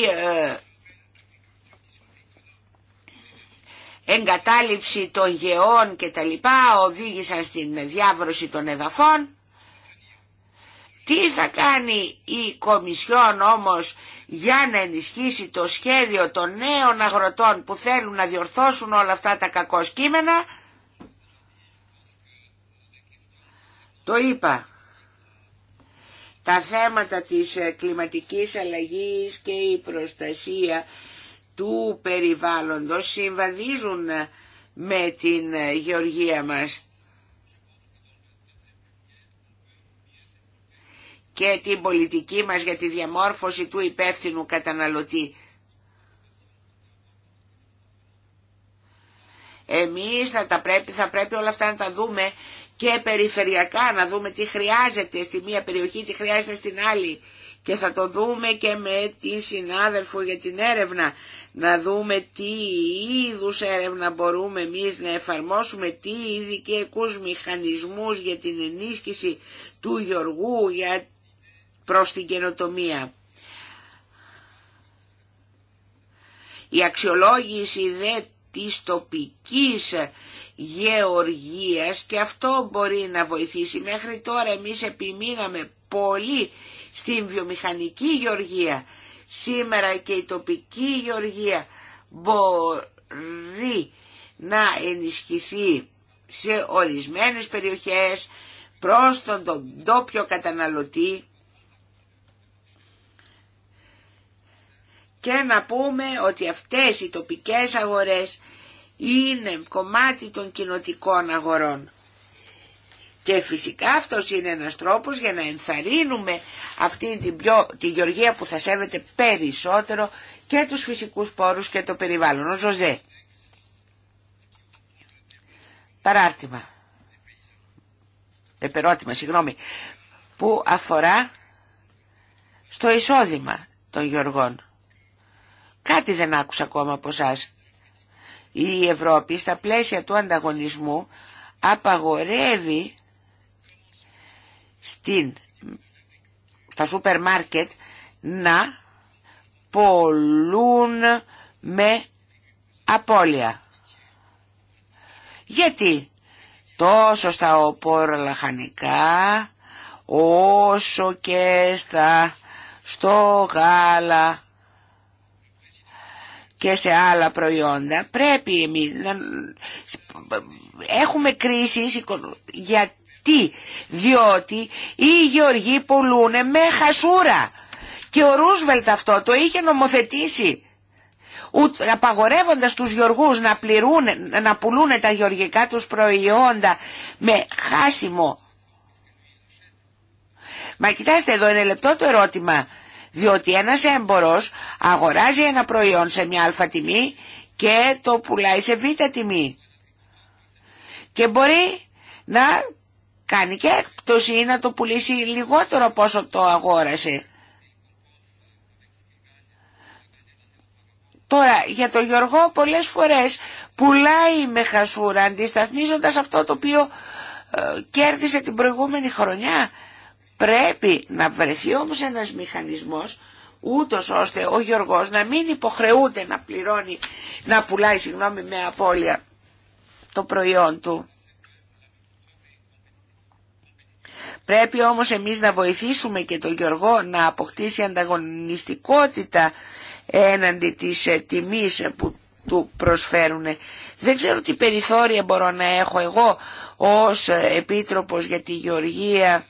εγκατάλειψη των γεών και τα λοιπά οδήγησαν στην διάβρωση των εδαφών. Τι θα κάνει η Κομισιόν όμως για να ενισχύσει το σχέδιο των νέων αγροτών που θέλουν να διορθώσουν όλα αυτά τα κακό σκήμενα. Το είπα. Τα θέματα της ε, κλιματικής αλλαγής και η προστασία του περιβάλλοντος συμβαδίζουν με την γεωργία μας. και την πολιτική μας για τη διαμόρφωση του υπεύθυνου καταναλωτή. Εμείς θα, τα πρέπει, θα πρέπει όλα αυτά να τα δούμε και περιφερειακά, να δούμε τι χρειάζεται στη μία περιοχή, τι χρειάζεται στην άλλη και θα το δούμε και με τη συνάδελφο για την έρευνα. Να δούμε τι είδους έρευνα μπορούμε εμείς να εφαρμόσουμε, τι ειδικαικούς μηχανισμούς για την ενίσχυση του Γιωργού για προς την καινοτομία. Η αξιολόγηση δε της τοπικής γεωργίας και αυτό μπορεί να βοηθήσει. Μέχρι τώρα εμείς επιμείναμε πολύ στην βιομηχανική γεωργία. Σήμερα και η τοπική γεωργία μπορεί να ενισχυθεί σε ορισμένες περιοχές προς τον τόπιο καταναλωτή και να πούμε ότι αυτές οι τοπικές αγορές είναι κομμάτι των κοινοτικών αγορών. Και φυσικά αυτός είναι ένας τρόπος για να ενθαρρύνουμε αυτή την πιο, τη γεωργία που θα σέβεται περισσότερο και τους φυσικούς πόρους και το περιβάλλον. Ο Ζωζέ. Παράρτημα. Επερώτημα, συγγνώμη. Που αφορά στο εισόδημα των γεωργών. Κάτι δεν άκουσα ακόμα από εσά. Η Ευρώπη στα πλαίσια του ανταγωνισμού απαγορεύει στην, στα σούπερ μάρκετ να πολλούν με απώλεια. Γιατί τόσο στα οπόρα λαχανικά όσο και στα στο γάλα και σε άλλα προϊόντα πρέπει εμείς να έχουμε κρίσεις γιατί τι, Διότι οι γεωργοί πουλούν με χασούρα. Και ο Ρούσβελτ αυτό το είχε νομοθετήσει. Απαγορεύοντας τους γεωργούς να, πληρούν, να πουλούν τα γεωργικά τους προϊόντα με χάσιμο. Μα κοιτάστε εδώ είναι λεπτό το ερώτημα. Διότι ένας έμπορος αγοράζει ένα προϊόν σε μια αλφα τιμή και το πουλάει σε β τιμή. Και μπορεί να κάνει και έκπτωση να το πουλήσει λιγότερο από όσο το αγόρασε. Τώρα, για το Γιωργό πολλές φορές πουλάει με χασούρα αντισταθμίζοντας αυτό το οποίο ε, κέρδισε την προηγούμενη χρονιά. Πρέπει να βρεθεί όμως ένας μηχανισμός ούτως ώστε ο Γιωργός να μην υποχρεούται να πληρώνει, να πουλάει συγγνώμη με απώλεια το προϊόν του. Πρέπει όμως εμείς να βοηθήσουμε και τον Γιωργό να αποκτήσει ανταγωνιστικότητα έναντι της ε, τιμής που του προσφέρουν. Δεν ξέρω τι περιθώρια μπορώ να έχω εγώ ως ε, Επίτροπος για τη Γεωργία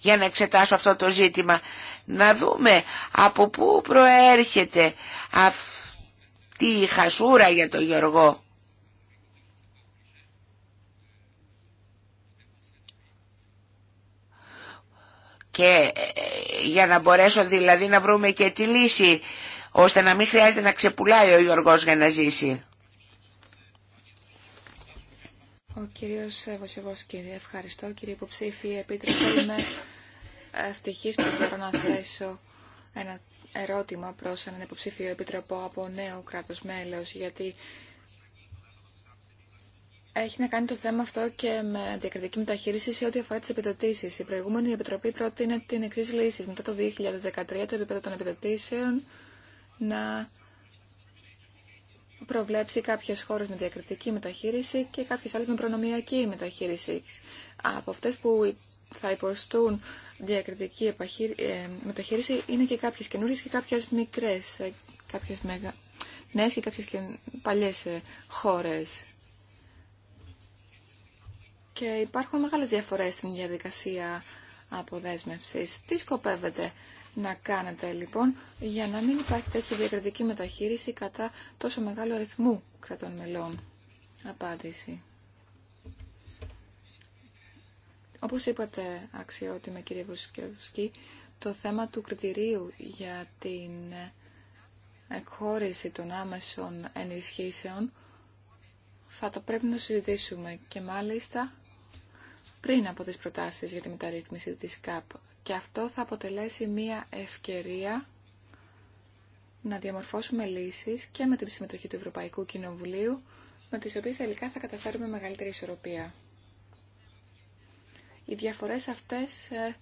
για να εξετάσω αυτό το ζήτημα. Να δούμε από πού προέρχεται αυτή η χασούρα για τον Γιώργο. και ε, για να μπορέσω δηλαδή να βρούμε και τη λύση ώστε να μην χρειάζεται να ξεπουλάει ο Γιώργος για να ζήσει. Ο κύριος Βοσεβός, κύριε, ευχαριστώ. Κύριε υποψήφι. επίτροπε, είμαι ευτυχής που μπορώ να θέσω ένα ερώτημα προς έναν υποψήφιο επίτροπο από νέο κράτος μέλος, γιατί έχει να κάνει το θέμα αυτό και με διακριτική μεταχείριση σε ό,τι αφορά τι επιδοτήσει. Η προηγούμενη Επιτροπή πρότεινε την εξή λύση. Μετά το 2013 το επίπεδο των επιδοτήσεων να προβλέψει κάποιες χώρες με διακριτική μεταχείριση και κάποιες άλλες με προνομιακή μεταχείριση. Από αυτές που θα υποστούν διακριτική ε, μεταχείριση είναι και κάποιες καινούριες και κάποιες μικρές, ε, κάποιες μεγα... και κάποιες και παλιές ε, χώρες και υπάρχουν μεγάλες διαφορές στην διαδικασία αποδέσμευσης. Τι σκοπεύετε να κάνετε λοιπόν για να μην υπάρχει τέτοια διακριτική μεταχείριση κατά τόσο μεγάλο αριθμό κρατών μελών. Απάντηση. Όπως είπατε αξιότιμα κύριε Βουσκευσκή, το θέμα του κριτηρίου για την εκχώρηση των άμεσων ενισχύσεων θα το πρέπει να συζητήσουμε και μάλιστα πριν από τις προτάσεις για τη μεταρρύθμιση της ΚΑΠ. Και αυτό θα αποτελέσει μία ευκαιρία να διαμορφώσουμε λύσεις και με την συμμετοχή του Ευρωπαϊκού Κοινοβουλίου, με τις οποίες τελικά θα καταφέρουμε μεγαλύτερη ισορροπία. Οι διαφορές αυτές ε,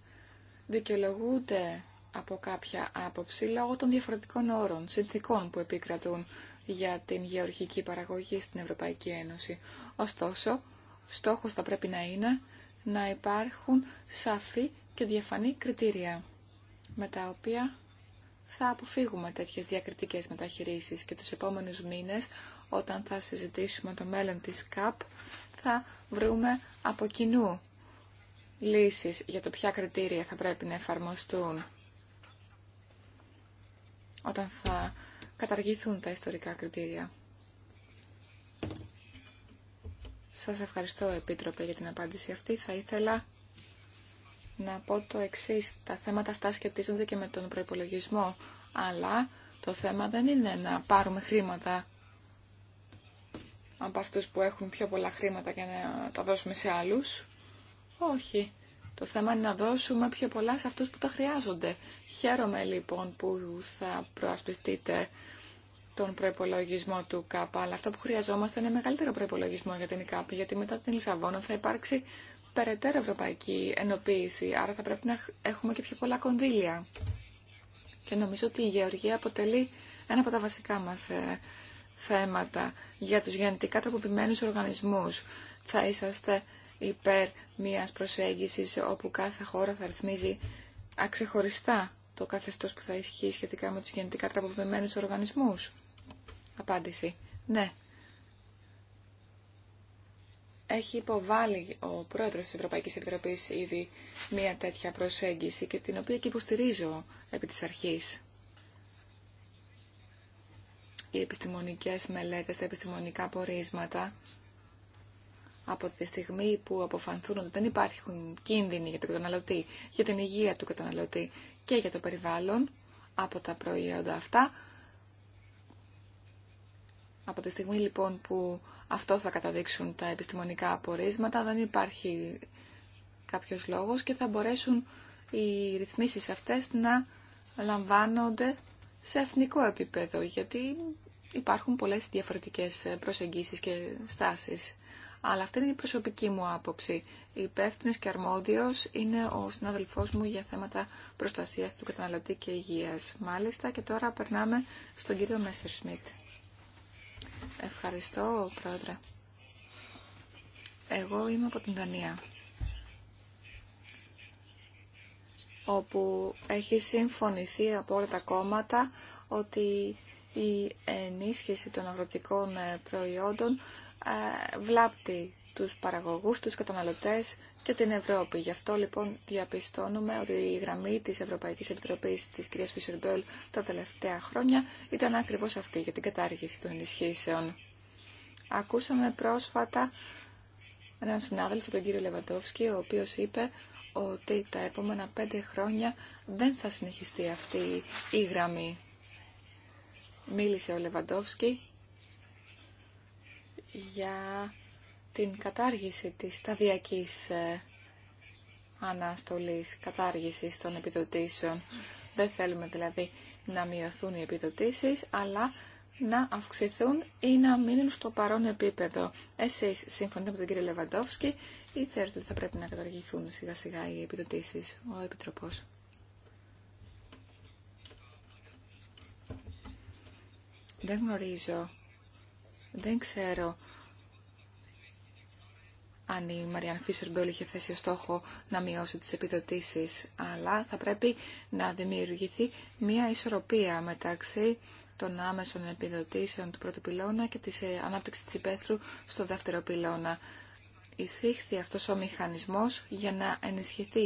δικαιολογούνται από κάποια άποψη λόγω των διαφορετικών όρων, συνθήκων που επικρατούν για την γεωργική παραγωγή στην Ευρωπαϊκή Ένωση. Ωστόσο, στόχος θα πρέπει να είναι να υπάρχουν σαφή και διαφανή κριτήρια με τα οποία θα αποφύγουμε τέτοιες διακριτικές μεταχειρήσεις και τους επόμενους μήνες όταν θα συζητήσουμε το μέλλον της ΚΑΠ θα βρούμε από κοινού λύσεις για το ποια κριτήρια θα πρέπει να εφαρμοστούν όταν θα καταργηθούν τα ιστορικά κριτήρια. Σας ευχαριστώ, Επίτροπε, για την απάντηση αυτή. Θα ήθελα να πω το εξή. Τα θέματα αυτά σχετίζονται και με τον προπολογισμό, αλλά το θέμα δεν είναι να πάρουμε χρήματα από αυτούς που έχουν πιο πολλά χρήματα και να τα δώσουμε σε άλλους. Όχι. Το θέμα είναι να δώσουμε πιο πολλά σε αυτούς που τα χρειάζονται. Χαίρομαι λοιπόν που θα προασπιστείτε τον προπολογισμό του ΚΑΠΑ αλλά αυτό που χρειαζόμαστε είναι μεγαλύτερο προπολογισμό για την ΚΑΠΑ, γιατί μετά την Λισαβόνα θα υπάρξει περαιτέρω ευρωπαϊκή ενοποίηση, άρα θα πρέπει να έχουμε και πιο πολλά κονδύλια. Και νομίζω ότι η γεωργία αποτελεί ένα από τα βασικά μας ε, θέματα για τους γενετικά τροποποιημένους οργανισμούς. Θα είσαστε υπέρ μιας προσέγγισης όπου κάθε χώρα θα ρυθμίζει αξεχωριστά το καθεστώς που θα ισχύει σχετικά με τους γενετικά τραποποιημένους οργανισμούς. Απάντηση. Ναι. Έχει υποβάλει ο πρόεδρος της Ευρωπαϊκής Επιτροπής ήδη μια τέτοια προσέγγιση και την οποία και υποστηρίζω επί της αρχής. Οι επιστημονικές μελέτες, τα επιστημονικά πορίσματα από τη στιγμή που αποφανθούν ότι δεν υπάρχουν κίνδυνοι για τον καταναλωτή, για την υγεία του καταναλωτή και για το περιβάλλον από τα προϊόντα αυτά, από τη στιγμή λοιπόν που αυτό θα καταδείξουν τα επιστημονικά απορίσματα, δεν υπάρχει κάποιος λόγος και θα μπορέσουν οι ρυθμίσεις αυτές να λαμβάνονται σε εθνικό επίπεδο, γιατί υπάρχουν πολλές διαφορετικές προσεγγίσεις και στάσεις. Αλλά αυτή είναι η προσωπική μου άποψη. Υπεύθυνο και αρμόδιος είναι ο συνάδελφός μου για θέματα προστασίας του καταναλωτή και υγείας. Μάλιστα και τώρα περνάμε στον κύριο Μέσσερ Σμιτ. Ευχαριστώ, Πρόεδρε. Εγώ είμαι από την Δανία, όπου έχει συμφωνηθεί από όλα τα κόμματα ότι η ενίσχυση των αγροτικών ε, προϊόντων ε, βλάπτει τους παραγωγούς, τους καταναλωτές και την Ευρώπη. Γι' αυτό λοιπόν διαπιστώνουμε ότι η γραμμή της Ευρωπαϊκής Επιτροπής της κυρίας Φισερμπέλ τα τελευταία χρόνια ήταν ακριβώς αυτή για την κατάργηση των ενισχύσεων. Ακούσαμε πρόσφατα έναν συνάδελφο, τον κύριο Λεβαντόφσκι, ο οποίος είπε ότι τα επόμενα πέντε χρόνια δεν θα συνεχιστεί αυτή η γραμμή. Μίλησε ο Λεβαντόφσκι για την κατάργηση της σταδιακής ε, αναστολής, κατάργησης των επιδοτήσεων. Δεν θέλουμε δηλαδή να μειωθούν οι επιδοτήσεις, αλλά να αυξηθούν ή να μείνουν στο παρόν επίπεδο. Εσείς, σύμφωνα με τον κύριο Λεβαντόφσκι, ή θέλετε ότι θα πρέπει να καταργηθούν σιγά σιγά οι επιδοτήσεις, ο Επιτροπός. Δεν γνωρίζω, δεν ξέρω αν η Μαριάν Φίσερ Μπέλ είχε θέσει στόχο να μειώσει τις επιδοτήσεις, αλλά θα πρέπει να δημιουργηθεί μια ισορροπία μεταξύ των άμεσων επιδοτήσεων του πρώτου πυλώνα και της ε, ανάπτυξης της υπαίθρου στο δεύτερο πυλώνα. Εισήχθη αυτός ο μηχανισμός για να ενισχυθεί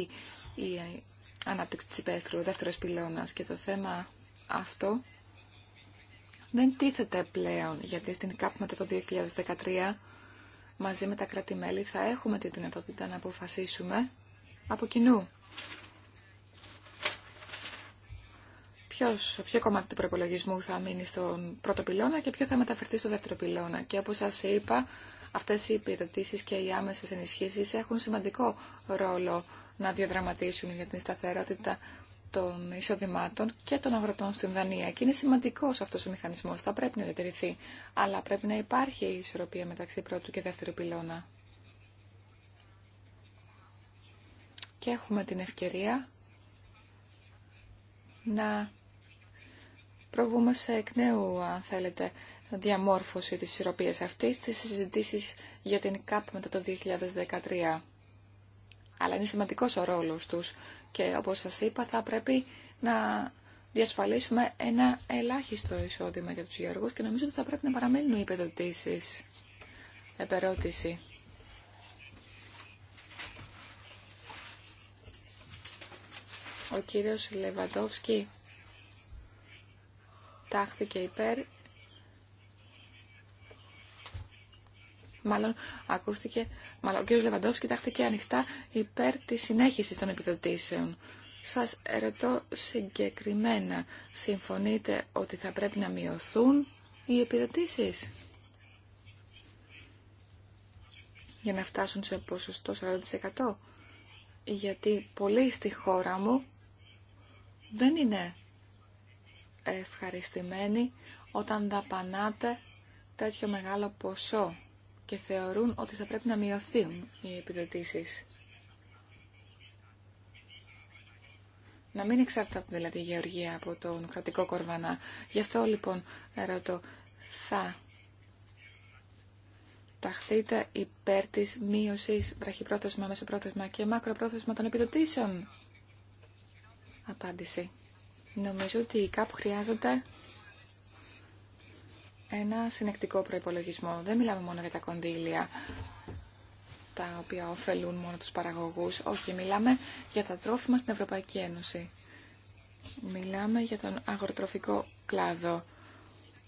η ε, ανάπτυξη της υπαίθρου, ο δεύτερος πυλώνας και το θέμα αυτό δεν τίθεται πλέον, γιατί στην ΚΑΠ μετά το 2013 μαζί με τα κράτη-μέλη θα έχουμε τη δυνατότητα να αποφασίσουμε από κοινού. Ποιος, ποιο κομμάτι του προπολογισμού θα μείνει στον πρώτο πυλώνα και ποιο θα μεταφερθεί στο δεύτερο πυλώνα. Και όπως σας είπα, αυτές οι επιδοτήσεις και οι άμεσες ενισχύσεις έχουν σημαντικό ρόλο να διαδραματίσουν για την σταθερότητα των εισοδημάτων και των αγροτών στην Δανία. Και είναι σημαντικό αυτό ο μηχανισμό. Θα πρέπει να διατηρηθεί. Αλλά πρέπει να υπάρχει η ισορροπία μεταξύ πρώτου και δεύτερου πυλώνα. Και έχουμε την ευκαιρία να προβούμε σε εκ νέου, αν θέλετε, διαμόρφωση της ισορροπίας αυτής στις συζητήσεις για την ΚΑΠ μετά το 2013. Αλλά είναι σημαντικός ο ρόλος τους και όπως σας είπα θα πρέπει να διασφαλίσουμε ένα ελάχιστο εισόδημα για τους γεωργούς και νομίζω ότι θα πρέπει να παραμένουν οι υπεδοτήσεις. Επερώτηση. Ο κύριος Λεβαντόφσκι τάχθηκε υπέρ μάλλον ακούστηκε Μα ο κ. Λεβαντόφς και ανοιχτά υπέρ της συνέχισης των επιδοτήσεων. Σας ερωτώ συγκεκριμένα, συμφωνείτε ότι θα πρέπει να μειωθούν οι επιδοτήσεις για να φτάσουν σε ποσοστό 40% γιατί πολλοί στη χώρα μου δεν είναι ευχαριστημένοι όταν δαπανάτε τέτοιο μεγάλο ποσό και θεωρούν ότι θα πρέπει να μειωθεί οι επιδοτήσεις. Να μην εξαρτάται δηλαδή η γεωργία από τον κρατικό κορβανά. Γι' αυτό λοιπόν ρωτώ, θα ταχθείτε υπέρ της μείωσης βραχυπρόθεσμα, μεσοπρόθεσμα και μακροπρόθεσμα των επιδοτήσεων. Απάντηση. Νομίζω ότι κάπου χρειάζεται ένα συνεκτικό προϋπολογισμό. Δεν μιλάμε μόνο για τα κονδύλια τα οποία ωφελούν μόνο τους παραγωγούς. Όχι, μιλάμε για τα τρόφιμα στην Ευρωπαϊκή Ένωση. Μιλάμε για τον αγροτροφικό κλάδο,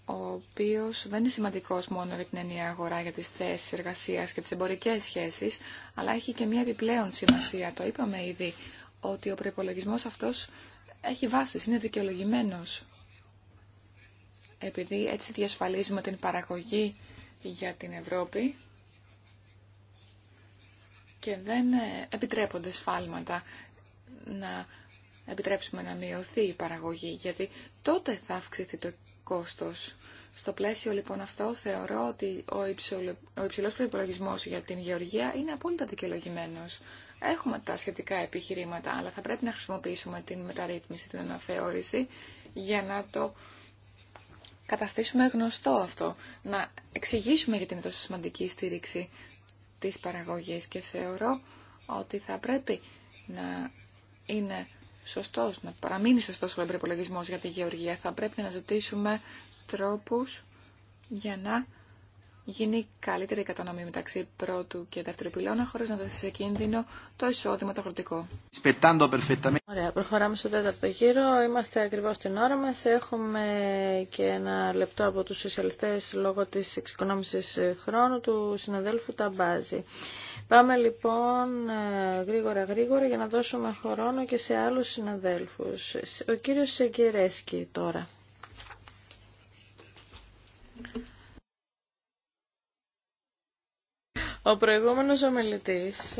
ο οποίος δεν είναι σημαντικός μόνο για την ενιαία αγορά, για τις θέσεις εργασίας και τις εμπορικές σχέσεις, αλλά έχει και μια επιπλέον σημασία. Το είπαμε ήδη ότι ο προπολογισμό αυτός έχει βάσεις, είναι δικαιολογημένος επειδή έτσι διασφαλίζουμε την παραγωγή για την Ευρώπη και δεν ε, επιτρέπονται σφάλματα να επιτρέψουμε να μειωθεί η παραγωγή, γιατί τότε θα αυξηθεί το κόστος. Στο πλαίσιο λοιπόν αυτό θεωρώ ότι ο, υψηλο, υψηλός προϋπολογισμός για την γεωργία είναι απόλυτα δικαιολογημένος. Έχουμε τα σχετικά επιχειρήματα, αλλά θα πρέπει να χρησιμοποιήσουμε την μεταρρύθμιση, την αναθεώρηση, για να το καταστήσουμε γνωστό αυτό, να εξηγήσουμε γιατί είναι τόσο σημαντική η στήριξη της παραγωγής και θεωρώ ότι θα πρέπει να είναι σωστός, να παραμείνει σωστός ο εμπεριπολογισμός για τη γεωργία. Θα πρέπει να ζητήσουμε τρόπους για να γίνει καλύτερη κατανομή μεταξύ πρώτου και δεύτερου πυλώνα χωρί να δοθεί σε κίνδυνο το εισόδημα το αγροτικό. Ωραία, προχωράμε στο τέταρτο γύρο. Είμαστε ακριβώ στην ώρα μα. Έχουμε και ένα λεπτό από του σοσιαλιστέ λόγω τη εξοικονόμηση χρόνου του συναδέλφου Ταμπάζη. Πάμε λοιπόν ε, γρήγορα γρήγορα για να δώσουμε χρόνο και σε άλλους συναδέλφους. Ο κύριος Σεγκερέσκι τώρα. Ο προηγούμενος ομιλητής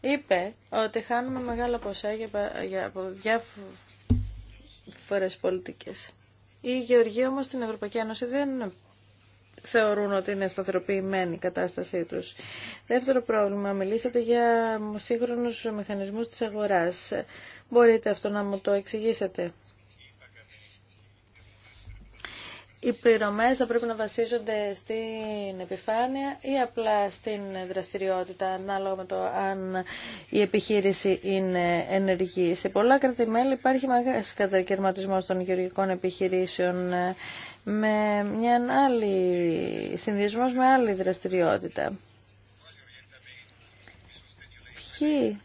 είπε ότι χάνουμε μεγάλα ποσά για, από διάφορες πολιτικές. Η Γεωργία, όμως στην Ευρωπαϊκή Ένωση δεν θεωρούν ότι είναι σταθεροποιημένη η κατάστασή τους. Δεύτερο πρόβλημα, μιλήσατε για σύγχρονους μηχανισμούς της αγοράς. Μπορείτε αυτό να μου το εξηγήσετε. οι πληρωμέ θα πρέπει να βασίζονται στην επιφάνεια ή απλά στην δραστηριότητα, ανάλογα με το αν η επιχείρηση είναι ενεργή. Σε πολλά κρατημέλη υπάρχει μεγάλο κατακαιρματισμό των γεωργικών επιχειρήσεων με μια άλλη συνδυασμό, με άλλη δραστηριότητα. Ποιοι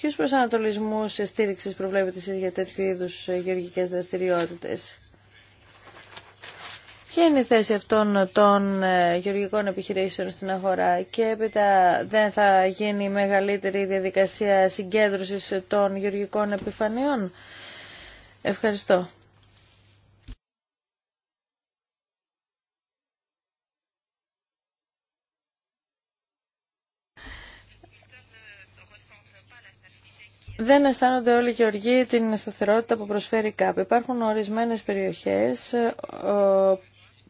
Ποιου προσανατολισμού στήριξη προβλέπετε εσεί για τέτοιου είδου γεωργικέ δραστηριότητε, Ποια είναι η θέση αυτών των ε, γεωργικών επιχειρήσεων στην αγορά και έπειτα δεν θα γίνει μεγαλύτερη διαδικασία συγκέντρωσης των γεωργικών επιφανειών. Ευχαριστώ. Δεν αισθάνονται όλοι οι γεωργοί την σταθερότητα που προσφέρει ΚΑΠ. Υπάρχουν ορισμένες περιοχές ε,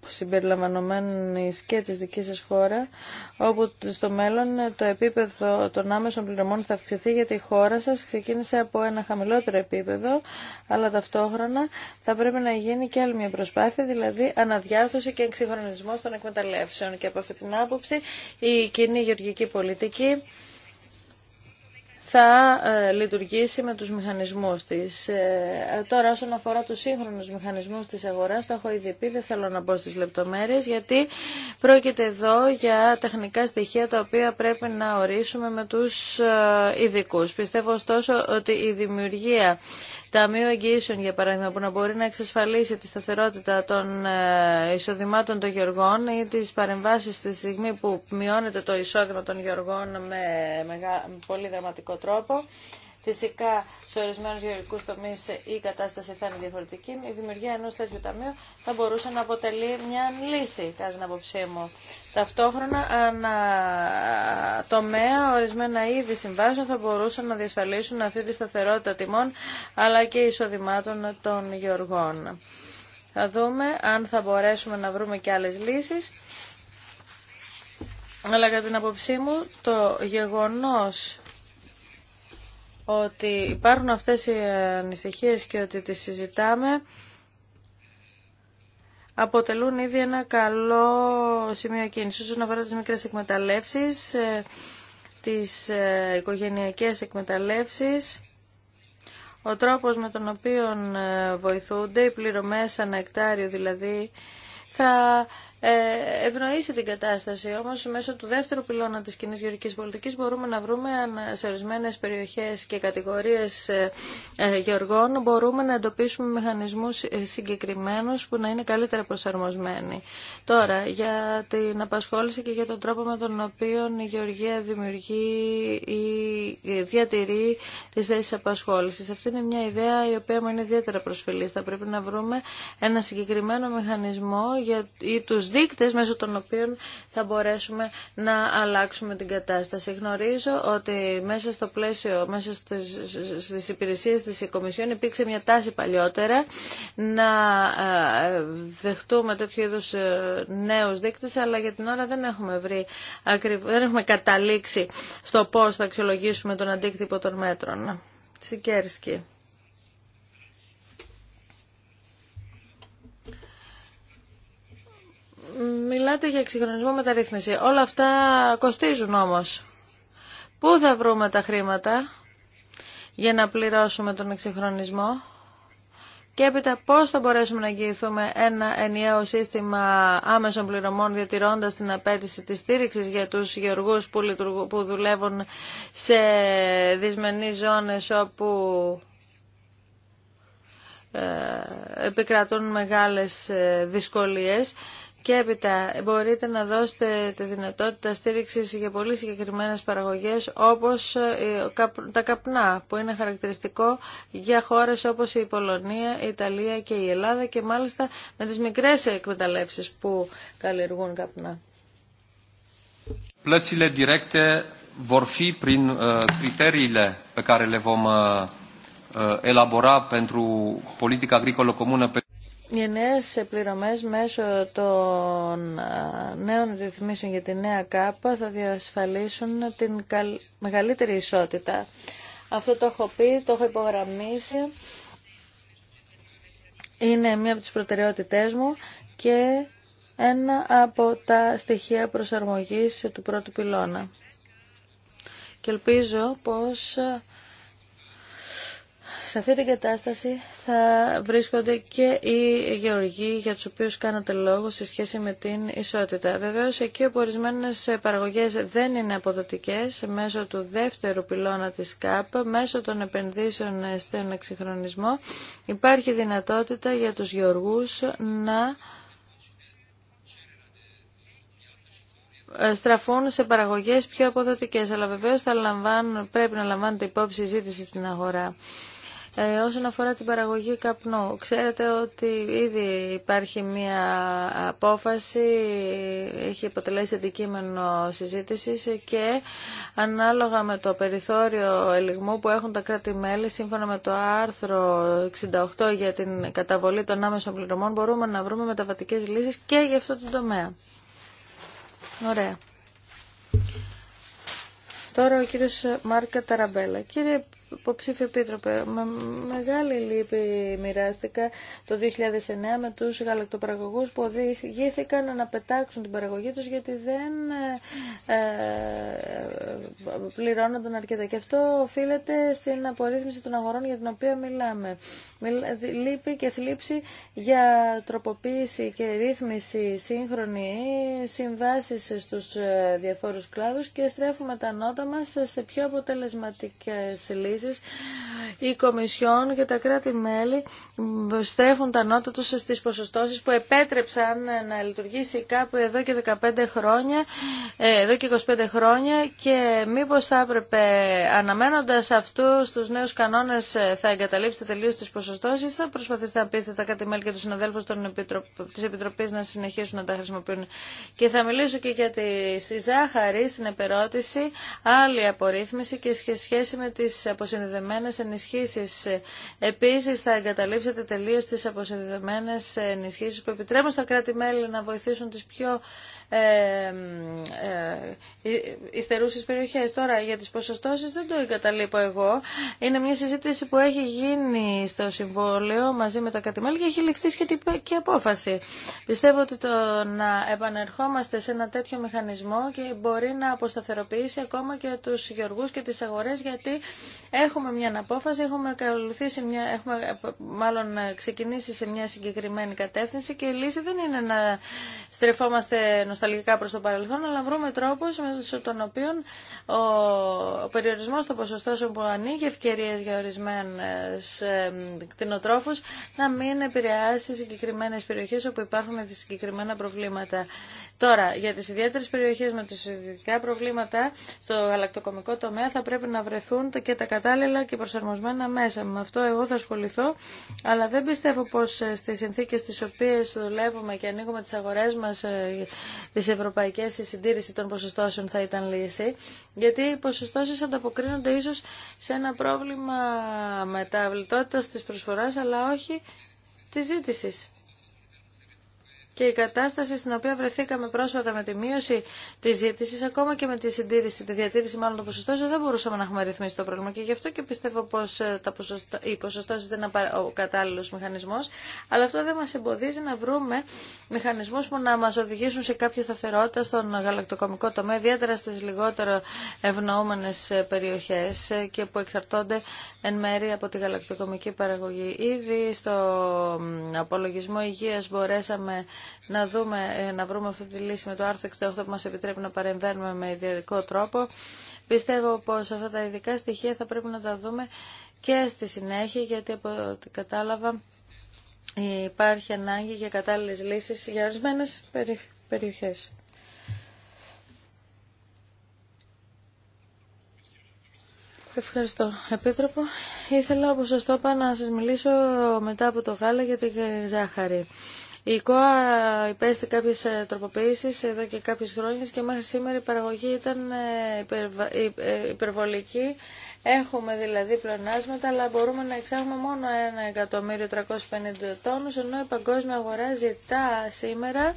συμπεριλαμβανομένης και της δικής σας χώρα, όπου στο μέλλον το επίπεδο των άμεσων πληρωμών θα αυξηθεί γιατί η χώρα σας ξεκίνησε από ένα χαμηλότερο επίπεδο, αλλά ταυτόχρονα θα πρέπει να γίνει και άλλη μια προσπάθεια, δηλαδή αναδιάρθρωση και εξυγχρονισμό των εκμεταλλεύσεων. Και από αυτή την άποψη η κοινή γεωργική πολιτική θα ε, λειτουργήσει με τους μηχανισμούς της. Ε, τώρα όσον αφορά τους σύγχρονους μηχανισμούς της αγοράς, το έχω ήδη πει, δεν θέλω να μπω στις λεπτομέρειες, γιατί πρόκειται εδώ για τεχνικά στοιχεία τα οποία πρέπει να ορίσουμε με τους ε, ειδικού. Πιστεύω ωστόσο ότι η δημιουργία Ταμείου Εγγύσεων, για παράδειγμα, που να μπορεί να εξασφαλίσει τη σταθερότητα των εισοδημάτων των γεωργών ή τις παρεμβάσεις στη στιγμή που μειώνεται το εισόδημα των γεωργών με πολύ δραματικό τρόπο. Φυσικά, σε ορισμένου γεωργικού τομεί η κατάσταση θα είναι διαφορετική. Η δημιουργία ενό τέτοιου ταμείου θα μπορούσε να αποτελεί μια λύση, κατά την άποψή μου. Ταυτόχρονα, ανα τομέα, ορισμένα είδη συμβάσεων θα μπορούσαν να διασφαλίσουν αυτή τη σταθερότητα τιμών αλλά και εισοδημάτων των γεωργών. Θα δούμε αν θα μπορέσουμε να βρούμε και άλλες λύσεις. Αλλά κατά την άποψή μου το γεγονός ότι υπάρχουν αυτές οι ανησυχίες και ότι τις συζητάμε αποτελούν ήδη ένα καλό σημείο κίνηση όσον αφορά τις μικρές εκμεταλλεύσεις, ε, τις ε, οικογενειακές εκμεταλλεύσεις. Ο τρόπος με τον οποίο ε, βοηθούνται οι πληρωμές ανά εκτάριο δηλαδή θα ε, ευνοήσει την κατάσταση. Όμω μέσω του δεύτερου πυλώνα τη κοινή γεωργική πολιτική μπορούμε να βρούμε σε ορισμένε περιοχέ και κατηγορίες ε, ε, γεωργών μπορούμε να εντοπίσουμε μηχανισμού συγκεκριμένου που να είναι καλύτερα προσαρμοσμένοι. Τώρα, για την απασχόληση και για τον τρόπο με τον οποίο η γεωργία δημιουργεί ή διατηρεί τις θέσεις απασχόλησης. Αυτή είναι μια ιδέα η διατηρει τι θεσει απασχοληση αυτη ειναι μια ιδεα η οποια μου είναι ιδιαίτερα προσφυλή. Θα πρέπει να βρούμε ένα συγκεκριμένο μηχανισμό για, δείκτες μέσω των οποίων θα μπορέσουμε να αλλάξουμε την κατάσταση. Γνωρίζω ότι μέσα στο πλαίσιο, μέσα στις υπηρεσίες της Κομισιόν υπήρξε μια τάση παλιότερα να ε, δεχτούμε τέτοιου είδους ε, νέους δείκτες, αλλά για την ώρα δεν έχουμε, βρει, δεν έχουμε καταλήξει στο πώς θα αξιολογήσουμε τον αντίκτυπο των μέτρων. Σικέρσκι. μιλάτε για εξυγχρονισμό μεταρρύθμιση. Όλα αυτά κοστίζουν όμως. Πού θα βρούμε τα χρήματα για να πληρώσουμε τον εξυγχρονισμό και έπειτα πώς θα μπορέσουμε να εγγυηθούμε ένα ενιαίο σύστημα άμεσων πληρωμών διατηρώντας την απέτηση της στήριξης για τους γεωργούς που, δουλεύουν σε δυσμενείς ζώνες όπου ε, επικρατούν μεγάλες ε, δυσκολίες και έπειτα μπορείτε να δώσετε τη δυνατότητα στήριξης για πολύ συγκεκριμένες παραγωγές όπως ε, τα καπνά που είναι χαρακτηριστικό για χώρες όπως η Πολωνία, η Ιταλία και η Ελλάδα και μάλιστα με τις μικρές εκμεταλλεύσεις που καλλιεργούν καπνά. Οι νέε πληρωμέ μέσω των νέων ρυθμίσεων για τη νέα ΚΑΠΑ θα διασφαλίσουν την μεγαλύτερη ισότητα. Αυτό το έχω πει, το έχω υπογραμμίσει. Είναι μία από τις προτεραιότητές μου και ένα από τα στοιχεία προσαρμογής του πρώτου πυλώνα. Και ελπίζω πως σε αυτή την κατάσταση θα βρίσκονται και οι γεωργοί για τους οποίους κάνατε λόγο σε σχέση με την ισότητα. Βεβαίως εκεί όπου ορισμένε παραγωγές δεν είναι αποδοτικές μέσω του δεύτερου πυλώνα της ΚΑΠ, μέσω των επενδύσεων στον εξυγχρονισμό υπάρχει δυνατότητα για τους γεωργούς να στραφούν σε παραγωγές πιο αποδοτικές, αλλά βεβαίως θα λαμβάνουν, πρέπει να λαμβάνεται υπόψη η ζήτηση στην αγορά. Ε, όσον αφορά την παραγωγή καπνού, ξέρετε ότι ήδη υπάρχει μία απόφαση, έχει αποτελέσει αντικείμενο συζήτησης και ανάλογα με το περιθώριο ελιγμού που έχουν τα κράτη-μέλη, σύμφωνα με το άρθρο 68 για την καταβολή των άμεσων πληρωμών, μπορούμε να βρούμε μεταβατικές λύσεις και για αυτό το τομέα. Ωραία. Τώρα ο κύριος Μάρκα Ταραμπέλα. Κύριε υποψήφιο επίτροπε, με μεγάλη λύπη μοιράστηκα το 2009 με τους γαλακτοπαραγωγούς που οδηγήθηκαν να πετάξουν την παραγωγή τους γιατί δεν ε, ε, πληρώνονταν αρκετά. Και αυτό οφείλεται στην απορρίθμιση των αγορών για την οποία μιλάμε. Λύπη και θλίψη για τροποποίηση και ρύθμιση σύγχρονη συμβάσεις στους ε, διαφόρους κλάδους και στρέφουμε τα νότα μας σε πιο αποτελεσματικές λύσεις Επίσης, η Κομισιόν και τα κράτη-μέλη στρέφουν τα νότα τους στις ποσοστώσεις που επέτρεψαν να λειτουργήσει κάπου εδώ και 15 χρόνια, ε, εδώ και 25 χρόνια και μήπως θα έπρεπε αναμένοντας αυτού τους νέους κανόνες ε, θα εγκαταλείψετε τελείως τις ποσοστώσεις, θα προσπαθήσετε να πείσετε τα κράτη-μέλη και τους συναδέλφους των Επιτροπ... της Επιτροπής να συνεχίσουν να τα χρησιμοποιούν. Και θα μιλήσω και για τη ζάχαρη στην επερώτηση, άλλη απορρίθμιση και σχέση με τις αποσυνδεδεμένες ενισχύσεις. Επίσης θα εγκαταλείψετε τελείως τις αποσυνδεδεμένες ενισχύσεις που επιτρέπουν στα κράτη-μέλη να βοηθήσουν τις πιο ειστερούσες ε, ε, ε, περιοχές. Τώρα για τις ποσοστώσεις δεν το εγκαταλείπω εγώ. Είναι μια συζήτηση που έχει γίνει στο Συμβόλαιο μαζί με τα κατημέλη και έχει ληφθεί σχετική απόφαση. Πιστεύω ότι το να επανερχόμαστε σε ένα τέτοιο μηχανισμό και μπορεί να αποσταθεροποιήσει ακόμα και τους γεωργούς και τις αγορές γιατί έχουμε μια απόφαση, έχουμε, μια, έχουμε μάλλον ξεκινήσει σε μια συγκεκριμένη κατεύθυνση και η λύση δεν είναι να στρεφόμαστε νοσταλγικά προς το παρελθόν, αλλά βρούμε τρόπους με τον οποίο ο περιορισμός των ποσοστώσεων που ανοίγει ευκαιρίες για ορισμένες ε, κτηνοτρόφους να μην επηρεάσει συγκεκριμένες περιοχές όπου υπάρχουν συγκεκριμένα προβλήματα. Τώρα, για τις ιδιαίτερες περιοχές με τις ειδικά προβλήματα στο γαλακτοκομικό τομέα θα πρέπει να βρεθούν και τα κατάλληλα και προσαρμοσμένα μέσα. Με αυτό εγώ θα ασχοληθώ, αλλά δεν πιστεύω πως ε, στις συνθήκες τις οποίες δουλεύουμε και ανοίγουμε τις αγορές μας ε, Τη ευρωπαϊκή η συντήρηση των ποσοστώσεων θα ήταν λύση, γιατί οι ποσοστώσει ανταποκρίνονται ίσω σε ένα πρόβλημα μεταβλητότητα τη προσφορά, αλλά όχι τη ζήτηση και η κατάσταση στην οποία βρεθήκαμε πρόσφατα με τη μείωση τη ζήτηση, ακόμα και με τη συντήρηση, τη διατήρηση μάλλον των ποσοστώσεων, δεν μπορούσαμε να έχουμε ρυθμίσει το πρόβλημα. Και γι' αυτό και πιστεύω πω ε, ποσοστα... οι ποσοστώσει δεν είναι ο κατάλληλο μηχανισμό. Αλλά αυτό δεν μα εμποδίζει να βρούμε μηχανισμού που να μα οδηγήσουν σε κάποια σταθερότητα στον γαλακτοκομικό τομέα, ιδιαίτερα στι λιγότερο ευνοούμενε ε, περιοχέ ε, και που εξαρτώνται εν μέρη από τη γαλακτοκομική παραγωγή. Ήδη στο απολογισμό υγεία μπορέσαμε να, δούμε, ε, να βρούμε αυτή τη λύση με το άρθρο 68 που μας επιτρέπει να παρεμβαίνουμε με ιδιωτικό τρόπο. Πιστεύω πως αυτά τα ειδικά στοιχεία θα πρέπει να τα δούμε και στη συνέχεια γιατί από ό,τι κατάλαβα υπάρχει ανάγκη για κατάλληλες λύσεις για ορισμένες περιοχές. Ευχαριστώ, Επίτροπο. Ήθελα, όπως σας το είπα, να σας μιλήσω μετά από το γάλα για τη ζάχαρη. Η ΚΟΑ υπέστη κάποιες ε, τροποποιήσεις εδώ και κάποιε χρόνια και μέχρι σήμερα η παραγωγή ήταν ε, ε, υπερβολική. Έχουμε δηλαδή πλονάσματα, αλλά μπορούμε να εξάγουμε μόνο 1.350.000 τόνους, ενώ η παγκόσμια αγορά ζητά σήμερα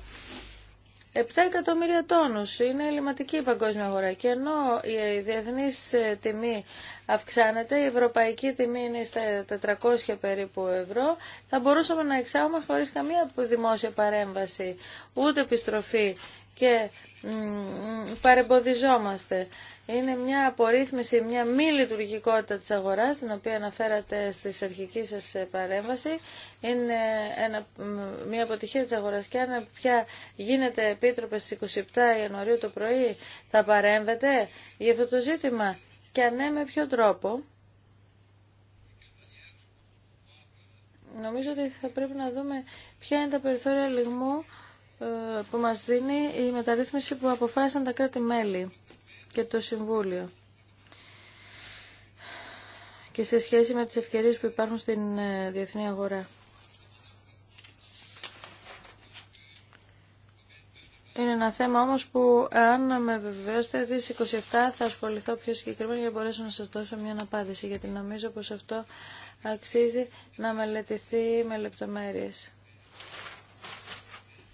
7 εκατομμύρια τόνους. Είναι ελληματική η παγκόσμια αγορά και ενώ η διεθνής ε, τιμή αυξάνεται, η ευρωπαϊκή τιμή είναι στα 400 περίπου ευρώ, θα μπορούσαμε να εξάγουμε χωρίς καμία δημόσια παρέμβαση, ούτε επιστροφή και παρεμποδιζόμαστε. Είναι μια απορρίθμιση, μια μη λειτουργικότητα της αγοράς, την οποία αναφέρατε στη αρχική σας ε, παρέμβαση. Είναι ένα, μια αποτυχία της αγοράς και αν πια γίνεται επίτροπε στις 27 Ιανουαρίου το πρωί, θα παρέμβετε για αυτό το ζήτημα. Και αν ναι, με ποιο τρόπο. Νομίζω ότι θα πρέπει να δούμε ποια είναι τα περιθώρια λιγμού ε, που μας δίνει η μεταρρύθμιση που αποφάσισαν τα κράτη-μέλη και το Συμβούλιο και σε σχέση με τις ευκαιρίες που υπάρχουν στην ε, διεθνή αγορά. Είναι ένα θέμα όμως που αν με βεβαιώσετε τις 27 θα ασχοληθώ πιο συγκεκριμένα για να μπορέσω να σας δώσω μια απάντηση γιατί νομίζω πως αυτό αξίζει να μελετηθεί με λεπτομέρειες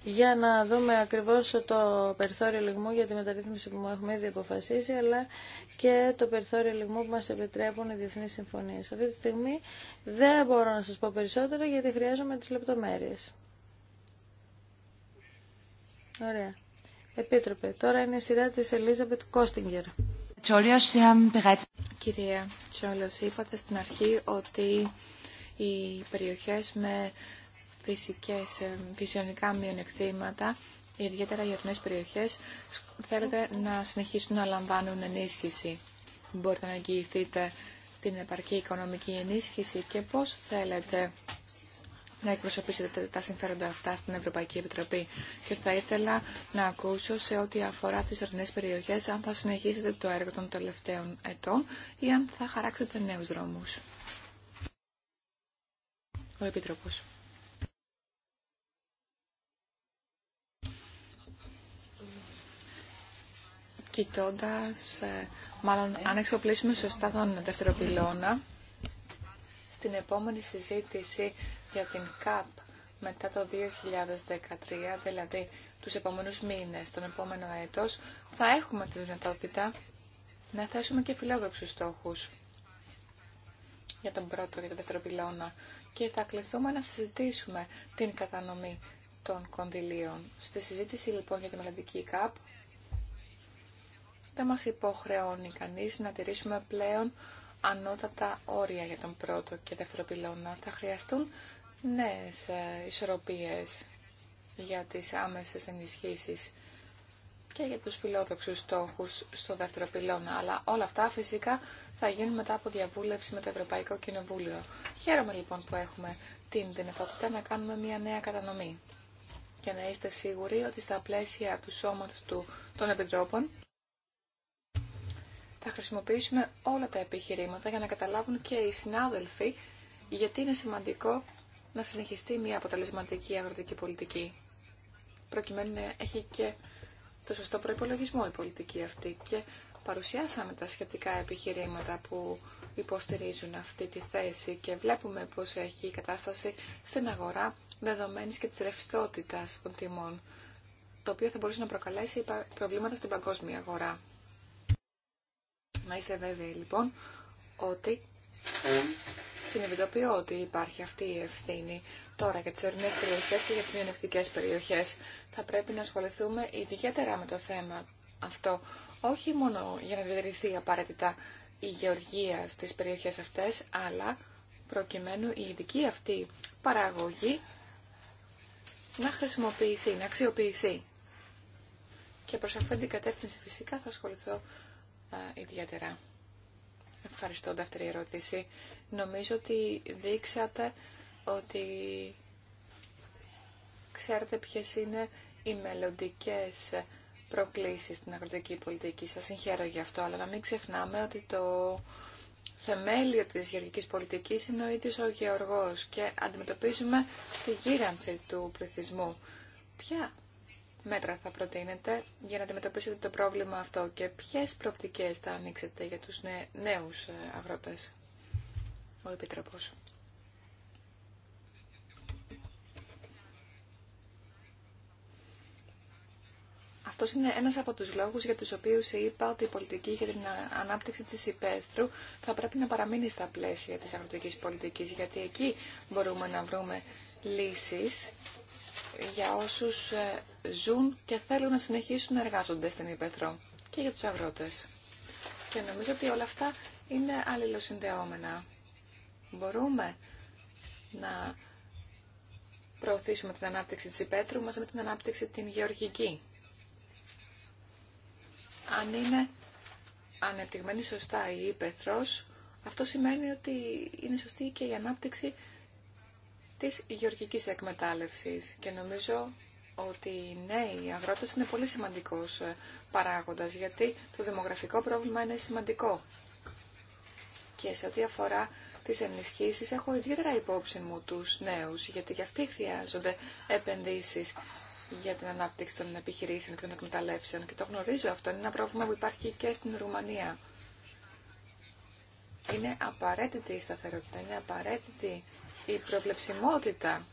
για να δούμε ακριβώς το περιθώριο λιγμού για τη μεταρρύθμιση που έχουμε ήδη αποφασίσει, αλλά και το περιθώριο λιγμού που μας επιτρέπουν οι διεθνείς συμφωνίες. Αυτή τη στιγμή δεν μπορώ να σας πω περισσότερο, γιατί χρειάζομαι τις λεπτομέρειες. Ωραία. Επίτροπε, τώρα είναι η σειρά της Ελίζαμπετ Κόστιγκερ. Κυρία Τσόλος, είπατε στην αρχή ότι οι περιοχές με φυσικές, ε, φυσιονικά μειονεκτήματα, ιδιαίτερα για ορεινές περιοχές, θέλετε να συνεχίσουν να λαμβάνουν ενίσχυση. Μπορείτε να εγγυηθείτε την επαρκή οικονομική ενίσχυση και πώς θέλετε να εκπροσωπήσετε τα συμφέροντα αυτά στην Ευρωπαϊκή Επιτροπή. Και θα ήθελα να ακούσω σε ό,τι αφορά τις ορεινές περιοχές αν θα συνεχίσετε το έργο των τελευταίων ετών ή αν θα χαράξετε νέους δρόμους. Ο Επίτροπος. κοιτώντας, ε, μάλλον αν εξοπλίσουμε σωστά τον δεύτερο πυλώνα, στην επόμενη συζήτηση για την ΚΑΠ μετά το 2013, δηλαδή τους επόμενους μήνες, τον επόμενο έτος, θα έχουμε τη δυνατότητα να θέσουμε και φιλόδοξους στόχους για τον πρώτο και τον δεύτερο πυλώνα και θα κληθούμε να συζητήσουμε την κατανομή των κονδυλίων. Στη συζήτηση λοιπόν για τη μελλοντική ΚΑΠ δεν μας υποχρεώνει κανείς να τηρήσουμε πλέον ανώτατα όρια για τον πρώτο και δεύτερο πυλώνα. Θα χρειαστούν νέες ε, ισορροπίες για τις άμεσες ενισχύσεις και για τους φιλόδοξους στόχους στο δεύτερο πυλώνα. Αλλά όλα αυτά φυσικά θα γίνουν μετά από διαβούλευση με το Ευρωπαϊκό Κοινοβούλιο. Χαίρομαι λοιπόν που έχουμε την δυνατότητα να κάνουμε μια νέα κατανομή. Και να είστε σίγουροι ότι στα πλαίσια του σώματος του, των Επιτρόπων θα χρησιμοποιήσουμε όλα τα επιχειρήματα για να καταλάβουν και οι συνάδελφοι γιατί είναι σημαντικό να συνεχιστεί μια αποτελεσματική αγροτική πολιτική. Προκειμένου να έχει και το σωστό προπολογισμό η πολιτική αυτή και παρουσιάσαμε τα σχετικά επιχειρήματα που υποστηρίζουν αυτή τη θέση και βλέπουμε πως έχει η κατάσταση στην αγορά δεδομένης και της ρευστότητας των τιμών, το οποίο θα μπορούσε να προκαλέσει προβλήματα στην παγκόσμια αγορά. Να είστε βέβαιοι λοιπόν ότι συνειδητοποιώ ότι υπάρχει αυτή η ευθύνη τώρα για τις ορεινές περιοχές και για τις μειονεκτικές περιοχές. Θα πρέπει να ασχοληθούμε ιδιαίτερα με το θέμα αυτό, όχι μόνο για να διατηρηθεί απαραίτητα η γεωργία στις περιοχές αυτές, αλλά προκειμένου η ειδική αυτή παραγωγή να χρησιμοποιηθεί, να αξιοποιηθεί. Και προς αυτήν την κατεύθυνση φυσικά θα ασχοληθώ ιδιαίτερα. Ευχαριστώ. Δεύτερη ερώτηση. Νομίζω ότι δείξατε ότι ξέρετε ποιες είναι οι μελλοντικέ προκλήσεις στην αγροτική πολιτική. Σας συγχαίρω γι' αυτό, αλλά να μην ξεχνάμε ότι το θεμέλιο της γεωργικής πολιτικής είναι ο ίδιος ο γεωργός και αντιμετωπίζουμε τη γύρανση του πληθυσμού. Ποια μέτρα θα προτείνετε για να αντιμετωπίσετε το πρόβλημα αυτό και ποιες προοπτικές θα ανοίξετε για τους νέους ε, αγρότες, ο Επιτροπός. Αυτός είναι ένας από τους λόγους για τους οποίους είπα ότι η πολιτική για την ανάπτυξη της υπαίθρου θα πρέπει να παραμείνει στα πλαίσια της αγροτικής πολιτικής, γιατί εκεί μπορούμε να βρούμε λύσεις για όσους ε, ζουν και θέλουν να συνεχίσουν να εργάζονται στην Ήπεθρο και για τους αγρότες. Και νομίζω ότι όλα αυτά είναι αλληλοσυνδεόμενα. Μπορούμε να προωθήσουμε την ανάπτυξη της Ήπεθρου μαζί με την ανάπτυξη την γεωργική. Αν είναι ανεπτυγμένη σωστά η Ήπεθρος, αυτό σημαίνει ότι είναι σωστή και η ανάπτυξη της γεωργικής εκμετάλλευσης και νομίζω ότι ναι, νέοι αγρότες είναι πολύ σημαντικός ε, παράγοντας γιατί το δημογραφικό πρόβλημα είναι σημαντικό. Και σε ό,τι αφορά τις ενισχύσεις έχω ιδιαίτερα υπόψη μου τους νέους γιατί και αυτοί χρειάζονται επενδύσεις για την ανάπτυξη των επιχειρήσεων και των εκμεταλλεύσεων και το γνωρίζω αυτό, είναι ένα πρόβλημα που υπάρχει και στην Ρουμανία. Είναι απαραίτητη η σταθερότητα, είναι απαραίτητη η προβλεψιμότητα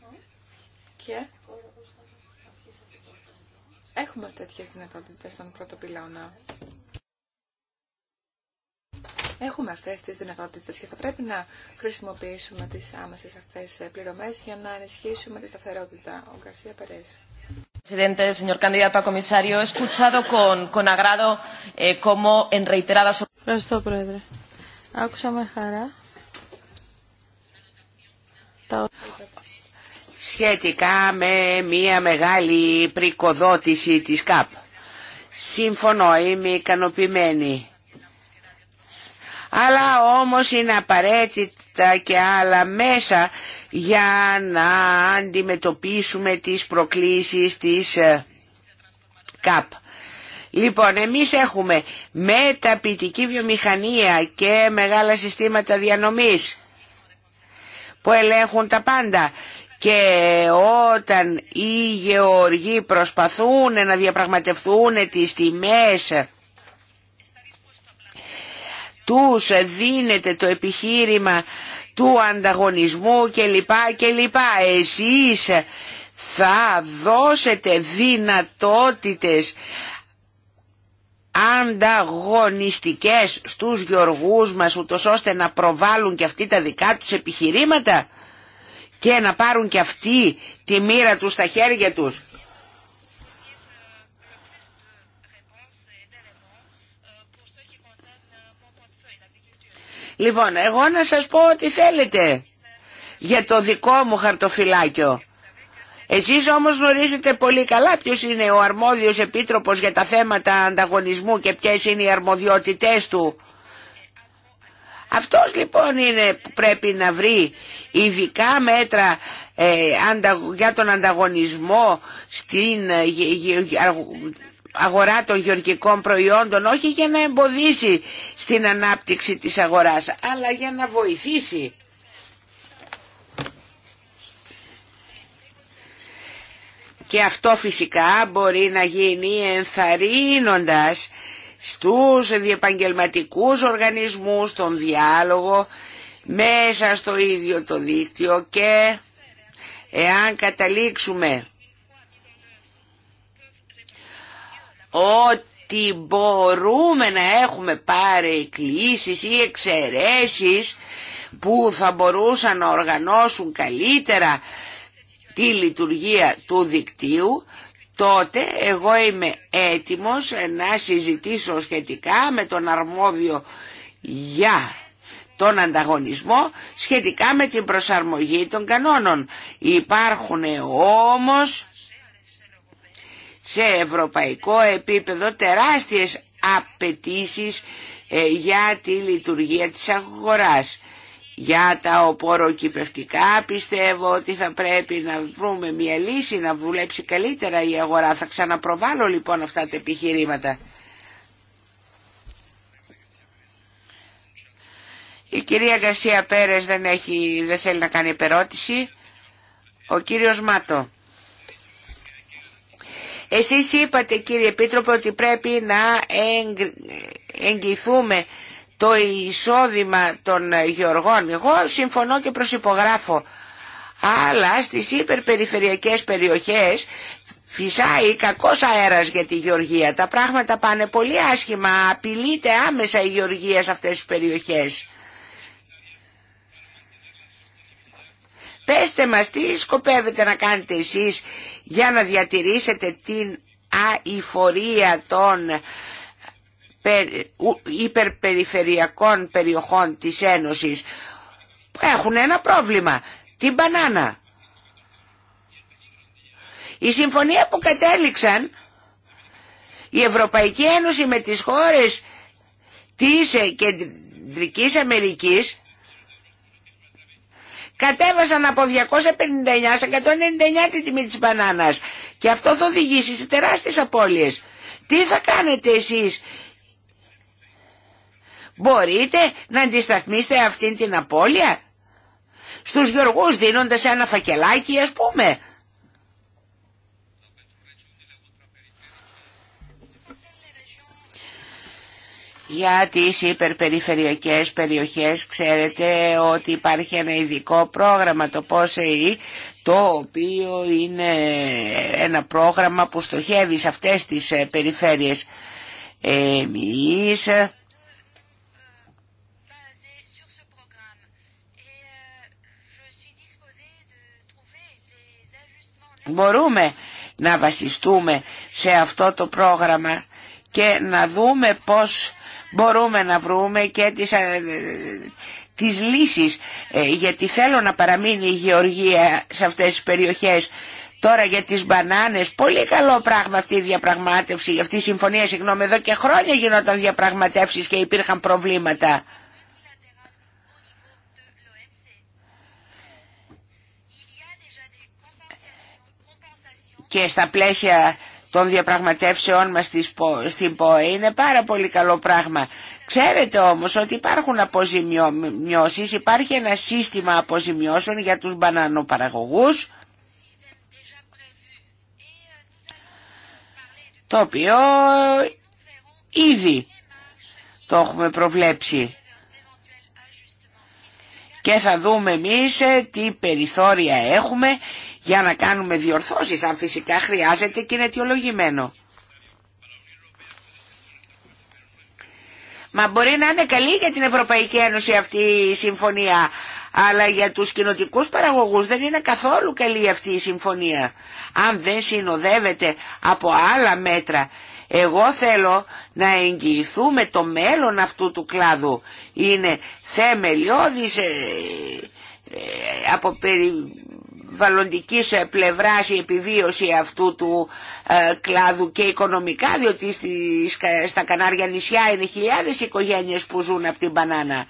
και έχουμε τέτοιες δυνατότητες στον πρώτο πυλώνα. Έχουμε αυτές τις δυνατότητες και θα πρέπει να χρησιμοποιήσουμε τις άμεσες αυτές πληρωμές για να ενισχύσουμε τη σταθερότητα. Ο Γκαρσία Περές. Presidente, señor candidato a comisario, he escuchado con, con agrado eh, como en reiteradas. Ευχαριστώ, Πρόεδρε. Άκουσα με χαρά σχετικά με μια μεγάλη πρικοδότηση της ΚΑΠ. Σύμφωνο, είμαι ικανοποιημένη. Αλλά όμως είναι απαραίτητα και άλλα μέσα για να αντιμετωπίσουμε τις προκλήσεις της ε, ΚΑΠ. Λοιπόν, εμείς έχουμε μεταπητική βιομηχανία και μεγάλα συστήματα διανομής που ελέγχουν τα πάντα. Και όταν οι γεωργοί προσπαθούν να διαπραγματευτούν τις τιμές τους δίνεται το επιχείρημα του ανταγωνισμού κλπ. λοιπά Εσείς θα δώσετε δυνατότητες ανταγωνιστικές στους γεωργούς μας ούτως ώστε να προβάλλουν και αυτοί τα δικά τους επιχειρήματα και να πάρουν και αυτοί τη μοίρα τους στα χέρια τους. Λοιπόν, εγώ να σας πω ό,τι θέλετε για το δικό μου χαρτοφυλάκιο. Εσείς όμως γνωρίζετε πολύ καλά ποιος είναι ο αρμόδιος επίτροπος για τα θέματα ανταγωνισμού και ποιες είναι οι αρμοδιότητές του. Αυτός λοιπόν είναι που πρέπει να βρει ειδικά μέτρα ε, για τον ανταγωνισμό στην ε, αγορά των γεωργικών προϊόντων, όχι για να εμποδίσει στην ανάπτυξη της αγοράς, αλλά για να βοηθήσει Και αυτό φυσικά μπορεί να γίνει ενθαρρύνοντας στους διεπαγγελματικούς οργανισμούς, τον διάλογο μέσα στο ίδιο το δίκτυο και εάν καταλήξουμε ότι μπορούμε να έχουμε παρεκκλήσεις ή εξαιρέσεις που θα μπορούσαν να οργανώσουν καλύτερα τη λειτουργία του δικτύου, τότε εγώ είμαι έτοιμος να συζητήσω σχετικά με τον αρμόδιο για τον ανταγωνισμό σχετικά με την προσαρμογή των κανόνων. Υπάρχουν όμως σε ευρωπαϊκό επίπεδο τεράστιες απαιτήσει ε, για τη λειτουργία της αγοράς. Για τα οποροκυπευτικά πιστεύω ότι θα πρέπει να βρούμε μια λύση, να βουλέψει καλύτερα η αγορά. Θα ξαναπροβάλλω λοιπόν αυτά τα επιχειρήματα. Η κυρία Γκαρσία Πέρες δεν, έχει, δεν θέλει να κάνει επερώτηση. Ο κύριος Μάτο. Εσείς είπατε κύριε Επίτροπε ότι πρέπει να εγγυηθούμε το εισόδημα των γεωργών. Εγώ συμφωνώ και προσυπογράφω. Αλλά στις υπερπεριφερειακές περιοχές φυσάει κακός αέρας για τη γεωργία. Τα πράγματα πάνε πολύ άσχημα, απειλείται άμεσα η γεωργία σε αυτές τις περιοχές. Πεστε μας τι σκοπεύετε να κάνετε εσείς για να διατηρήσετε την αηφορία των υπερπεριφερειακών περιοχών της Ένωσης που έχουν ένα πρόβλημα, την μπανάνα. Η συμφωνία που κατέληξαν η Ευρωπαϊκή Ένωση με τις χώρες της Κεντρικής Αμερικής κατέβασαν από 259 σε 199 τη τιμή της μπανάνας και αυτό θα οδηγήσει σε τεράστιες απώλειες. Τι θα κάνετε εσείς Μπορείτε να αντισταθμίσετε αυτήν την απώλεια. Στους γεωργούς δίνοντας ένα φακελάκι ας πούμε. Για τις υπερπεριφερειακές περιοχές ξέρετε ότι υπάρχει ένα ειδικό πρόγραμμα το ΠΟΣΕΗ e e, το οποίο είναι ένα πρόγραμμα που στοχεύει σε αυτές τις ε, περιφέρειες. Εμείς Μπορούμε να βασιστούμε σε αυτό το πρόγραμμα και να δούμε πώς μπορούμε να βρούμε και τις, ε, τις λύσεις ε, γιατί θέλω να παραμείνει η γεωργία σε αυτές τις περιοχές τώρα για τις μπανάνες πολύ καλό πράγμα αυτή η διαπραγμάτευση αυτή η συμφωνία συγγνώμη εδώ και χρόνια γινόταν διαπραγματεύσεις και υπήρχαν προβλήματα και στα πλαίσια των διαπραγματεύσεων μας στην ΠΟΕ είναι πάρα πολύ καλό πράγμα. Ξέρετε όμως ότι υπάρχουν αποζημιώσεις, υπάρχει ένα σύστημα αποζημιώσεων για τους μπανανοπαραγωγούς το οποίο ήδη το έχουμε προβλέψει και θα δούμε εμείς τι περιθώρια έχουμε για να κάνουμε διορθώσεις αν φυσικά χρειάζεται και είναι αιτιολογημένο. Μα μπορεί να είναι καλή για την Ευρωπαϊκή Ένωση αυτή η συμφωνία, αλλά για τους κοινοτικούς παραγωγούς δεν είναι καθόλου καλή αυτή η συμφωνία, αν δεν συνοδεύεται από άλλα μέτρα. Εγώ θέλω να εγγυηθούμε το μέλλον αυτού του κλάδου. Είναι θεμελιώδης ε, ε, από περι περιβαλλοντικής ε, πλευράς η επιβίωση αυτού του ε, κλάδου και οικονομικά διότι στα Κανάρια νησιά είναι χιλιάδες οικογένειες που ζουν από την μπανάνα.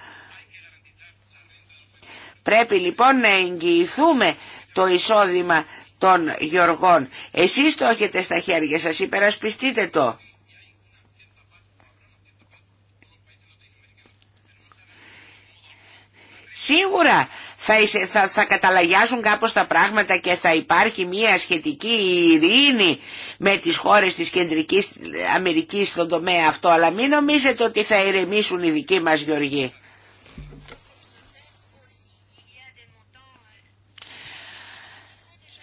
Πρέπει λοιπόν να εγγυηθούμε το εισόδημα των γεωργών. Εσείς το έχετε στα χέρια σας, υπερασπιστείτε το. Σίγουρα θα, θα, θα καταλαγιάζουν κάπως τα πράγματα και θα υπάρχει μια σχετική ειρήνη με τις χώρες της Κεντρικής Αμερικής στον τομέα αυτό, αλλά μην νομίζετε ότι θα ηρεμήσουν οι δικοί μας Γεωργοί.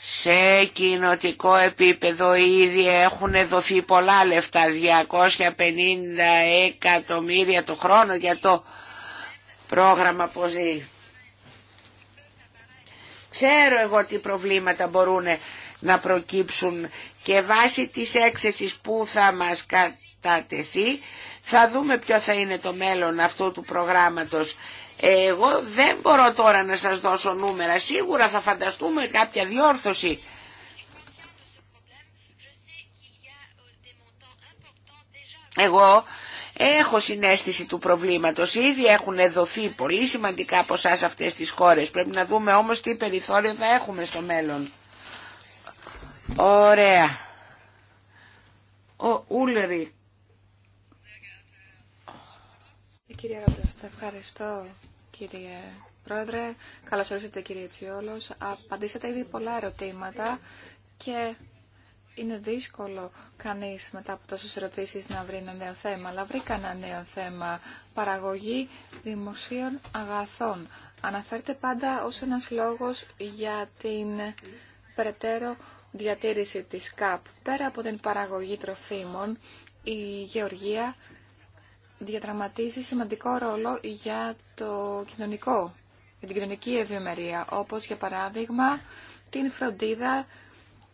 Σε κοινοτικό επίπεδο ήδη έχουν δοθεί πολλά λεφτά, 250 εκατομμύρια το χρόνο για το πρόγραμμα ΠΟΖΗ. Ξέρω εγώ τι προβλήματα μπορούν να προκύψουν και βάσει της έκθεσης που θα μας κατατεθεί θα δούμε ποιο θα είναι το μέλλον αυτού του προγράμματος. Εγώ δεν μπορώ τώρα να σας δώσω νούμερα, σίγουρα θα φανταστούμε κάποια διόρθωση. Εγώ Έχω συνέστηση του προβλήματος. Ήδη έχουν δοθεί πολύ σημαντικά ποσά σε αυτές τις χώρες. Πρέπει να δούμε όμως τι περιθώριο θα έχουμε στο μέλλον. Ωραία. Ο Ούλερη. Ε, κύριε Ρόντος, ευχαριστώ κύριε Πρόεδρε. Καλώς ορίσατε κύριε Τσιόλος. Απαντήσατε ήδη πολλά ερωτήματα και είναι δύσκολο κανείς μετά από τόσες ερωτήσεις να βρει ένα νέο θέμα, αλλά βρήκα ένα νέο θέμα. Παραγωγή δημοσίων αγαθών. Αναφέρεται πάντα ως ένας λόγος για την περαιτέρω διατήρηση της ΚΑΠ. Πέρα από την παραγωγή τροφίμων, η γεωργία διαδραματίζει σημαντικό ρόλο για το κοινωνικό, για την κοινωνική ευημερία, όπως για παράδειγμα την φροντίδα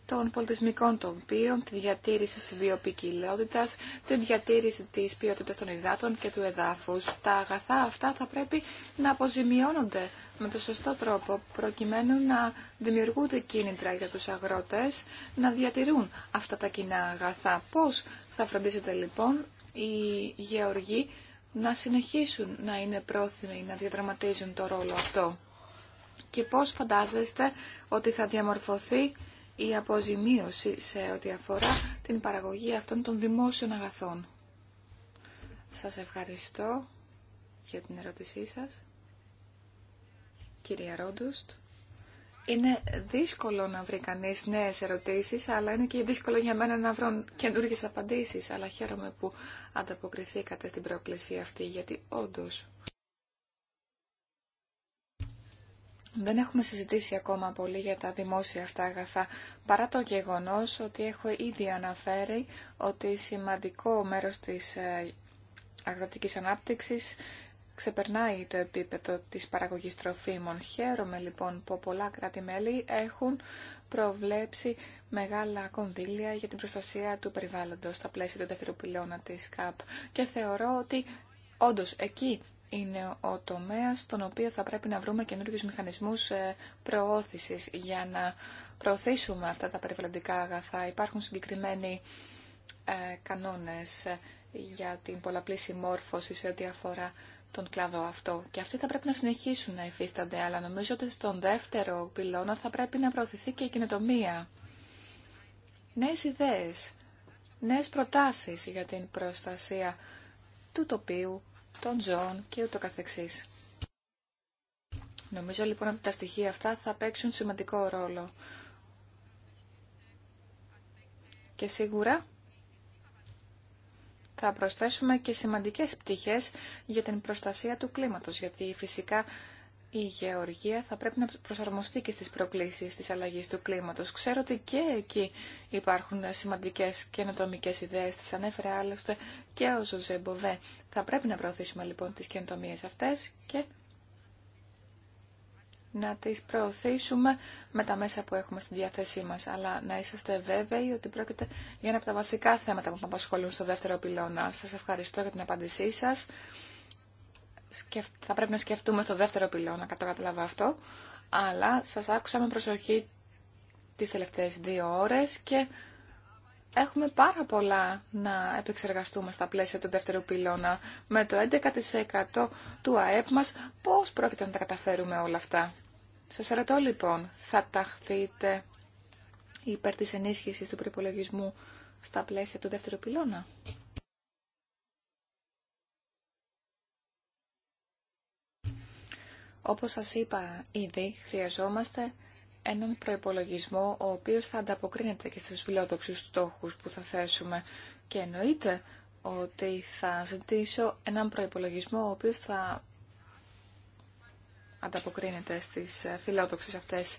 των πολιτισμικών τοπίων, τη διατήρηση της βιοποικιλότητας, τη διατήρηση της ποιότητας των υδάτων και του εδάφους. Τα αγαθά αυτά θα πρέπει να αποζημιώνονται με το σωστό τρόπο, προκειμένου να δημιουργούνται κίνητρα για τους αγρότες να διατηρούν αυτά τα κοινά αγαθά. Πώς θα φροντίσετε λοιπόν οι γεωργοί να συνεχίσουν να είναι πρόθυμοι να διαδραματίζουν το ρόλο αυτό και πώς φαντάζεστε ότι θα διαμορφωθεί η αποζημίωση σε ό,τι αφορά την παραγωγή αυτών των δημόσιων αγαθών. Σας ευχαριστώ για την ερώτησή σας, κυρία Ρόντουστ. Είναι δύσκολο να βρει κανεί νέε ερωτήσει, αλλά είναι και δύσκολο για μένα να βρω καινούργιε απαντήσει. Αλλά χαίρομαι που ανταποκριθήκατε στην πρόκληση αυτή, γιατί όντω Δεν έχουμε συζητήσει ακόμα πολύ για τα δημόσια αυτά αγαθά, παρά το γεγονός ότι έχω ήδη αναφέρει ότι σημαντικό μέρος της ε, αγροτικής ανάπτυξης ξεπερνάει το επίπεδο της παραγωγής τροφίμων. Χαίρομαι λοιπόν που πολλά κράτη-μέλη έχουν προβλέψει μεγάλα κονδύλια για την προστασία του περιβάλλοντος στα πλαίσια του δεύτερου πυλώνα της ΚΑΠ και θεωρώ ότι όντως εκεί είναι ο τομέας στον οποίο θα πρέπει να βρούμε καινούριου μηχανισμούς ε, προώθησης για να προωθήσουμε αυτά τα περιβαλλοντικά αγαθά. Υπάρχουν συγκεκριμένοι ε, κανόνες ε, για την πολλαπλή συμμόρφωση σε ό,τι αφορά τον κλάδο αυτό. Και αυτοί θα πρέπει να συνεχίσουν να υφίστανται, αλλά νομίζω ότι στον δεύτερο πυλώνα θα πρέπει να προωθηθεί και η κοινοτομία. Νέες ιδέες, νέες προτάσεις για την προστασία του τοπίου, των ζώων και ούτω καθεξής. Νομίζω λοιπόν ότι τα στοιχεία αυτά θα παίξουν σημαντικό ρόλο. Και σίγουρα θα προσθέσουμε και σημαντικές πτυχές για την προστασία του κλίματος, γιατί φυσικά η γεωργία θα πρέπει να προσαρμοστεί και στις προκλήσεις της αλλαγής του κλίματος. Ξέρω ότι και εκεί υπάρχουν σημαντικές καινοτομικέ ιδέες, τις ανέφερε άλλωστε και ο Ζωζέ Θα πρέπει να προωθήσουμε λοιπόν τις καινοτομίες αυτές και να τις προωθήσουμε με τα μέσα που έχουμε στη διάθεσή μας. Αλλά να είσαστε βέβαιοι ότι πρόκειται για ένα από τα βασικά θέματα που απασχολούν στο δεύτερο πυλώνα. Σας ευχαριστώ για την απάντησή σας θα πρέπει να σκεφτούμε στο δεύτερο πυλώνα, κατά καταλαβα αυτό, αλλά σας άκουσα με προσοχή τις τελευταίες δύο ώρες και έχουμε πάρα πολλά να επεξεργαστούμε στα πλαίσια του δεύτερου πυλώνα. Με το 11% του ΑΕΠ μας πώς πρόκειται να τα καταφέρουμε όλα αυτά. Σας ρωτώ λοιπόν, θα ταχθείτε υπέρ της ενίσχυσης του προπολογισμού στα πλαίσια του δεύτερου πυλώνα. Όπως σας είπα ήδη, χρειαζόμαστε έναν προϋπολογισμό ο οποίος θα ανταποκρίνεται και στις φιλόδοξους στόχους που θα θέσουμε. Και εννοείται ότι θα ζητήσω έναν προϋπολογισμό ο οποίος θα ανταποκρίνεται στις φιλόδοξες αυτές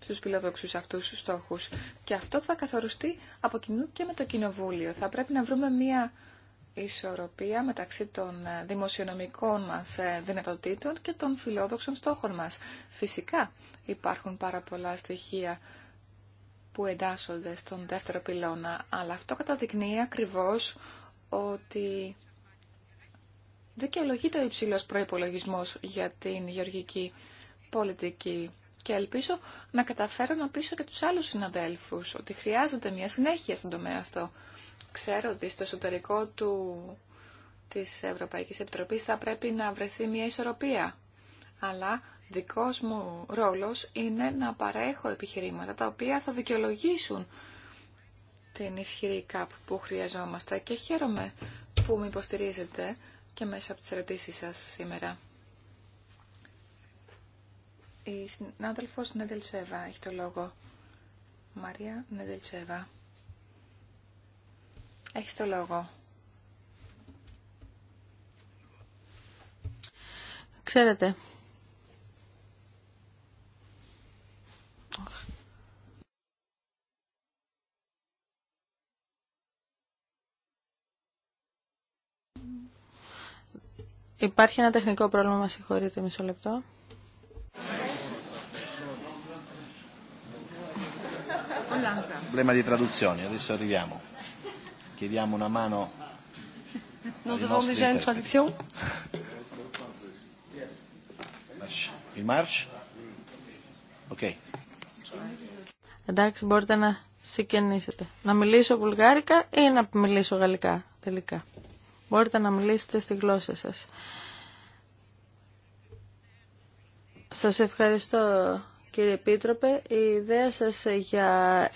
στους φιλοδοξούς αυτούς τους στόχους. Και αυτό θα καθοριστεί από κοινού και με το Κοινοβούλιο. Θα πρέπει να βρούμε μία ισορροπία μεταξύ των ε, δημοσιονομικών μας ε, δυνατοτήτων και των φιλόδοξων στόχων μας. Φυσικά υπάρχουν πάρα πολλά στοιχεία που εντάσσονται στον δεύτερο πυλώνα, αλλά αυτό καταδεικνύει ακριβώς ότι δικαιολογείται ο υψηλός προϋπολογισμός για την γεωργική πολιτική και ελπίζω να καταφέρω να πείσω και τους άλλους συναδέλφους ότι χρειάζεται μια συνέχεια στον τομέα αυτό ξέρω ότι στο εσωτερικό του, της Ευρωπαϊκής Επιτροπής θα πρέπει να βρεθεί μια ισορροπία. Αλλά δικός μου ρόλος είναι να παρέχω επιχειρήματα τα οποία θα δικαιολογήσουν την ισχυρή ΚΑΠ που χρειαζόμαστε και χαίρομαι που με υποστηρίζετε και μέσα από τις ερωτήσεις σας σήμερα. Η συνάδελφος Νεντελτσέβα έχει το λόγο. Μαρία Νεντελτσέβα. Έχεις το λόγο. Ξέρετε, Υπάρχει ένα τεχνικό πρόβλημα, μας συγχωρείτε μισό λεπτό. Problema di traduzione, adesso arriviamo chiediamo una Εντάξει, μπορείτε να συγκινήσετε. Να μιλήσω βουλγάρικα ή να μιλήσω γαλλικά τελικά. Μπορείτε να μιλήσετε στη γλώσσα σας. Σας ευχαριστώ Κύριε Επίτροπε, η ιδέα σας για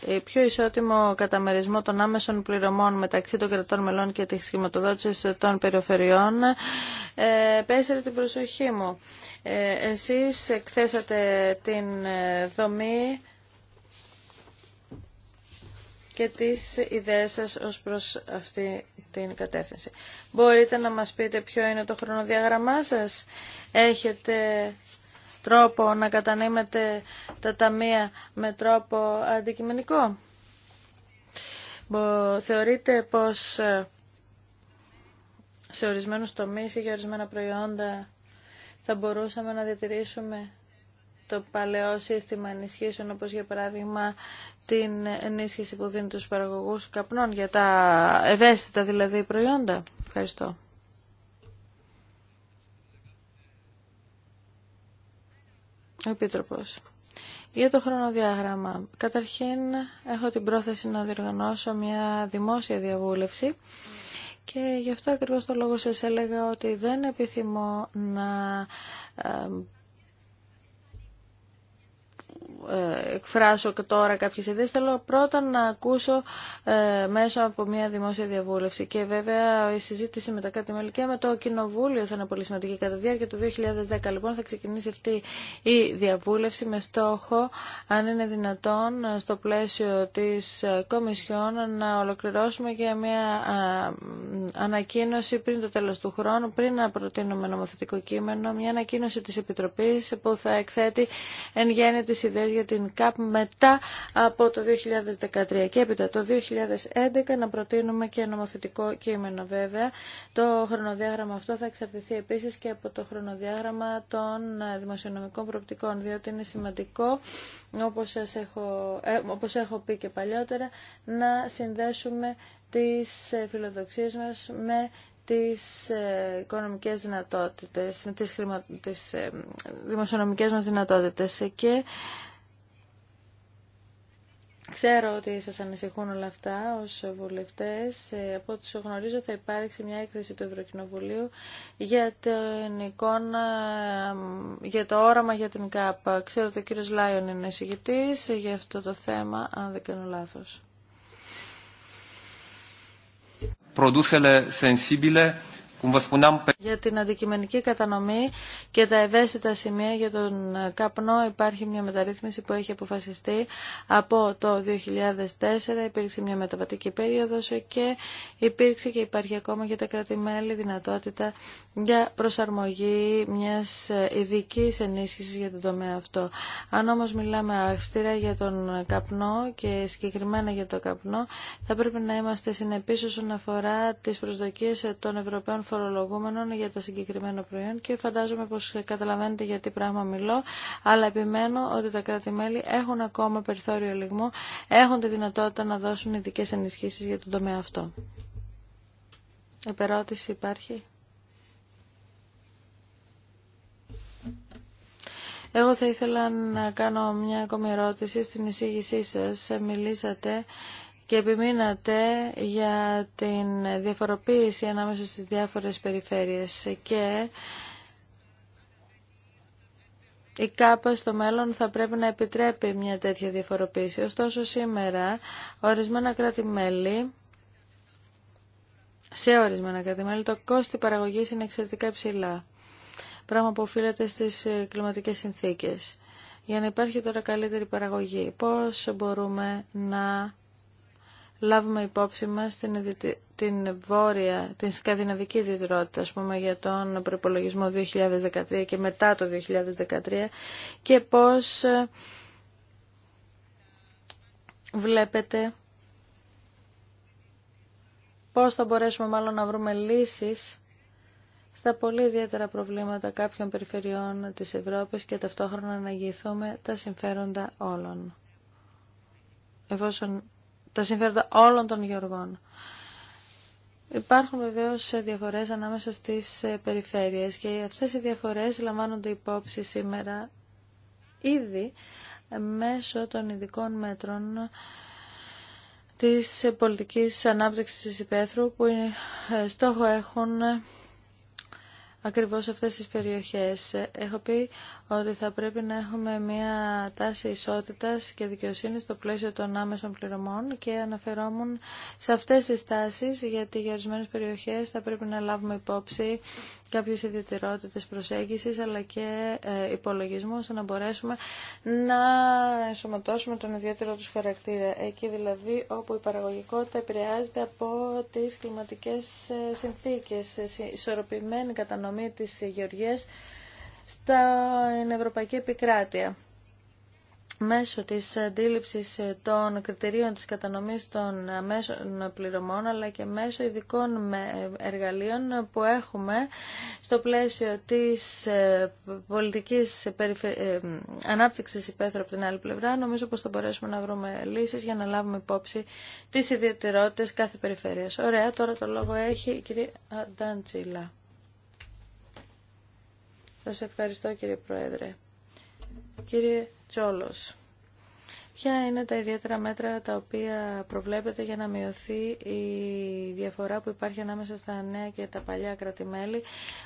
ε, πιο ισότιμο καταμερισμό των άμεσων πληρωμών μεταξύ των κρατών μελών και της σχηματοδότησης των περιφερειών ε, πέσερε την προσοχή μου. Ε, εσείς εκθέσατε την δομή και τις ιδέες σας ως προς αυτή την κατεύθυνση. Μπορείτε να μας πείτε ποιο είναι το χρονοδιάγραμμά σας. Έχετε τρόπο να κατανέμεται τα ταμεία με τρόπο αντικειμενικό. Θεωρείτε πως ε, σε ορισμένους τομείς ή για ορισμένα προϊόντα θα μπορούσαμε να διατηρήσουμε το παλαιό σύστημα ενισχύσεων, όπως για παράδειγμα την ενίσχυση που δίνει τους παραγωγούς καπνών για τα ευαίσθητα δηλαδή προϊόντα. Ευχαριστώ. ο Επίτροπος. Για το χρονοδιάγραμμα. Καταρχήν έχω την πρόθεση να διοργανώσω μια δημόσια διαβούλευση και γι' αυτό ακριβώς το λόγο σας έλεγα ότι δεν επιθυμώ να ε, ε, εκφράσω και τώρα κάποιες ιδέες, θέλω πρώτα να ακούσω ε, μέσω από μια δημόσια διαβούλευση. Και βέβαια η συζήτηση με τα κράτη μέλη και με το Κοινοβούλιο θα είναι πολύ σημαντική. Κατά τη διάρκεια του 2010 λοιπόν θα ξεκινήσει αυτή η διαβούλευση με στόχο, αν είναι δυνατόν, στο πλαίσιο της ε, Κομισιόν να ολοκληρώσουμε για μια ανακοίνωση πριν το τέλος του χρόνου, πριν να προτείνουμε νομοθετικό κείμενο, μια ανακοίνωση της Επιτροπής που θα εκθέτει εν γέννη τις γιατί για την ΚΑΠ μετά από το 2013 και έπειτα το 2011 να προτείνουμε και νομοθετικό κείμενο βέβαια. Το χρονοδιάγραμμα αυτό θα εξαρτηθεί επίσης και από το χρονοδιάγραμμα των δημοσιονομικών προοπτικών διότι είναι σημαντικό όπως, σας έχω, ε, όπως έχω πει και παλιότερα να συνδέσουμε τις ε, φιλοδοξίες μας με τις ε, οικονομικές δυνατότητες, τις, τις δημοσιονομικές μας δυνατότητες και Ξέρω ότι σας ανησυχούν όλα αυτά ως βουλευτές. Ε, από ό,τι σου γνωρίζω θα υπάρξει μια έκθεση του Ευρωκοινοβουλίου για την εικόνα, για το όραμα για την ΚΑΠΑ. Ξέρω ότι ο κύριος Λάιον είναι εισηγητής για αυτό το θέμα, αν δεν κάνω λάθος. Για την αντικειμενική κατανομή και τα ευαίσθητα σημεία για τον καπνό υπάρχει μια μεταρρύθμιση που έχει αποφασιστεί από το 2004. Υπήρξε μια μεταβατική περίοδος και υπήρξε και υπάρχει ακόμα για τα κράτη-μέλη δυνατότητα για προσαρμογή μιας ειδική ενίσχυσης για τον τομέα αυτό. Αν όμως μιλάμε αυστήρα για τον καπνό και συγκεκριμένα για τον καπνό, θα πρέπει να είμαστε συνεπείς όσον αφορά τις προσδοκίες των Ευρωπαίων φορολογούμενων για το συγκεκριμένο προϊόν και φαντάζομαι πως καταλαβαίνετε για τι πράγμα μιλώ, αλλά επιμένω ότι τα κράτη-μέλη έχουν ακόμα περιθώριο λιγμό, έχουν τη δυνατότητα να δώσουν ειδικέ ενισχύσεις για τον τομέα αυτό. Επερώτηση υπάρχει. Εγώ θα ήθελα να κάνω μια ακόμη ερώτηση στην εισήγησή σας. Μιλήσατε και επιμείνατε για την διαφοροποίηση ανάμεσα στις διάφορες περιφέρειες και η ΚΑΠΑ στο μέλλον θα πρέπει να επιτρέπει μια τέτοια διαφοροποίηση. Ωστόσο σήμερα ορισμένα σε ορισμένα κράτη-μέλη το κόστη παραγωγής είναι εξαιρετικά υψηλά, πράγμα που οφείλεται στις ε, κλιματικές συνθήκες. Για να υπάρχει τώρα καλύτερη παραγωγή, πώς μπορούμε να λάβουμε υπόψη μας την, την βόρεια, την σκανδιναβική ιδιαιτερότητα, ας πούμε, για τον προπολογισμό 2013 και μετά το 2013 και πώς ε, βλέπετε πώς θα μπορέσουμε μάλλον να βρούμε λύσεις στα πολύ ιδιαίτερα προβλήματα κάποιων περιφερειών της Ευρώπης και ταυτόχρονα να αγγιηθούμε τα συμφέροντα όλων. Εφόσον τα συμφέροντα όλων των γεωργών. Υπάρχουν βεβαίω διαφορέ ανάμεσα στι ε, περιφέρειες και αυτέ οι διαφορέ λαμβάνονται υπόψη σήμερα ήδη μέσω των ειδικών μέτρων της πολιτικής ανάπτυξης της υπαίθρου που ε, στόχο έχουν ε, ακριβώς αυτές τις περιοχές. Έχω ότι θα πρέπει να έχουμε μια τάση ισότητας και δικαιοσύνης στο πλαίσιο των άμεσων πληρωμών και αναφερόμουν σε αυτές τις τάσεις γιατί για ορισμένε περιοχές θα πρέπει να λάβουμε υπόψη κάποιες ιδιαιτερότητες προσέγγισης αλλά και ε, υπολογισμού ώστε να μπορέσουμε να ενσωματώσουμε τον ιδιαίτερο τους χαρακτήρα. Εκεί δηλαδή όπου η παραγωγικότητα επηρεάζεται από τις κλιματικές ε, συνθήκες, ε, ισορροπημένη κατανομή της γεωργίας στην Ευρωπαϊκή Επικράτεια μέσω της αντίληψης των κριτηρίων της κατανομής των αμέσων πληρωμών αλλά και μέσω ειδικών εργαλείων που έχουμε στο πλαίσιο της ε, πολιτικής ε, ανάπτυξης υπαίθρου από την άλλη πλευρά νομίζω πως θα μπορέσουμε να βρούμε λύσεις για να λάβουμε υπόψη τις ιδιαιτερότητες κάθε περιφέρειας. Ωραία, τώρα το λόγο έχει η κυρία Αντάντσιλα. Σας ευχαριστώ κύριε Πρόεδρε. Κύριε Τσόλος. Ποια είναι τα ιδιαίτερα μέτρα τα οποία προβλέπετε για να μειωθεί η διαφορά που υπάρχει ανάμεσα στα νέα και τα παλιά κρατημέλη,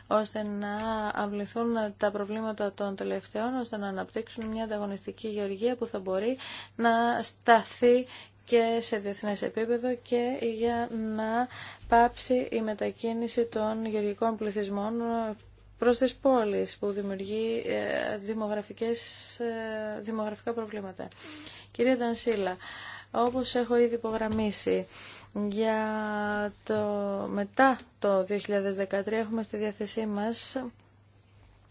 ώστε να αυληθούν τα προβλήματα των τελευταίων, ώστε να αναπτύξουν μια ανταγωνιστική γεωργία που θα μπορεί να σταθεί και σε διεθνές επίπεδο και για να πάψει η μετακίνηση των γεωργικών πληθυσμών προς τις πόλεις που δημιουργεί ε, δημογραφικές, ε, δημογραφικά προβλήματα. Κυρία Τανσίλα, όπως έχω ήδη υπογραμμίσει, για το μετά το 2013 έχουμε στη διάθεσή μας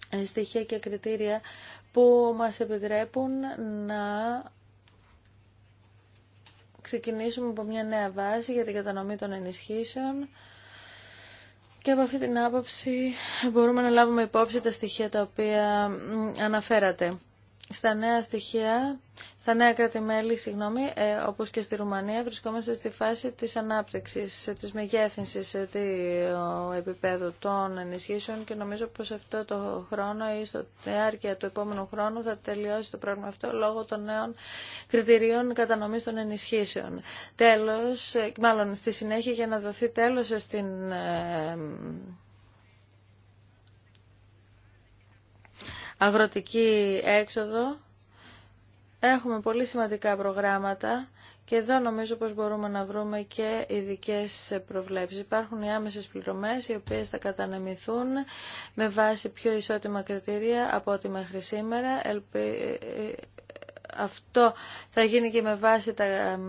ε, στοιχεία και κριτήρια που μας επιτρέπουν να ξεκινήσουμε από μια νέα βάση για την κατανομή των ενισχύσεων και από αυτή την άποψη μπορούμε να λάβουμε υπόψη τα στοιχεία τα οποία αναφέρατε στα νέα στοιχεία, στα νέα κράτη-μέλη, συγγνώμη, ε, όπως και στη Ρουμανία, βρισκόμαστε στη φάση της ανάπτυξης, της μεγέθυνσης ε, του επίπεδου των ενισχύσεων και νομίζω πως αυτό το χρόνο ή στο διάρκεια του επόμενου χρόνου θα τελειώσει το πρόγραμμα αυτό λόγω των νέων κριτηρίων κατανομής των ενισχύσεων. Τέλος, ε, μάλλον στη συνέχεια για να δοθεί τέλος στην αγροτική έξοδο. Έχουμε πολύ σημαντικά προγράμματα και εδώ νομίζω πως μπορούμε να βρούμε και ειδικέ προβλέψεις. Υπάρχουν οι άμεσες πληρωμές οι οποίες θα κατανεμηθούν με βάση πιο ισότιμα κριτήρια από ό,τι μέχρι σήμερα. Ε, ε, αυτό θα γίνει και με βάση τα ε,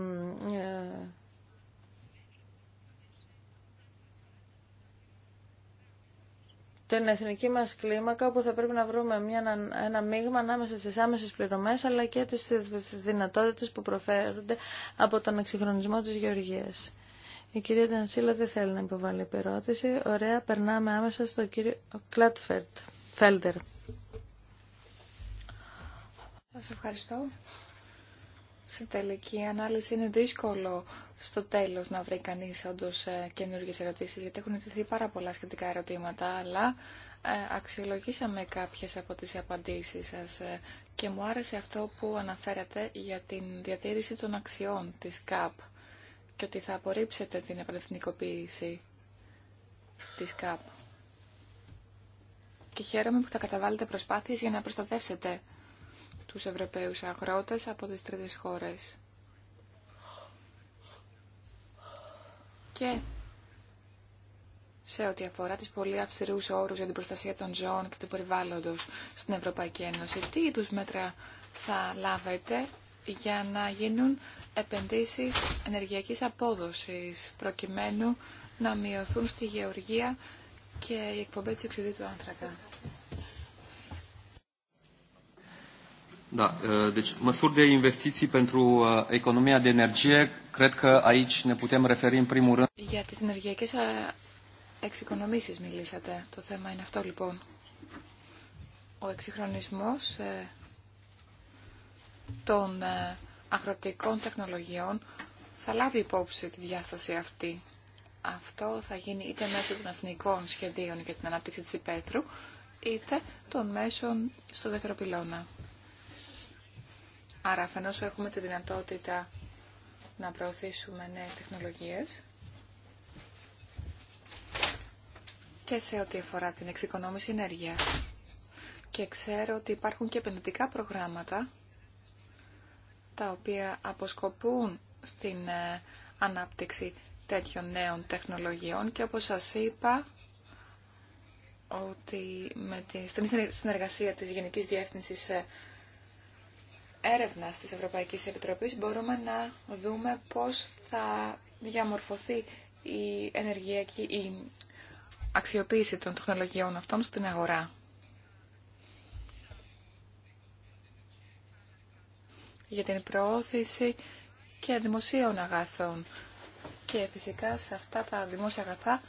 την εθνική μας κλίμακα όπου θα πρέπει να βρούμε μια, ένα μείγμα ανάμεσα στις άμεσες πληρωμές αλλά και τις δυνατότητες που προφέρονται από τον εξυγχρονισμό της γεωργίας. Η κυρία Τανσίλα δεν θέλει να υποβάλει επερώτηση. Ωραία, περνάμε άμεσα στο κύριο Κλάτφερτ. Φέλτερ. Σας ευχαριστώ σε τελική ανάλυση είναι δύσκολο στο τέλος να βρει κανείς όντως ε, καινούργιες ερωτήσεις, γιατί έχουν τεθεί πάρα πολλά σχετικά ερωτήματα, αλλά ε, αξιολογήσαμε κάποιες από τις απαντήσεις σας ε, και μου άρεσε αυτό που αναφέρατε για την διατήρηση των αξιών της ΚΑΠ και ότι θα απορρίψετε την επανεθνικοποίηση της ΚΑΠ. Και χαίρομαι που θα καταβάλλετε προσπάθειες για να προστατεύσετε τους Ευρωπαίους αγρότες από τις τρίτες χώρες. Και σε ό,τι αφορά τις πολύ αυστηρούς όρους για την προστασία των ζώων και του περιβάλλοντος στην Ευρωπαϊκή Ένωση, τι είδους μέτρα θα λάβετε για να γίνουν επενδύσεις ενεργειακής απόδοσης, προκειμένου να μειωθούν στη γεωργία και η εκπομπή του εξουδίου του άνθρακα. Για τις ενεργειακές εξοικονομήσεις μιλήσατε. Το θέμα είναι αυτό λοιπόν. Ο εξυγχρονισμός των αγροτικών τεχνολογιών θα λάβει υπόψη τη διάσταση αυτή. Αυτό θα γίνει είτε μέσω των εθνικών σχεδίων για την ανάπτυξη της υπέτρου, είτε των μέσων στο δεύτερο πυλώνα. Άρα αφενός έχουμε τη δυνατότητα να προωθήσουμε νέες τεχνολογίες και σε ό,τι αφορά την εξοικονόμηση ενέργειας. Και ξέρω ότι υπάρχουν και επενδυτικά προγράμματα τα οποία αποσκοπούν στην ε, ανάπτυξη τέτοιων νέων τεχνολογιών και όπως σας είπα ότι με τη, συνεργασία της Γενικής Διεύθυνσης ε, έρευνας της Ευρωπαϊκής Επιτροπής μπορούμε να δούμε πώς θα διαμορφωθεί η ενεργειακή, η αξιοποίηση των τεχνολογιών αυτών στην αγορά. για την προώθηση και δημοσίων αγαθών. Και φυσικά σε αυτά τα δημόσια αγαθά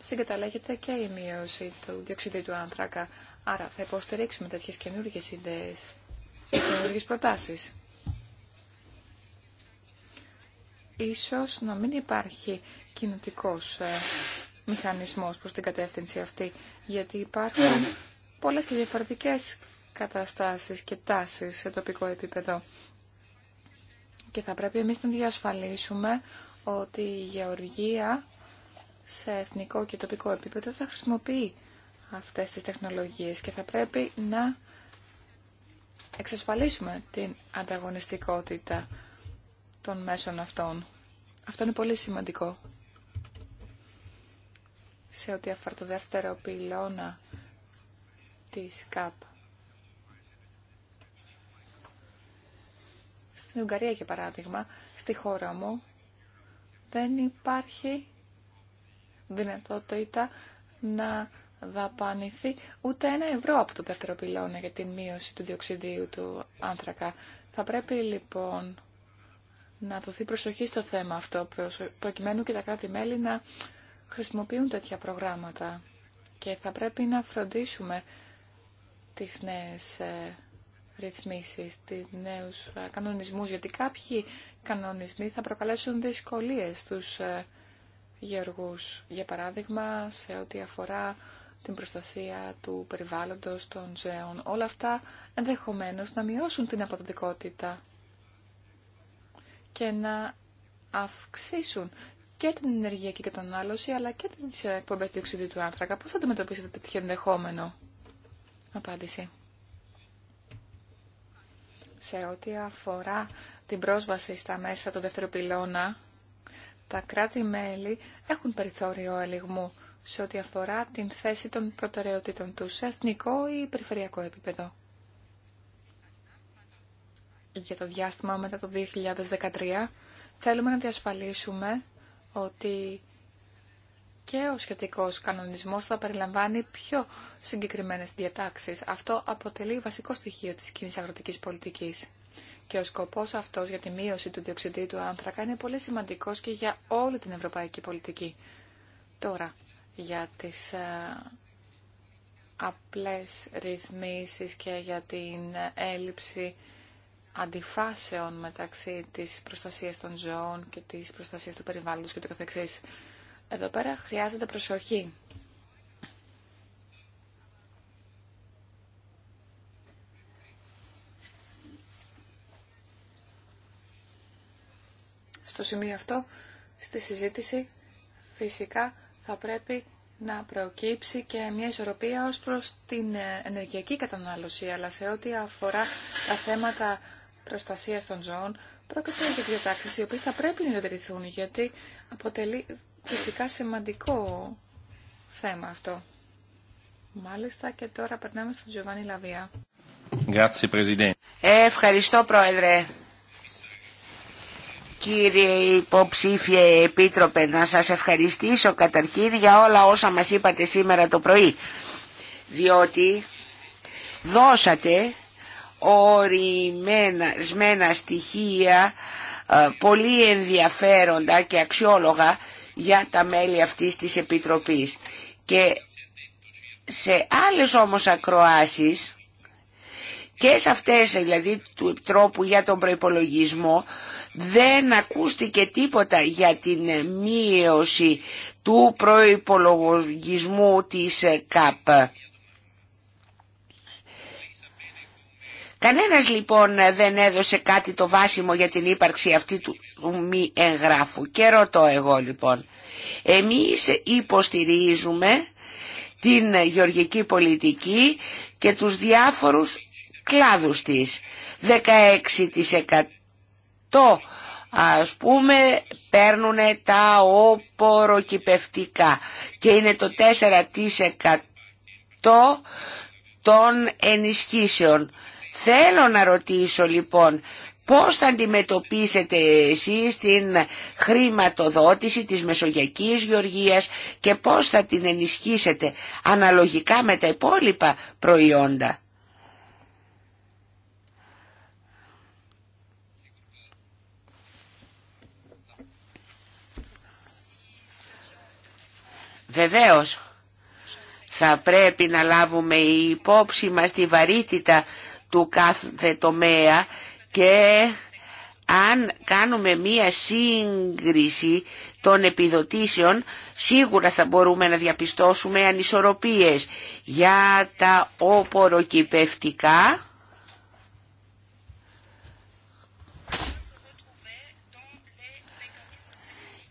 συγκαταλέγεται και η μείωση του διοξυδίου του άνθρακα. Άρα θα υποστηρίξουμε τέτοιες καινούργιες ιδέες καινούργιες προτάσεις. Ίσως να μην υπάρχει κοινωτικός ε, μηχανισμός προς την κατεύθυνση αυτή, γιατί υπάρχουν πολλές και διαφορετικές καταστάσεις και τάσεις σε τοπικό επίπεδο. Και θα πρέπει εμείς να διασφαλίσουμε ότι η γεωργία σε εθνικό και τοπικό επίπεδο θα χρησιμοποιεί αυτές τις τεχνολογίες και θα πρέπει να εξασφαλίσουμε την ανταγωνιστικότητα των μέσων αυτών. Αυτό είναι πολύ σημαντικό. Σε ό,τι αφορά το δεύτερο πυλώνα της ΚΑΠ. Στην Ουγγαρία, για παράδειγμα, στη χώρα μου, δεν υπάρχει δυνατότητα να δαπανηθεί ούτε ένα ευρώ από το δεύτερο πυλώνα για την μείωση του διοξιδίου του άνθρακα. Θα πρέπει λοιπόν να δοθεί προσοχή στο θέμα αυτό, προκειμένου και τα κράτη-μέλη να χρησιμοποιούν τέτοια προγράμματα. Και θα πρέπει να φροντίσουμε τις νέες ε, ρυθμίσεις, τις νέους ε, κανονισμούς, γιατί κάποιοι κανονισμοί θα προκαλέσουν δυσκολίες στους ε, γεωργούς. Για παράδειγμα, σε ό,τι αφορά την προστασία του περιβάλλοντος, των ζέων. Όλα αυτά ενδεχομένως να μειώσουν την αποδοτικότητα και να αυξήσουν και την ενεργειακή κατανάλωση αλλά και τις εκπομπές διοξιδίου του άνθρακα. Πώς θα αντιμετωπίσετε τέτοιο ενδεχόμενο. Απάντηση. Σε ό,τι αφορά την πρόσβαση στα μέσα του δεύτερου πυλώνα, τα κράτη-μέλη έχουν περιθώριο ελιγμού σε ό,τι αφορά την θέση των προτεραιοτήτων του σε εθνικό ή περιφερειακό επίπεδο. Για το διάστημα μετά το 2013 θέλουμε να διασφαλίσουμε ότι και ο σχετικός κανονισμός θα περιλαμβάνει πιο συγκεκριμένες διατάξεις. Αυτό αποτελεί βασικό στοιχείο της κοινή αγροτικής πολιτικής. Και ο σκοπός αυτός για τη μείωση του διοξιδίου του άνθρακα είναι πολύ σημαντικός και για όλη την ευρωπαϊκή πολιτική. Τώρα, για τις ε, απλές ρυθμίσεις και για την έλλειψη αντιφάσεων μεταξύ της προστασίας των ζώων και της προστασίας του περιβάλλοντος και το καθεξής. Εδώ πέρα χρειάζεται προσοχή. Στο σημείο αυτό, στη συζήτηση, φυσικά θα πρέπει να προκύψει και μια ισορροπία ως προς την ενεργειακή κατανάλωση, αλλά σε ό,τι αφορά τα θέματα προστασίας των ζώων, πρόκειται για διατάξεις οι οποίες θα πρέπει να διατηρηθούν, γιατί αποτελεί φυσικά σημαντικό θέμα αυτό. Μάλιστα και τώρα περνάμε στον Τζοβάνι Λαβία. Ε, ευχαριστώ Πρόεδρε. Κύριε υποψήφιε επίτροπε, να σας ευχαριστήσω καταρχήν για όλα όσα μας είπατε σήμερα το πρωί, διότι δώσατε ορισμένα στοιχεία ε, πολύ ενδιαφέροντα και αξιόλογα για τα μέλη αυτής της Επιτροπής. Και σε άλλες όμως ακροάσεις και σε αυτές δηλαδή του τρόπου για τον προϋπολογισμό δεν ακούστηκε τίποτα για την μείωση του προϋπολογισμού της ΚΑΠ. Κανένας λοιπόν δεν έδωσε κάτι το βάσιμο για την ύπαρξη αυτή του μη εγγράφου. Και ρωτώ εγώ λοιπόν, εμείς υποστηρίζουμε την γεωργική πολιτική και τους διάφορους κλάδους της. 16% αυτό ας πούμε παίρνουν τα οποροκυπευτικά και είναι το 4% των ενισχύσεων. Θέλω να ρωτήσω λοιπόν πώς θα αντιμετωπίσετε εσείς την χρηματοδότηση της Μεσογειακής Γεωργίας και πώς θα την ενισχύσετε αναλογικά με τα υπόλοιπα προϊόντα. Βεβαίως, θα πρέπει να λάβουμε υπόψη μας τη βαρύτητα του κάθε τομέα και αν κάνουμε μία σύγκριση των επιδοτήσεων σίγουρα θα μπορούμε να διαπιστώσουμε ανισορροπίες για τα όποροκυπευτικά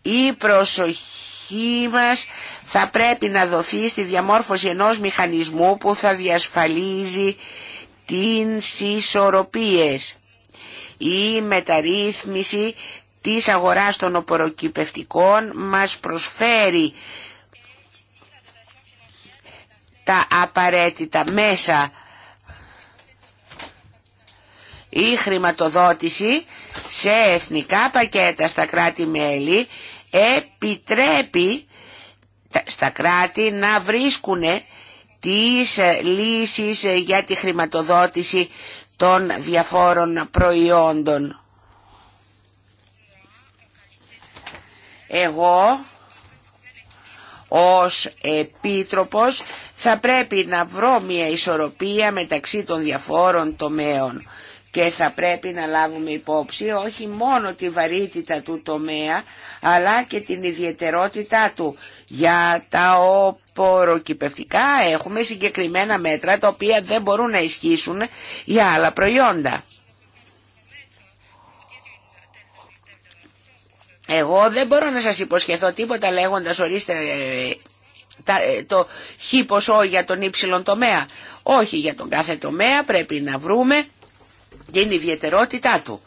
η προσοχή μας θα πρέπει να δοθεί στη διαμόρφωση ενός μηχανισμού που θα διασφαλίζει την ισορροπίες. Η μεταρρύθμιση της αγοράς των οποροκυπευτικών μας προσφέρει τα απαραίτητα μέσα η χρηματοδότηση σε εθνικά πακέτα στα κράτη-μέλη επιτρέπει ε, στα κράτη να βρίσκουν τις ε, λύσεις ε, για τη χρηματοδότηση των διαφόρων προϊόντων. Εγώ ως επίτροπος θα πρέπει να βρω μια ισορροπία μεταξύ των διαφόρων τομέων και θα πρέπει να λάβουμε υπόψη όχι μόνο τη βαρύτητα του τομέα αλλά και την ιδιαιτερότητά του. Για τα οποροκυπευτικά έχουμε συγκεκριμένα μέτρα τα οποία δεν μπορούν να ισχύσουν για άλλα προϊόντα. Εγώ δεν μπορώ να σας υποσχεθώ τίποτα λέγοντας ορίστε ε, το χ ο για τον ύψιλον τομέα. Όχι για τον κάθε τομέα πρέπει να βρούμε την ιδιαιτερότητά του.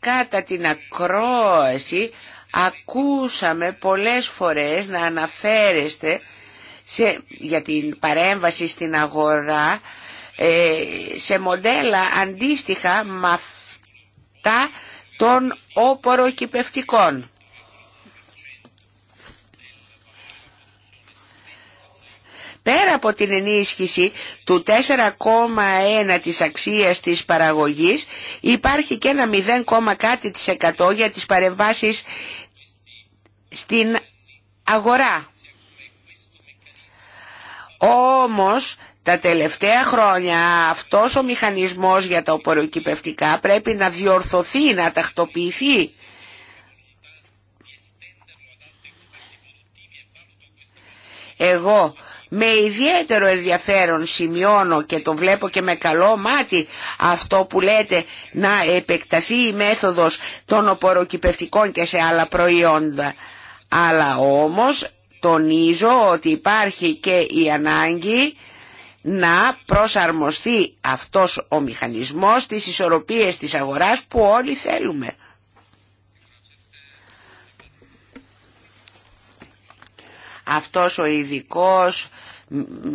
Κατά την ακρόαση ακούσαμε πολλές φορές να αναφέρεστε για την παρέμβαση στην αγορά ε, σε μοντέλα αντίστοιχα με αυτά των όπορο πέρα από την ενίσχυση του 4,1 της αξίας της παραγωγής υπάρχει και ένα 0, κάτι της εκατό για τις παρεμβάσεις στην αγορά. Όμως τα τελευταία χρόνια αυτός ο μηχανισμός για τα οποροκυπευτικά πρέπει να διορθωθεί, να τακτοποιηθεί. Εγώ με ιδιαίτερο ενδιαφέρον σημειώνω και το βλέπω και με καλό μάτι αυτό που λέτε να επεκταθεί η μέθοδος των οποροκυπευτικών και σε άλλα προϊόντα. Αλλά όμως τονίζω ότι υπάρχει και η ανάγκη να προσαρμοστεί αυτός ο μηχανισμός στις ισορροπίες της αγοράς που όλοι θέλουμε. Αυτός ο ειδικό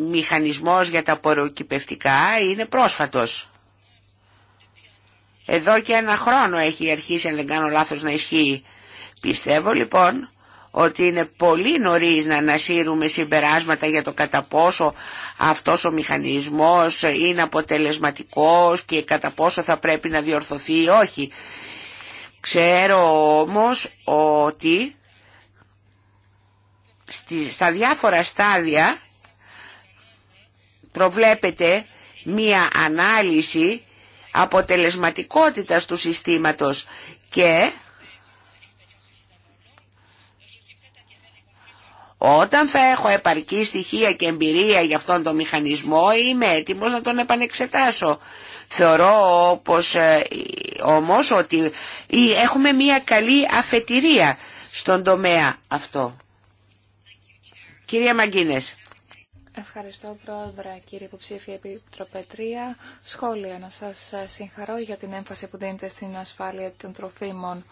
μηχανισμός για τα ποροκυπευτικά είναι πρόσφατος. Εδώ και ένα χρόνο έχει αρχίσει, αν δεν κάνω λάθος, να ισχύει. Πιστεύω λοιπόν ότι είναι πολύ νωρίς να ανασύρουμε συμπεράσματα για το κατά πόσο αυτός ο μηχανισμός είναι αποτελεσματικός και κατά πόσο θα πρέπει να διορθωθεί ή όχι. Ξέρω όμως ότι στα διάφορα στάδια προβλέπεται μία ανάλυση αποτελεσματικότητας του συστήματος και όταν θα έχω επαρκή στοιχεία και εμπειρία για αυτόν τον μηχανισμό είμαι έτοιμος να τον επανεξετάσω. Θεωρώ όπως, ε, όμως ότι ε, έχουμε μία καλή αφετηρία στον τομέα αυτό. Κυρία Μαγκίνε. Ευχαριστώ πρόεδρε κύριε υποψήφια Επιτροπετρία. Σχόλια να σας ε, συγχαρώ για την έμφαση που δίνετε στην ασφάλεια των τροφίμων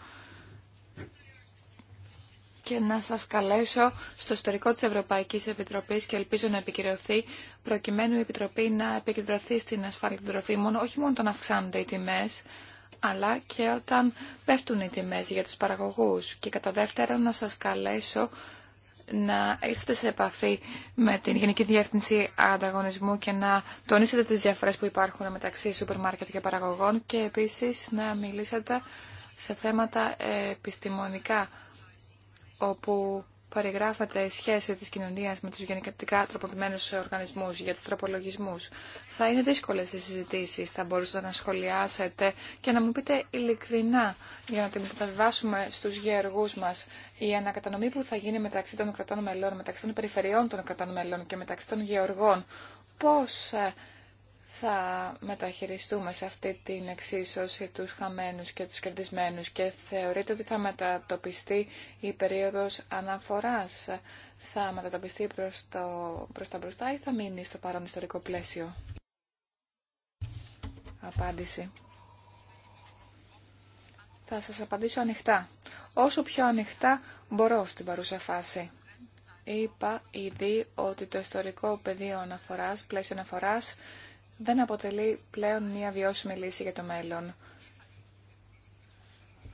και να σας καλέσω στο ιστορικό της Ευρωπαϊκής Επιτροπής και ελπίζω να επικυρωθεί προκειμένου η Επιτροπή να επικεντρωθεί στην ασφάλεια των τροφίμων όχι μόνο όταν αυξάνονται οι τιμές αλλά και όταν πέφτουν οι τιμές για τους παραγωγούς. Και κατά δεύτερον να σας καλέσω να έρθετε σε επαφή με την Γενική Διεύθυνση Ανταγωνισμού και να τονίσετε τις διαφορές που υπάρχουν μεταξύ σούπερ μάρκετ και παραγωγών και επίσης να μιλήσετε σε θέματα επιστημονικά όπου Παριγράφατε η σχέση της κοινωνίας με τους γενικατικά τροποποιημένους οργανισμούς για τους τροπολογισμούς. Θα είναι δύσκολες οι συζητήσεις. Θα μπορούσατε να σχολιάσετε και να μου πείτε ειλικρινά για να τη μεταβιβάσουμε στους γεωργούς μας η ανακατανομή που θα γίνει μεταξύ των κρατών μελών, μεταξύ των περιφερειών των κρατών μελών και μεταξύ των γεωργών. Πώς ε, θα μεταχειριστούμε σε αυτή την εξίσωση τους χαμένους και τους κερδισμένους και θεωρείτε ότι θα μετατοπιστεί η περίοδος αναφοράς, θα μετατοπιστεί προς, το, προς τα μπροστά ή θα μείνει στο παρόν ιστορικό πλαίσιο. Απάντηση. Θα σας απαντήσω ανοιχτά. Όσο πιο ανοιχτά μπορώ στην παρούσα φάση. Είπα ήδη ότι το ιστορικό πεδίο αναφοράς, πλαίσιο αναφοράς, δεν αποτελεί πλέον μία βιώσιμη λύση για το μέλλον.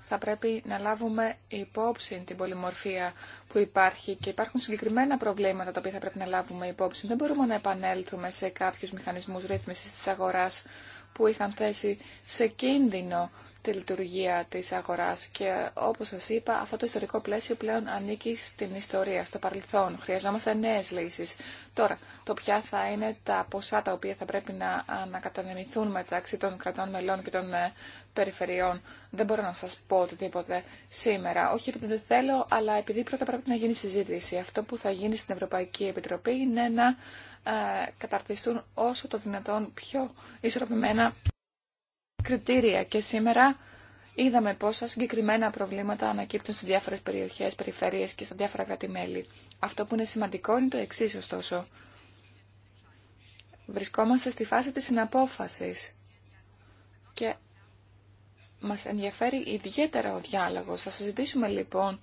Θα πρέπει να λάβουμε υπόψη την πολυμορφία που υπάρχει και υπάρχουν συγκεκριμένα προβλήματα τα οποία θα πρέπει να λάβουμε υπόψη. Δεν μπορούμε να επανέλθουμε σε κάποιους μηχανισμούς ρύθμισης της αγοράς που είχαν θέσει σε κίνδυνο τη λειτουργία της αγοράς και όπως σας είπα αυτό το ιστορικό πλαίσιο πλέον ανήκει στην ιστορία, στο παρελθόν. Χρειαζόμαστε νέες λύσεις. Τώρα, το ποια θα είναι τα ποσά τα οποία θα πρέπει να ανακατανεμηθούν μεταξύ των κρατών μελών και των ε, περιφερειών. Δεν μπορώ να σας πω οτιδήποτε σήμερα. Όχι επειδή δεν θέλω, αλλά επειδή πρώτα πρέπει να γίνει συζήτηση. Αυτό που θα γίνει στην Ευρωπαϊκή Επιτροπή είναι να ε, καταρτιστούν όσο το δυνατόν πιο ισορροπημένα κριτήρια και σήμερα είδαμε πόσα συγκεκριμένα προβλήματα ανακύπτουν σε διάφορες περιοχές, περιφέρειες και στα διάφορα Αυτό που είναι σημαντικό είναι το εξή ωστόσο. Βρισκόμαστε στη φάση της συναπόφασης και μας ενδιαφέρει ιδιαίτερα ο διάλογος. Θα συζητήσουμε λοιπόν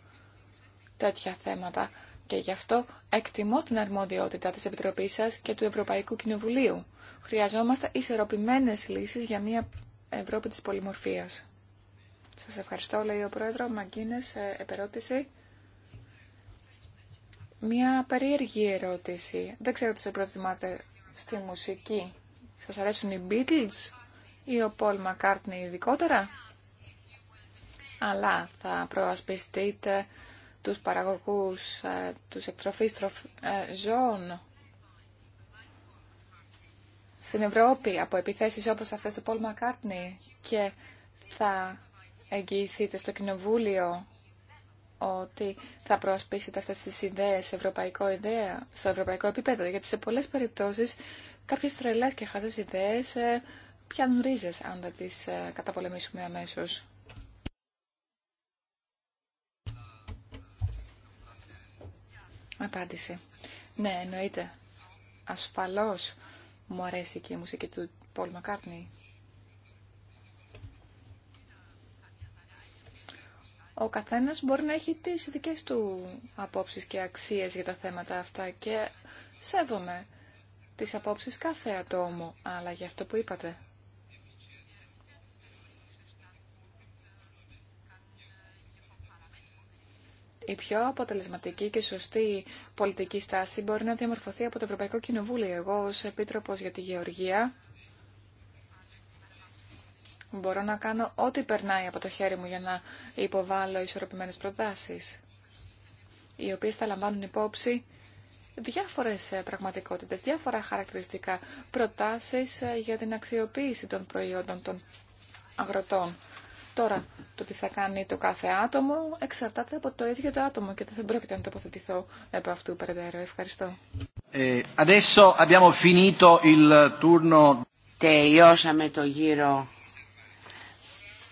τέτοια θέματα και γι' αυτό εκτιμώ την αρμοδιότητα της Επιτροπής σας και του Ευρωπαϊκού Κοινοβουλίου. Χρειαζόμαστε ισορροπημένες λύσεις για μια Ευρώπη της πολυμορφίας. Σας ευχαριστώ, λέει ο Πρόεδρο Μαγκίνες, ε, επερώτηση. Μια περίεργη ερώτηση. Δεν ξέρω τι σε προτιμάτε στη μουσική. Σας αρέσουν οι Beatles ή ο Paul McCartney ειδικότερα. Αλλά θα προασπιστείτε τους παραγωγούς, ε, τους εκτροφείς ε, ζώων στην Ευρώπη από επιθέσεις όπως αυτές του Πολ Μακάρτνη και θα εγγυηθείτε στο Κοινοβούλιο ότι θα προασπίσετε αυτές τις ιδέες σε ευρωπαϊκό ιδέα, στο ευρωπαϊκό επίπεδο, γιατί σε πολλές περιπτώσεις κάποιες τρελές και χαζές ιδέες ε, πιάνουν ρίζες αν δεν τις ε, καταπολεμήσουμε αμέσως. Απάντηση. Ναι, εννοείται. Ασφαλώς μου αρέσει και η μουσική του Πολ Ο καθένας μπορεί να έχει τις δικές του απόψεις και αξίες για τα θέματα αυτά και σέβομαι τις απόψεις κάθε ατόμου, αλλά για αυτό που είπατε. η πιο αποτελεσματική και σωστή πολιτική στάση μπορεί να διαμορφωθεί από το Ευρωπαϊκό Κοινοβούλιο. Εγώ ως Επίτροπος για τη Γεωργία μπορώ να κάνω ό,τι περνάει από το χέρι μου για να υποβάλω ισορροπημένες προτάσεις, οι οποίες θα λαμβάνουν υπόψη διάφορες ε, πραγματικότητες, διάφορα χαρακτηριστικά, προτάσεις ε, για την αξιοποίηση των προϊόντων των αγροτών. Τώρα, το τι θα κάνει το κάθε άτομο εξαρτάται από το ίδιο το άτομο και δεν πρόκειται να τοποθετηθώ από αυτού περαιτέρω. Ευχαριστώ. Ε, il turno... Τελειώσαμε το γύρο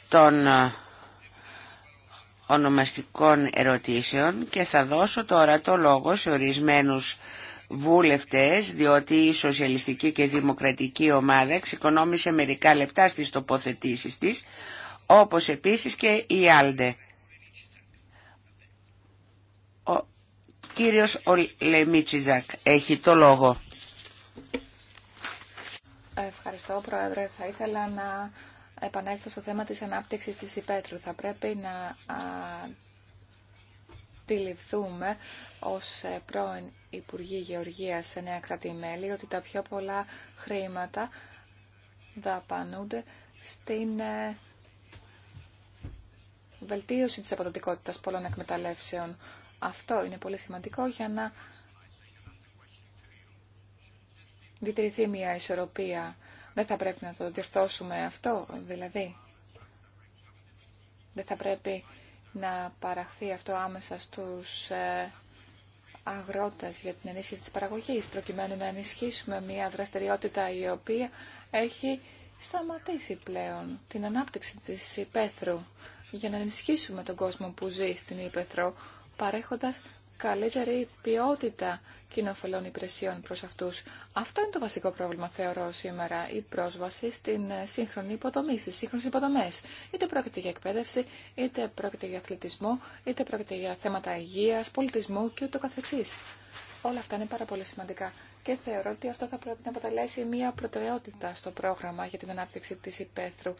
των ε, ονομαστικών ερωτήσεων και θα δώσω τώρα το λόγο σε ορισμένους βούλευτες διότι η σοσιαλιστική και δημοκρατική ομάδα εξοικονόμησε μερικά λεπτά στις τοποθετήσεις της όπως επίσης και η Άλντε. Ο κύριος Λεμίτσιτζακ έχει το λόγο. Ευχαριστώ, Πρόεδρε. Θα ήθελα να επανέλθω στο θέμα της ανάπτυξης της υπέτρου. Θα πρέπει να αντιληφθούμε ως πρώην Υπουργή Γεωργίας σε νεα κρατημέλη, ότι τα πιο πολλά χρήματα δαπανούνται στην ε, βελτίωση της αποδοτικότητας πολλών εκμεταλλεύσεων. Αυτό είναι πολύ σημαντικό για να διτηρηθεί μια ισορροπία. Δεν θα πρέπει να το διορθώσουμε αυτό, δηλαδή. Δεν θα πρέπει να παραχθεί αυτό άμεσα στους ε, αγρότες για την ενίσχυση της παραγωγής, προκειμένου να ενισχύσουμε μια δραστηριότητα η οποία έχει σταματήσει πλέον την ανάπτυξη της υπαίθρου για να ενισχύσουμε τον κόσμο που ζει στην Ήπεθρο, παρέχοντας καλύτερη ποιότητα κοινοφελών υπηρεσιών προς αυτούς. Αυτό είναι το βασικό πρόβλημα, θεωρώ, σήμερα, η πρόσβαση στην ε, σύγχρονη υποδομή, στις σύγχρονες υποδομές. Είτε πρόκειται για εκπαίδευση, είτε πρόκειται για αθλητισμό, είτε πρόκειται για θέματα υγείας, πολιτισμού και ούτω καθεξής. Όλα αυτά είναι πάρα πολύ σημαντικά και θεωρώ ότι αυτό θα πρέπει να αποτελέσει μια προτεραιότητα στο πρόγραμμα για την ανάπτυξη της υπαίθρου.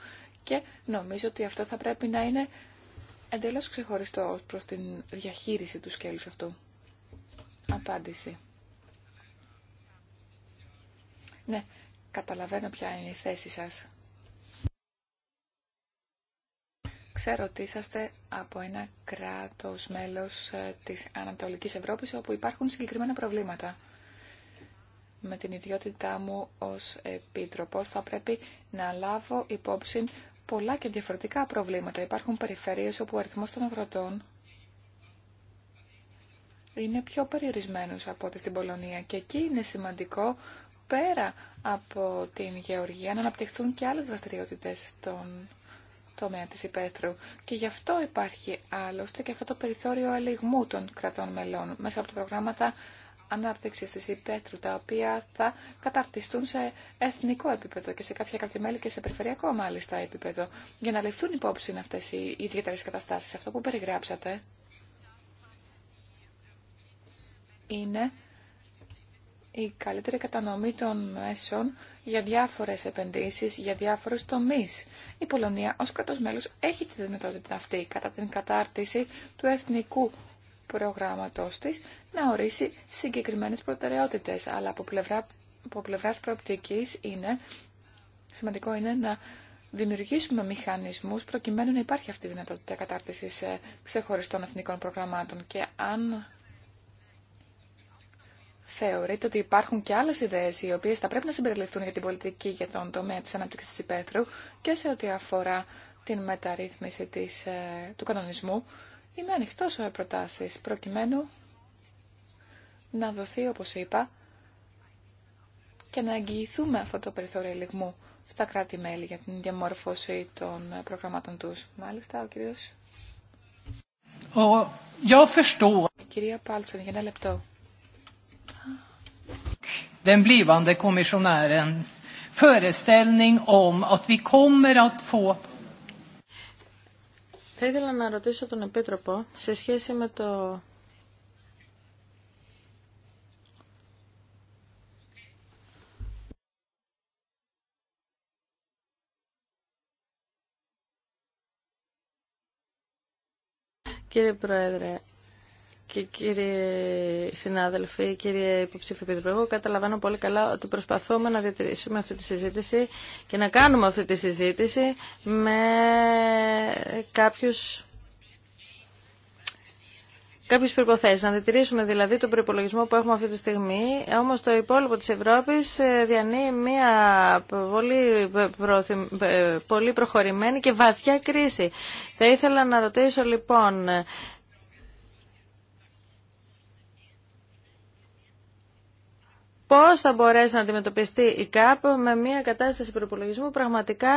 Και νομίζω ότι αυτό θα πρέπει να είναι εντελώς ξεχωριστό ως προς την διαχείριση του σκέλους αυτού. Απάντηση. Ναι, καταλαβαίνω ποια είναι η θέση σας. Ξέρω ότι είσαστε από ένα κράτος μέλος ε, της Ανατολικής Ευρώπης όπου υπάρχουν συγκεκριμένα προβλήματα. Με την ιδιότητά μου ως Επίτροπος θα πρέπει να λάβω υπόψη πολλά και διαφορετικά προβλήματα. Υπάρχουν περιφέρειες όπου ο αριθμός των αγροτών είναι πιο περιορισμένος από ό,τι στην Πολωνία και εκεί είναι σημαντικό πέρα από την γεωργία να αναπτυχθούν και άλλες δραστηριότητε στον τομέα της υπαίθρου. Και γι' αυτό υπάρχει άλλωστε και αυτό το περιθώριο αλληγμού των κρατών μελών μέσα από τα προγράμματα ανάπτυξη τη υπέτρου, τα οποία θα καταρτιστούν σε εθνικό επίπεδο και σε κάποια κρατημέλη και σε περιφερειακό μάλιστα επίπεδο, για να ληφθούν υπόψη αυτές οι ιδιαίτερες καταστάσεις. Αυτό που περιγράψατε είναι η καλύτερη κατανομή των μέσων για διάφορες επενδύσεις, για διάφορους τομείς. Η Πολωνία ως κρατός έχει τη δυνατότητα αυτή κατά την κατάρτιση του εθνικού προγράμματός της να ορίσει συγκεκριμένες προτεραιότητες. Αλλά από, πλευρά, από πλευράς προοπτικής είναι, σημαντικό είναι να δημιουργήσουμε μηχανισμούς προκειμένου να υπάρχει αυτή η δυνατότητα κατάρτισης ε, ξεχωριστών εθνικών προγραμμάτων. Και αν θεωρείτε ότι υπάρχουν και άλλες ιδέες οι οποίες θα πρέπει να συμπεριληφθούν για την πολιτική, για τον τομέα της ανάπτυξης της υπαίθρου και σε ό,τι αφορά την μεταρρύθμιση της, ε, του κανονισμού, Είμαι ανοιχτό σε προτάσεις προκειμένου να δοθεί, όπως είπα, και να εγγυηθούμε αυτό το περιθώριο ελιγμού στα κράτη-μέλη για την διαμόρφωση των προγραμμάτων τους. Μάλιστα, ο κύριος... Ο... Κυρία Πάλτσον, για ένα λεπτό. Den blivande kommissionärens föreställning om att vi kommer att få θα ήθελα να ρωτήσω τον Επίτροπο σε σχέση με το Κύριε Πρόεδρε, και κύριοι συνάδελφοι, κύριε υποψήφιο Επιτροπέ, καταλαβαίνω πολύ καλά ότι προσπαθούμε να διατηρήσουμε αυτή τη συζήτηση και να κάνουμε αυτή τη συζήτηση με κάποιους προποθέσει. προϋποθέσεις. Να διατηρήσουμε δηλαδή τον προπολογισμό που έχουμε αυτή τη στιγμή, όμως το υπόλοιπο της Ευρώπης ε, διανύει μια πολύ, ε, πολύ προχωρημένη και βαθιά κρίση. Θα ήθελα να ρωτήσω λοιπόν Πώ θα μπορέσει να αντιμετωπιστεί η ΚΑΠ με μια κατάσταση προπολογισμού πραγματικά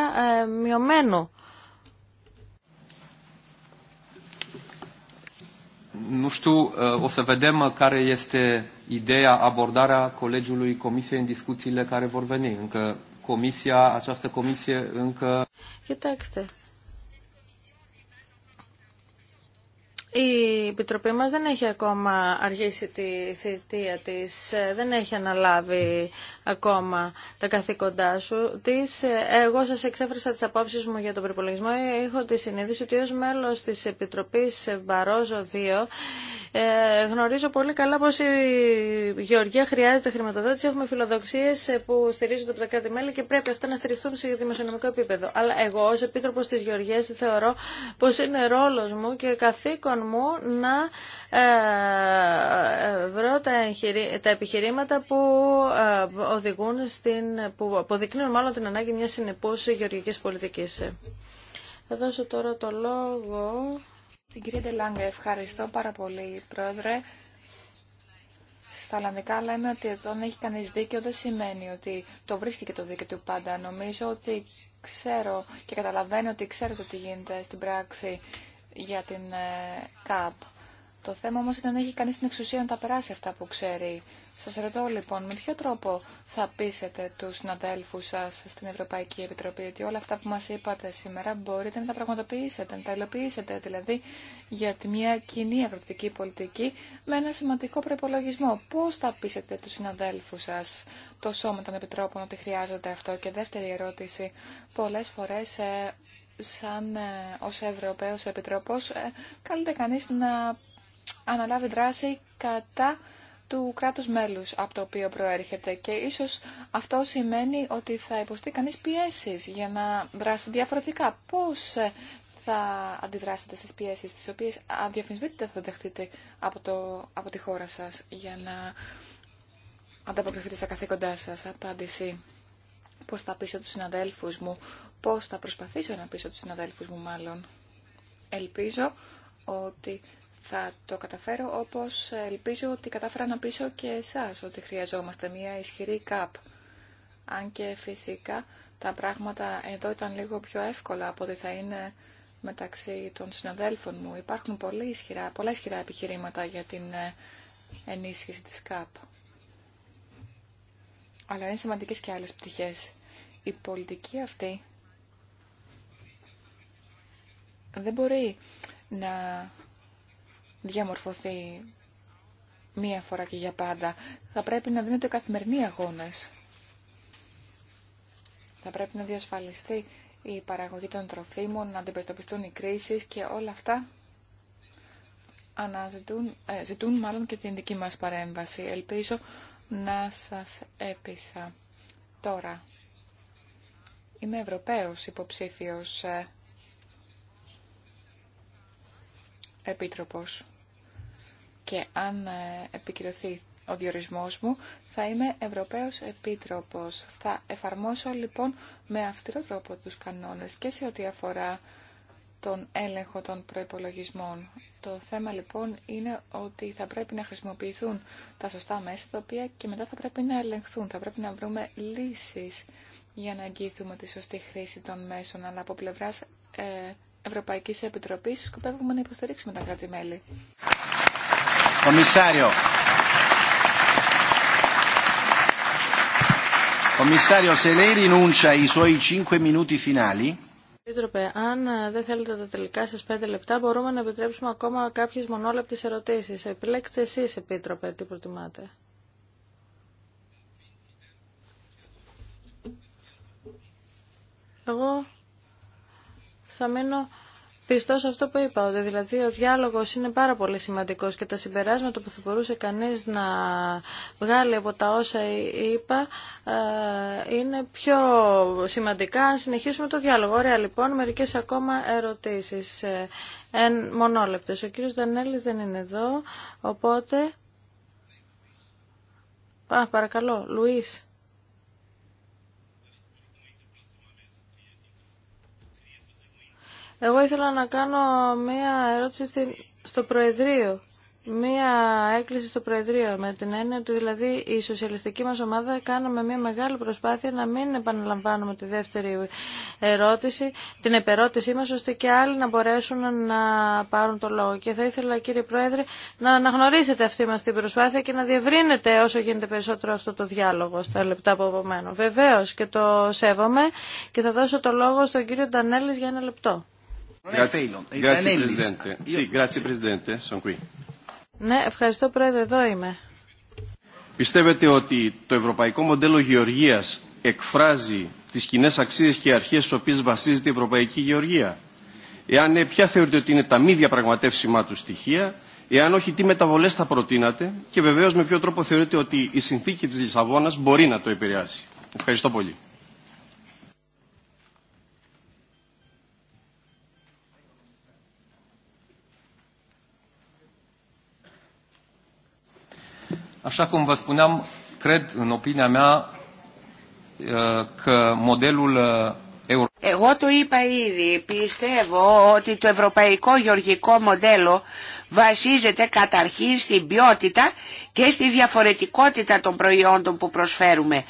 μειωμένου. Nu știu, o să vedem care este ideea, abordarea colegiului Comisiei în discuțiile care vor veni. Încă comisia, această comisie încă... Κοιτάξτε, Η Επιτροπή μας δεν έχει ακόμα αργήσει τη θητεία της, δεν έχει αναλάβει ακόμα τα καθήκοντά σου. Της, εγώ σας εξέφρασα τις απόψεις μου για τον προπολογισμό. Έχω τη συνείδηση ότι ως μέλος της Επιτροπής Μπαρόζο 2 ε, γνωρίζω πολύ καλά πως η Γεωργία χρειάζεται χρηματοδότηση. Έχουμε φιλοδοξίες που στηρίζονται από τα κράτη-μέλη και πρέπει αυτά να στηριχθούν σε δημοσιονομικό επίπεδο. Αλλά εγώ ως Επίτροπος της Γεωργίας θεωρώ πως είναι ρόλος μου και καθήκον Λοιπόν μου να ε, ε, βρω τα, επιχειρήματα που ε, οδηγούν στην, που αποδεικνύουν μάλλον την ανάγκη μια συνεπούς γεωργικής πολιτικής. Θα δώσω τώρα το λόγο. Την κυρία Ντελάγκα, ευχαριστώ πάρα πολύ, Πρόεδρε. Στα λανδικά λέμε ότι εδώ έχει κανείς δίκιο δεν σημαίνει ότι το βρίσκει και το δίκαιο του πάντα. Νομίζω ότι ξέρω και καταλαβαίνω ότι ξέρετε τι γίνεται στην πράξη για την ε, ΚΑΠ. Το θέμα όμως είναι να έχει κανείς την εξουσία να τα περάσει αυτά που ξέρει. Σας ρωτώ λοιπόν, με ποιο τρόπο θα πείσετε τους συναδέλφους σας στην Ευρωπαϊκή Επιτροπή ότι όλα αυτά που μας είπατε σήμερα μπορείτε να τα πραγματοποιήσετε, να τα υλοποιήσετε, δηλαδή για μια κοινή ευρωπαϊκή πολιτική με ένα σημαντικό προπολογισμό. Πώς θα πείσετε τους συναδέλφους σας το σώμα των επιτρόπων ότι χρειάζεται αυτό. Και δεύτερη ερώτηση, πολλές φορές ε, σαν ε, ως Ευρωπαίος Επιτρόπος ε, καλείται κανείς να αναλάβει δράση κατά του κράτους μέλους από το οποίο προέρχεται και ίσως αυτό σημαίνει ότι θα υποστεί κανείς πιέσεις για να δράσει διαφορετικά. Πώς ε, θα αντιδράσετε στις πιέσεις τις οποίες αδιαφυσβήτητα θα δεχτείτε από, το, από τη χώρα σας για να ανταποκριθείτε στα καθήκοντά σας. Απάντηση πώς θα πείσω τους συναδέλφους μου πώς θα προσπαθήσω να πείσω τους συναδέλφους μου μάλλον. Ελπίζω ότι θα το καταφέρω όπως ελπίζω ότι κατάφερα να πείσω και εσάς ότι χρειαζόμαστε μια ισχυρή ΚΑΠ. Αν και φυσικά τα πράγματα εδώ ήταν λίγο πιο εύκολα από ότι θα είναι μεταξύ των συναδέλφων μου. Υπάρχουν πολύ ισχυρά, πολλά ισχυρά επιχειρήματα για την ε, ενίσχυση της ΚΑΠ. Αλλά είναι σημαντικές και άλλες πτυχές. Η πολιτική αυτή δεν μπορεί να διαμορφωθεί μία φορά και για πάντα. Θα πρέπει να δίνονται καθημερινοί αγώνες. Θα πρέπει να διασφαλιστεί η παραγωγή των τροφίμων, να αντιμετωπιστούν οι κρίσεις και όλα αυτά αναζητούν, ε, ζητούν μάλλον και την δική μας παρέμβαση. Ελπίζω να σας έπεισα. Τώρα, είμαι Ευρωπαίος υποψήφιος ε, επίτροπος και αν ε, επικυρωθεί ο διορισμός μου, θα είμαι Ευρωπαίος Επίτροπος. Θα εφαρμόσω λοιπόν με αυστηρό τρόπο τους κανόνες και σε ό,τι αφορά τον έλεγχο των προϋπολογισμών. Το θέμα λοιπόν είναι ότι θα πρέπει να χρησιμοποιηθούν τα σωστά μέσα, τα οποία και μετά θα πρέπει να ελεγχθούν. Θα πρέπει να βρούμε λύσεις για να αγγίθουμε τη σωστή χρήση των μέσων, αλλά από πλευράς ε, Ευρωπαϊκή Επιτροπή, σκοπεύουμε να υποστηρίξουμε τα κράτη-μέλη. Κομισάριο. Κομισάριο, σε λέει rinuncia suoi 5 minuti finali. Επίτροπε, αν ε, δεν θέλετε τα τελικά σας πέντε λεπτά, μπορούμε να επιτρέψουμε ακόμα κάποιες μονόλεπτες ερωτήσεις. Επιλέξτε εσείς, Επίτροπε, τι προτιμάτε. Εγώ θα μείνω πιστό σε αυτό που είπα, ότι δηλαδή ο διάλογο είναι πάρα πολύ σημαντικό και τα συμπεράσματα που θα μπορούσε κανεί να βγάλει από τα όσα είπα ε, είναι πιο σημαντικά αν συνεχίσουμε το διάλογο. Ωραία λοιπόν, μερικέ ακόμα ερωτήσει Ε, μονόλεπτες. Ο κύριο Δανέλης δεν είναι εδώ, οπότε... Α, παρακαλώ, Λουίς. Εγώ ήθελα να κάνω μία ερώτηση στο Προεδρείο. Μία έκκληση στο Προεδρείο με την έννοια ότι δηλαδή η σοσιαλιστική μας ομάδα κάναμε μία μεγάλη προσπάθεια να μην επαναλαμβάνουμε τη δεύτερη ερώτηση, την επερώτησή μας ώστε και άλλοι να μπορέσουν να πάρουν το λόγο. Και θα ήθελα κύριε Πρόεδρε να αναγνωρίσετε αυτή μας την προσπάθεια και να διευρύνετε όσο γίνεται περισσότερο αυτό το διάλογο στα λεπτά που απομένω. Βεβαίως και το σέβομαι και θα δώσω το λόγο στον κύριο Ντανέλης για ένα λεπτό ευχαριστώ Πρόεδρε, εδώ είμαι. Πιστεύετε ότι το ευρωπαϊκό μοντέλο γεωργίας εκφράζει τις κοινέ αξίες και αρχές στις οποίες βασίζεται η ευρωπαϊκή γεωργία. Εάν ναι, ποια θεωρείτε ότι είναι τα μη διαπραγματεύσιμα του στοιχεία, εάν όχι τι μεταβολές θα προτείνατε και βεβαίως με ποιο τρόπο θεωρείτε ότι η συνθήκη της Λισαβόνας μπορεί να το επηρεάσει. Ευχαριστώ πολύ. εγώ το είπα ήδη, πιστεύω ότι το ευρωπαϊκό γεωργικό μοντέλο βασίζεται καταρχήν στην ποιότητα και στη διαφορετικότητα των προϊόντων που προσφέρουμε.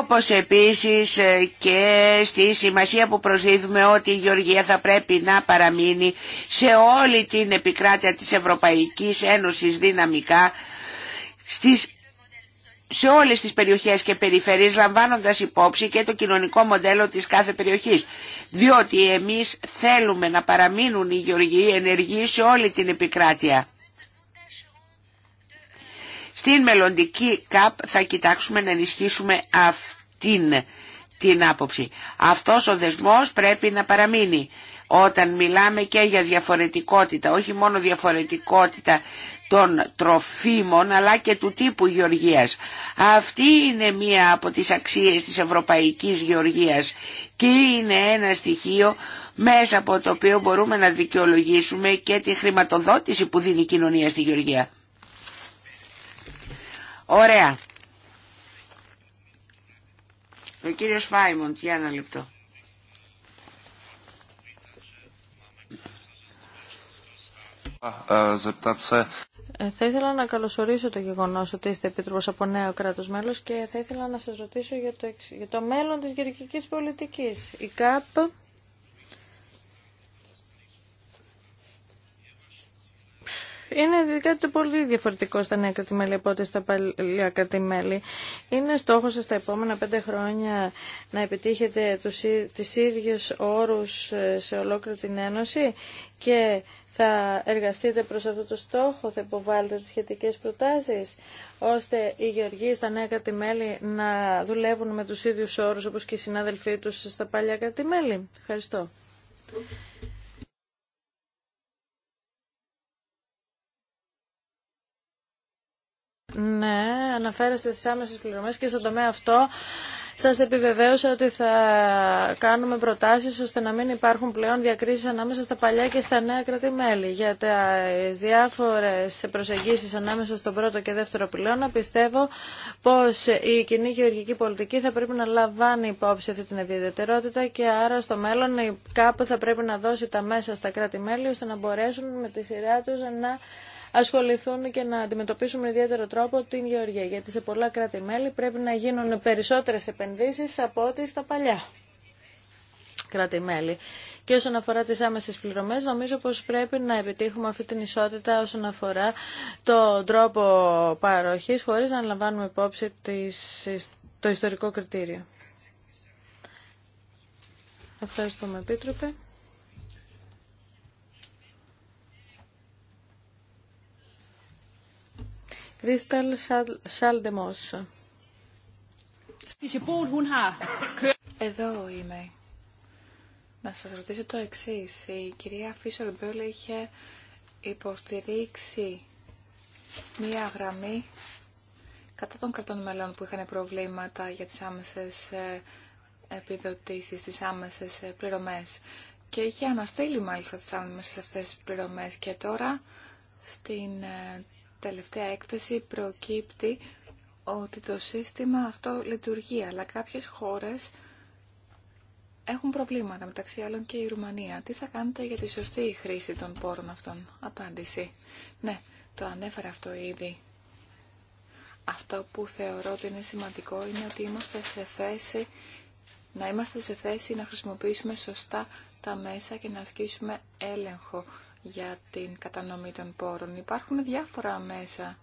Όπως επίσης ε, και στη σημασία που προσδίδουμε ότι η Γεωργία θα πρέπει να παραμείνει σε όλη την επικράτεια της Ευρωπαϊκής Ένωσης δυναμικά στις, σε όλες τις περιοχές και περιφερείς λαμβάνοντας υπόψη και το κοινωνικό μοντέλο της κάθε περιοχής. Διότι εμείς θέλουμε να παραμείνουν οι γεωργοί ενεργοί σε όλη την επικράτεια. Στην μελλοντική ΚΑΠ θα κοιτάξουμε να ενισχύσουμε αυτήν την άποψη. Αυτός ο δεσμός πρέπει να παραμείνει όταν μιλάμε και για διαφορετικότητα, όχι μόνο διαφορετικότητα των τροφίμων αλλά και του τύπου γεωργίας. Αυτή είναι μία από τις αξίες της ευρωπαϊκής γεωργίας και είναι ένα στοιχείο μέσα από το οποίο μπορούμε να δικαιολογήσουμε και τη χρηματοδότηση που δίνει η κοινωνία στη γεωργία. Ωραία. Ο κύριος Φάιμοντ, για ένα λεπτό. Ε, ε, θα ήθελα να καλωσορίσω το γεγονό ότι είστε επίτροπο από νέο κράτο μέλο και θα ήθελα να σα ρωτήσω για το, για το μέλλον τη γεωργική πολιτική. Η ΚΑΠ είναι κάτι πολύ διαφορετικό στα νέα κρατημέλη από ό,τι στα παλιά κρατημέλη. Είναι στόχο σα τα επόμενα πέντε χρόνια να επιτύχετε τους, τις όρου ε, σε ολόκληρη την Ένωση και θα εργαστείτε προς αυτό το στόχο, θα υποβάλλετε τις σχετικές προτάσεις, ώστε οι γεωργοί στα νέα κρατημέλη να δουλεύουν με τους ίδιους όρους όπως και οι συνάδελφοί τους στα παλιά κρατημέλη. Ευχαριστώ. Ναι, αναφέρεστε στις άμεσες πληρωμές και στον τομέα αυτό σας επιβεβαίωσα ότι θα κάνουμε προτάσεις ώστε να μην υπάρχουν πλέον διακρίσεις ανάμεσα στα παλιά και στα νέα κρατημέλη. Για τα διάφορες προσεγγίσεις ανάμεσα στον πρώτο και δεύτερο πυλώνα πιστεύω πως η κοινή γεωργική πολιτική θα πρέπει να λαμβάνει υπόψη αυτή την ιδιαιτερότητα και άρα στο μέλλον η ΚΑΠ θα πρέπει να δώσει τα μέσα στα κράτη-μέλη ώστε να μπορέσουν με τη σειρά τους να ασχοληθούν και να αντιμετωπίσουν με ιδιαίτερο τρόπο την γεωργία. Γιατί σε πολλά κράτη-μέλη πρέπει να γίνουν περισσότερες επενδύσεις από ό,τι στα παλιά κράτη-μέλη. Και όσον αφορά τις άμεσες πληρωμές, νομίζω πως πρέπει να επιτύχουμε αυτή την ισότητα όσον αφορά τον τρόπο παροχής, χωρίς να λαμβάνουμε υπόψη το ιστορικό κριτήριο. Ευχαριστούμε, Επίτροπε. Κρίσταλ Σάλντεμος. Εδώ είμαι. Να σας ρωτήσω το εξής. Η κυρία Φίσορ Μπέλ είχε υποστηρίξει μία γραμμή κατά των κρατών μελών που είχαν προβλήματα για τις άμεσες ε, επιδοτήσεις, τις άμεσες ε, πληρωμές και είχε αναστείλει μάλιστα τις άμεσες αυτές τις πληρωμές και τώρα στην ε, τελευταία έκθεση προκύπτει ότι το σύστημα αυτό λειτουργεί, αλλά κάποιες χώρες έχουν προβλήματα, μεταξύ άλλων και η Ρουμανία. Τι θα κάνετε για τη σωστή χρήση των πόρων αυτών. Απάντηση. Ναι, το ανέφερα αυτό ήδη. Αυτό που θεωρώ ότι είναι σημαντικό είναι ότι είμαστε σε θέση να είμαστε σε θέση να χρησιμοποιήσουμε σωστά τα μέσα και να ασκήσουμε έλεγχο για την κατανομή των πόρων. Υπάρχουν διάφορα μέσα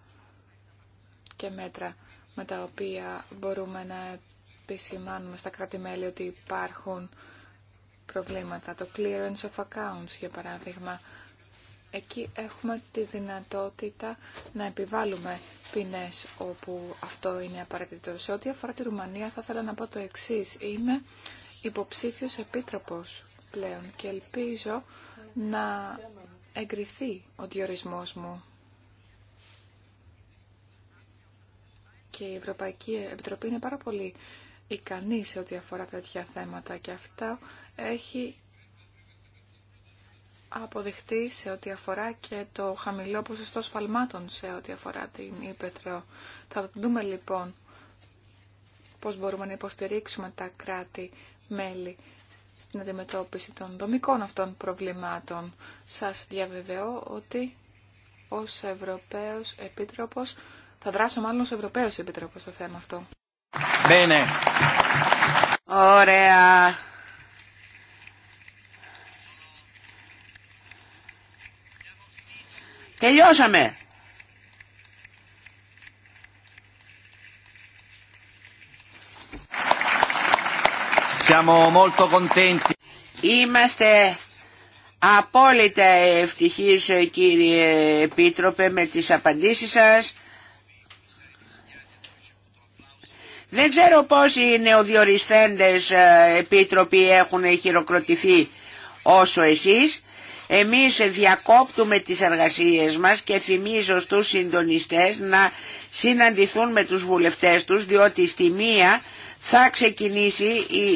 και μέτρα με τα οποία μπορούμε να επισημάνουμε στα κράτη-μέλη ότι υπάρχουν προβλήματα. Το clearance of accounts, για παράδειγμα. Εκεί έχουμε τη δυνατότητα να επιβάλλουμε ποινές όπου αυτό είναι απαραίτητο. Σε ό,τι αφορά τη Ρουμανία θα ήθελα να πω το εξής. Είμαι υποψήφιος επίτροπος πλέον και ελπίζω να εγκριθεί ο διορισμός μου. Και η Ευρωπαϊκή Επιτροπή είναι πάρα πολύ ικανή σε ό,τι αφορά τέτοια θέματα και αυτά έχει αποδειχτεί σε ό,τι αφορά και το χαμηλό ποσοστό σφαλμάτων σε ό,τι αφορά την Ήπεθρο. Θα δούμε λοιπόν πώς μπορούμε να υποστηρίξουμε τα κράτη-μέλη στην αντιμετώπιση των δομικών αυτών προβλημάτων. Σας διαβεβαιώ ότι ως Ευρωπαίος Επίτροπος, θα δράσω μάλλον ως Ευρωπαίος Επίτροπος στο θέμα αυτό. Bene. Ωραία. Τελειώσαμε. Είμαστε απόλυτα ευτυχείς κύριε Επίτροπε με τις απαντήσεις σας. Δεν ξέρω πόσοι νεοδιοριστέντες ε, επίτροποι έχουν χειροκροτηθεί όσο εσείς. Εμείς διακόπτουμε τις εργασίες μας και θυμίζω στους συντονιστές να συναντηθούν με τους βουλευτές τους, διότι στη μία θα ξεκινήσει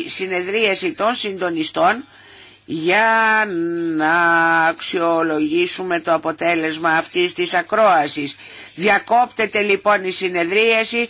η συνεδρίαση των συντονιστών για να αξιολογήσουμε το αποτέλεσμα αυτής της ακρόασης. Διακόπτεται λοιπόν η συνεδρίαση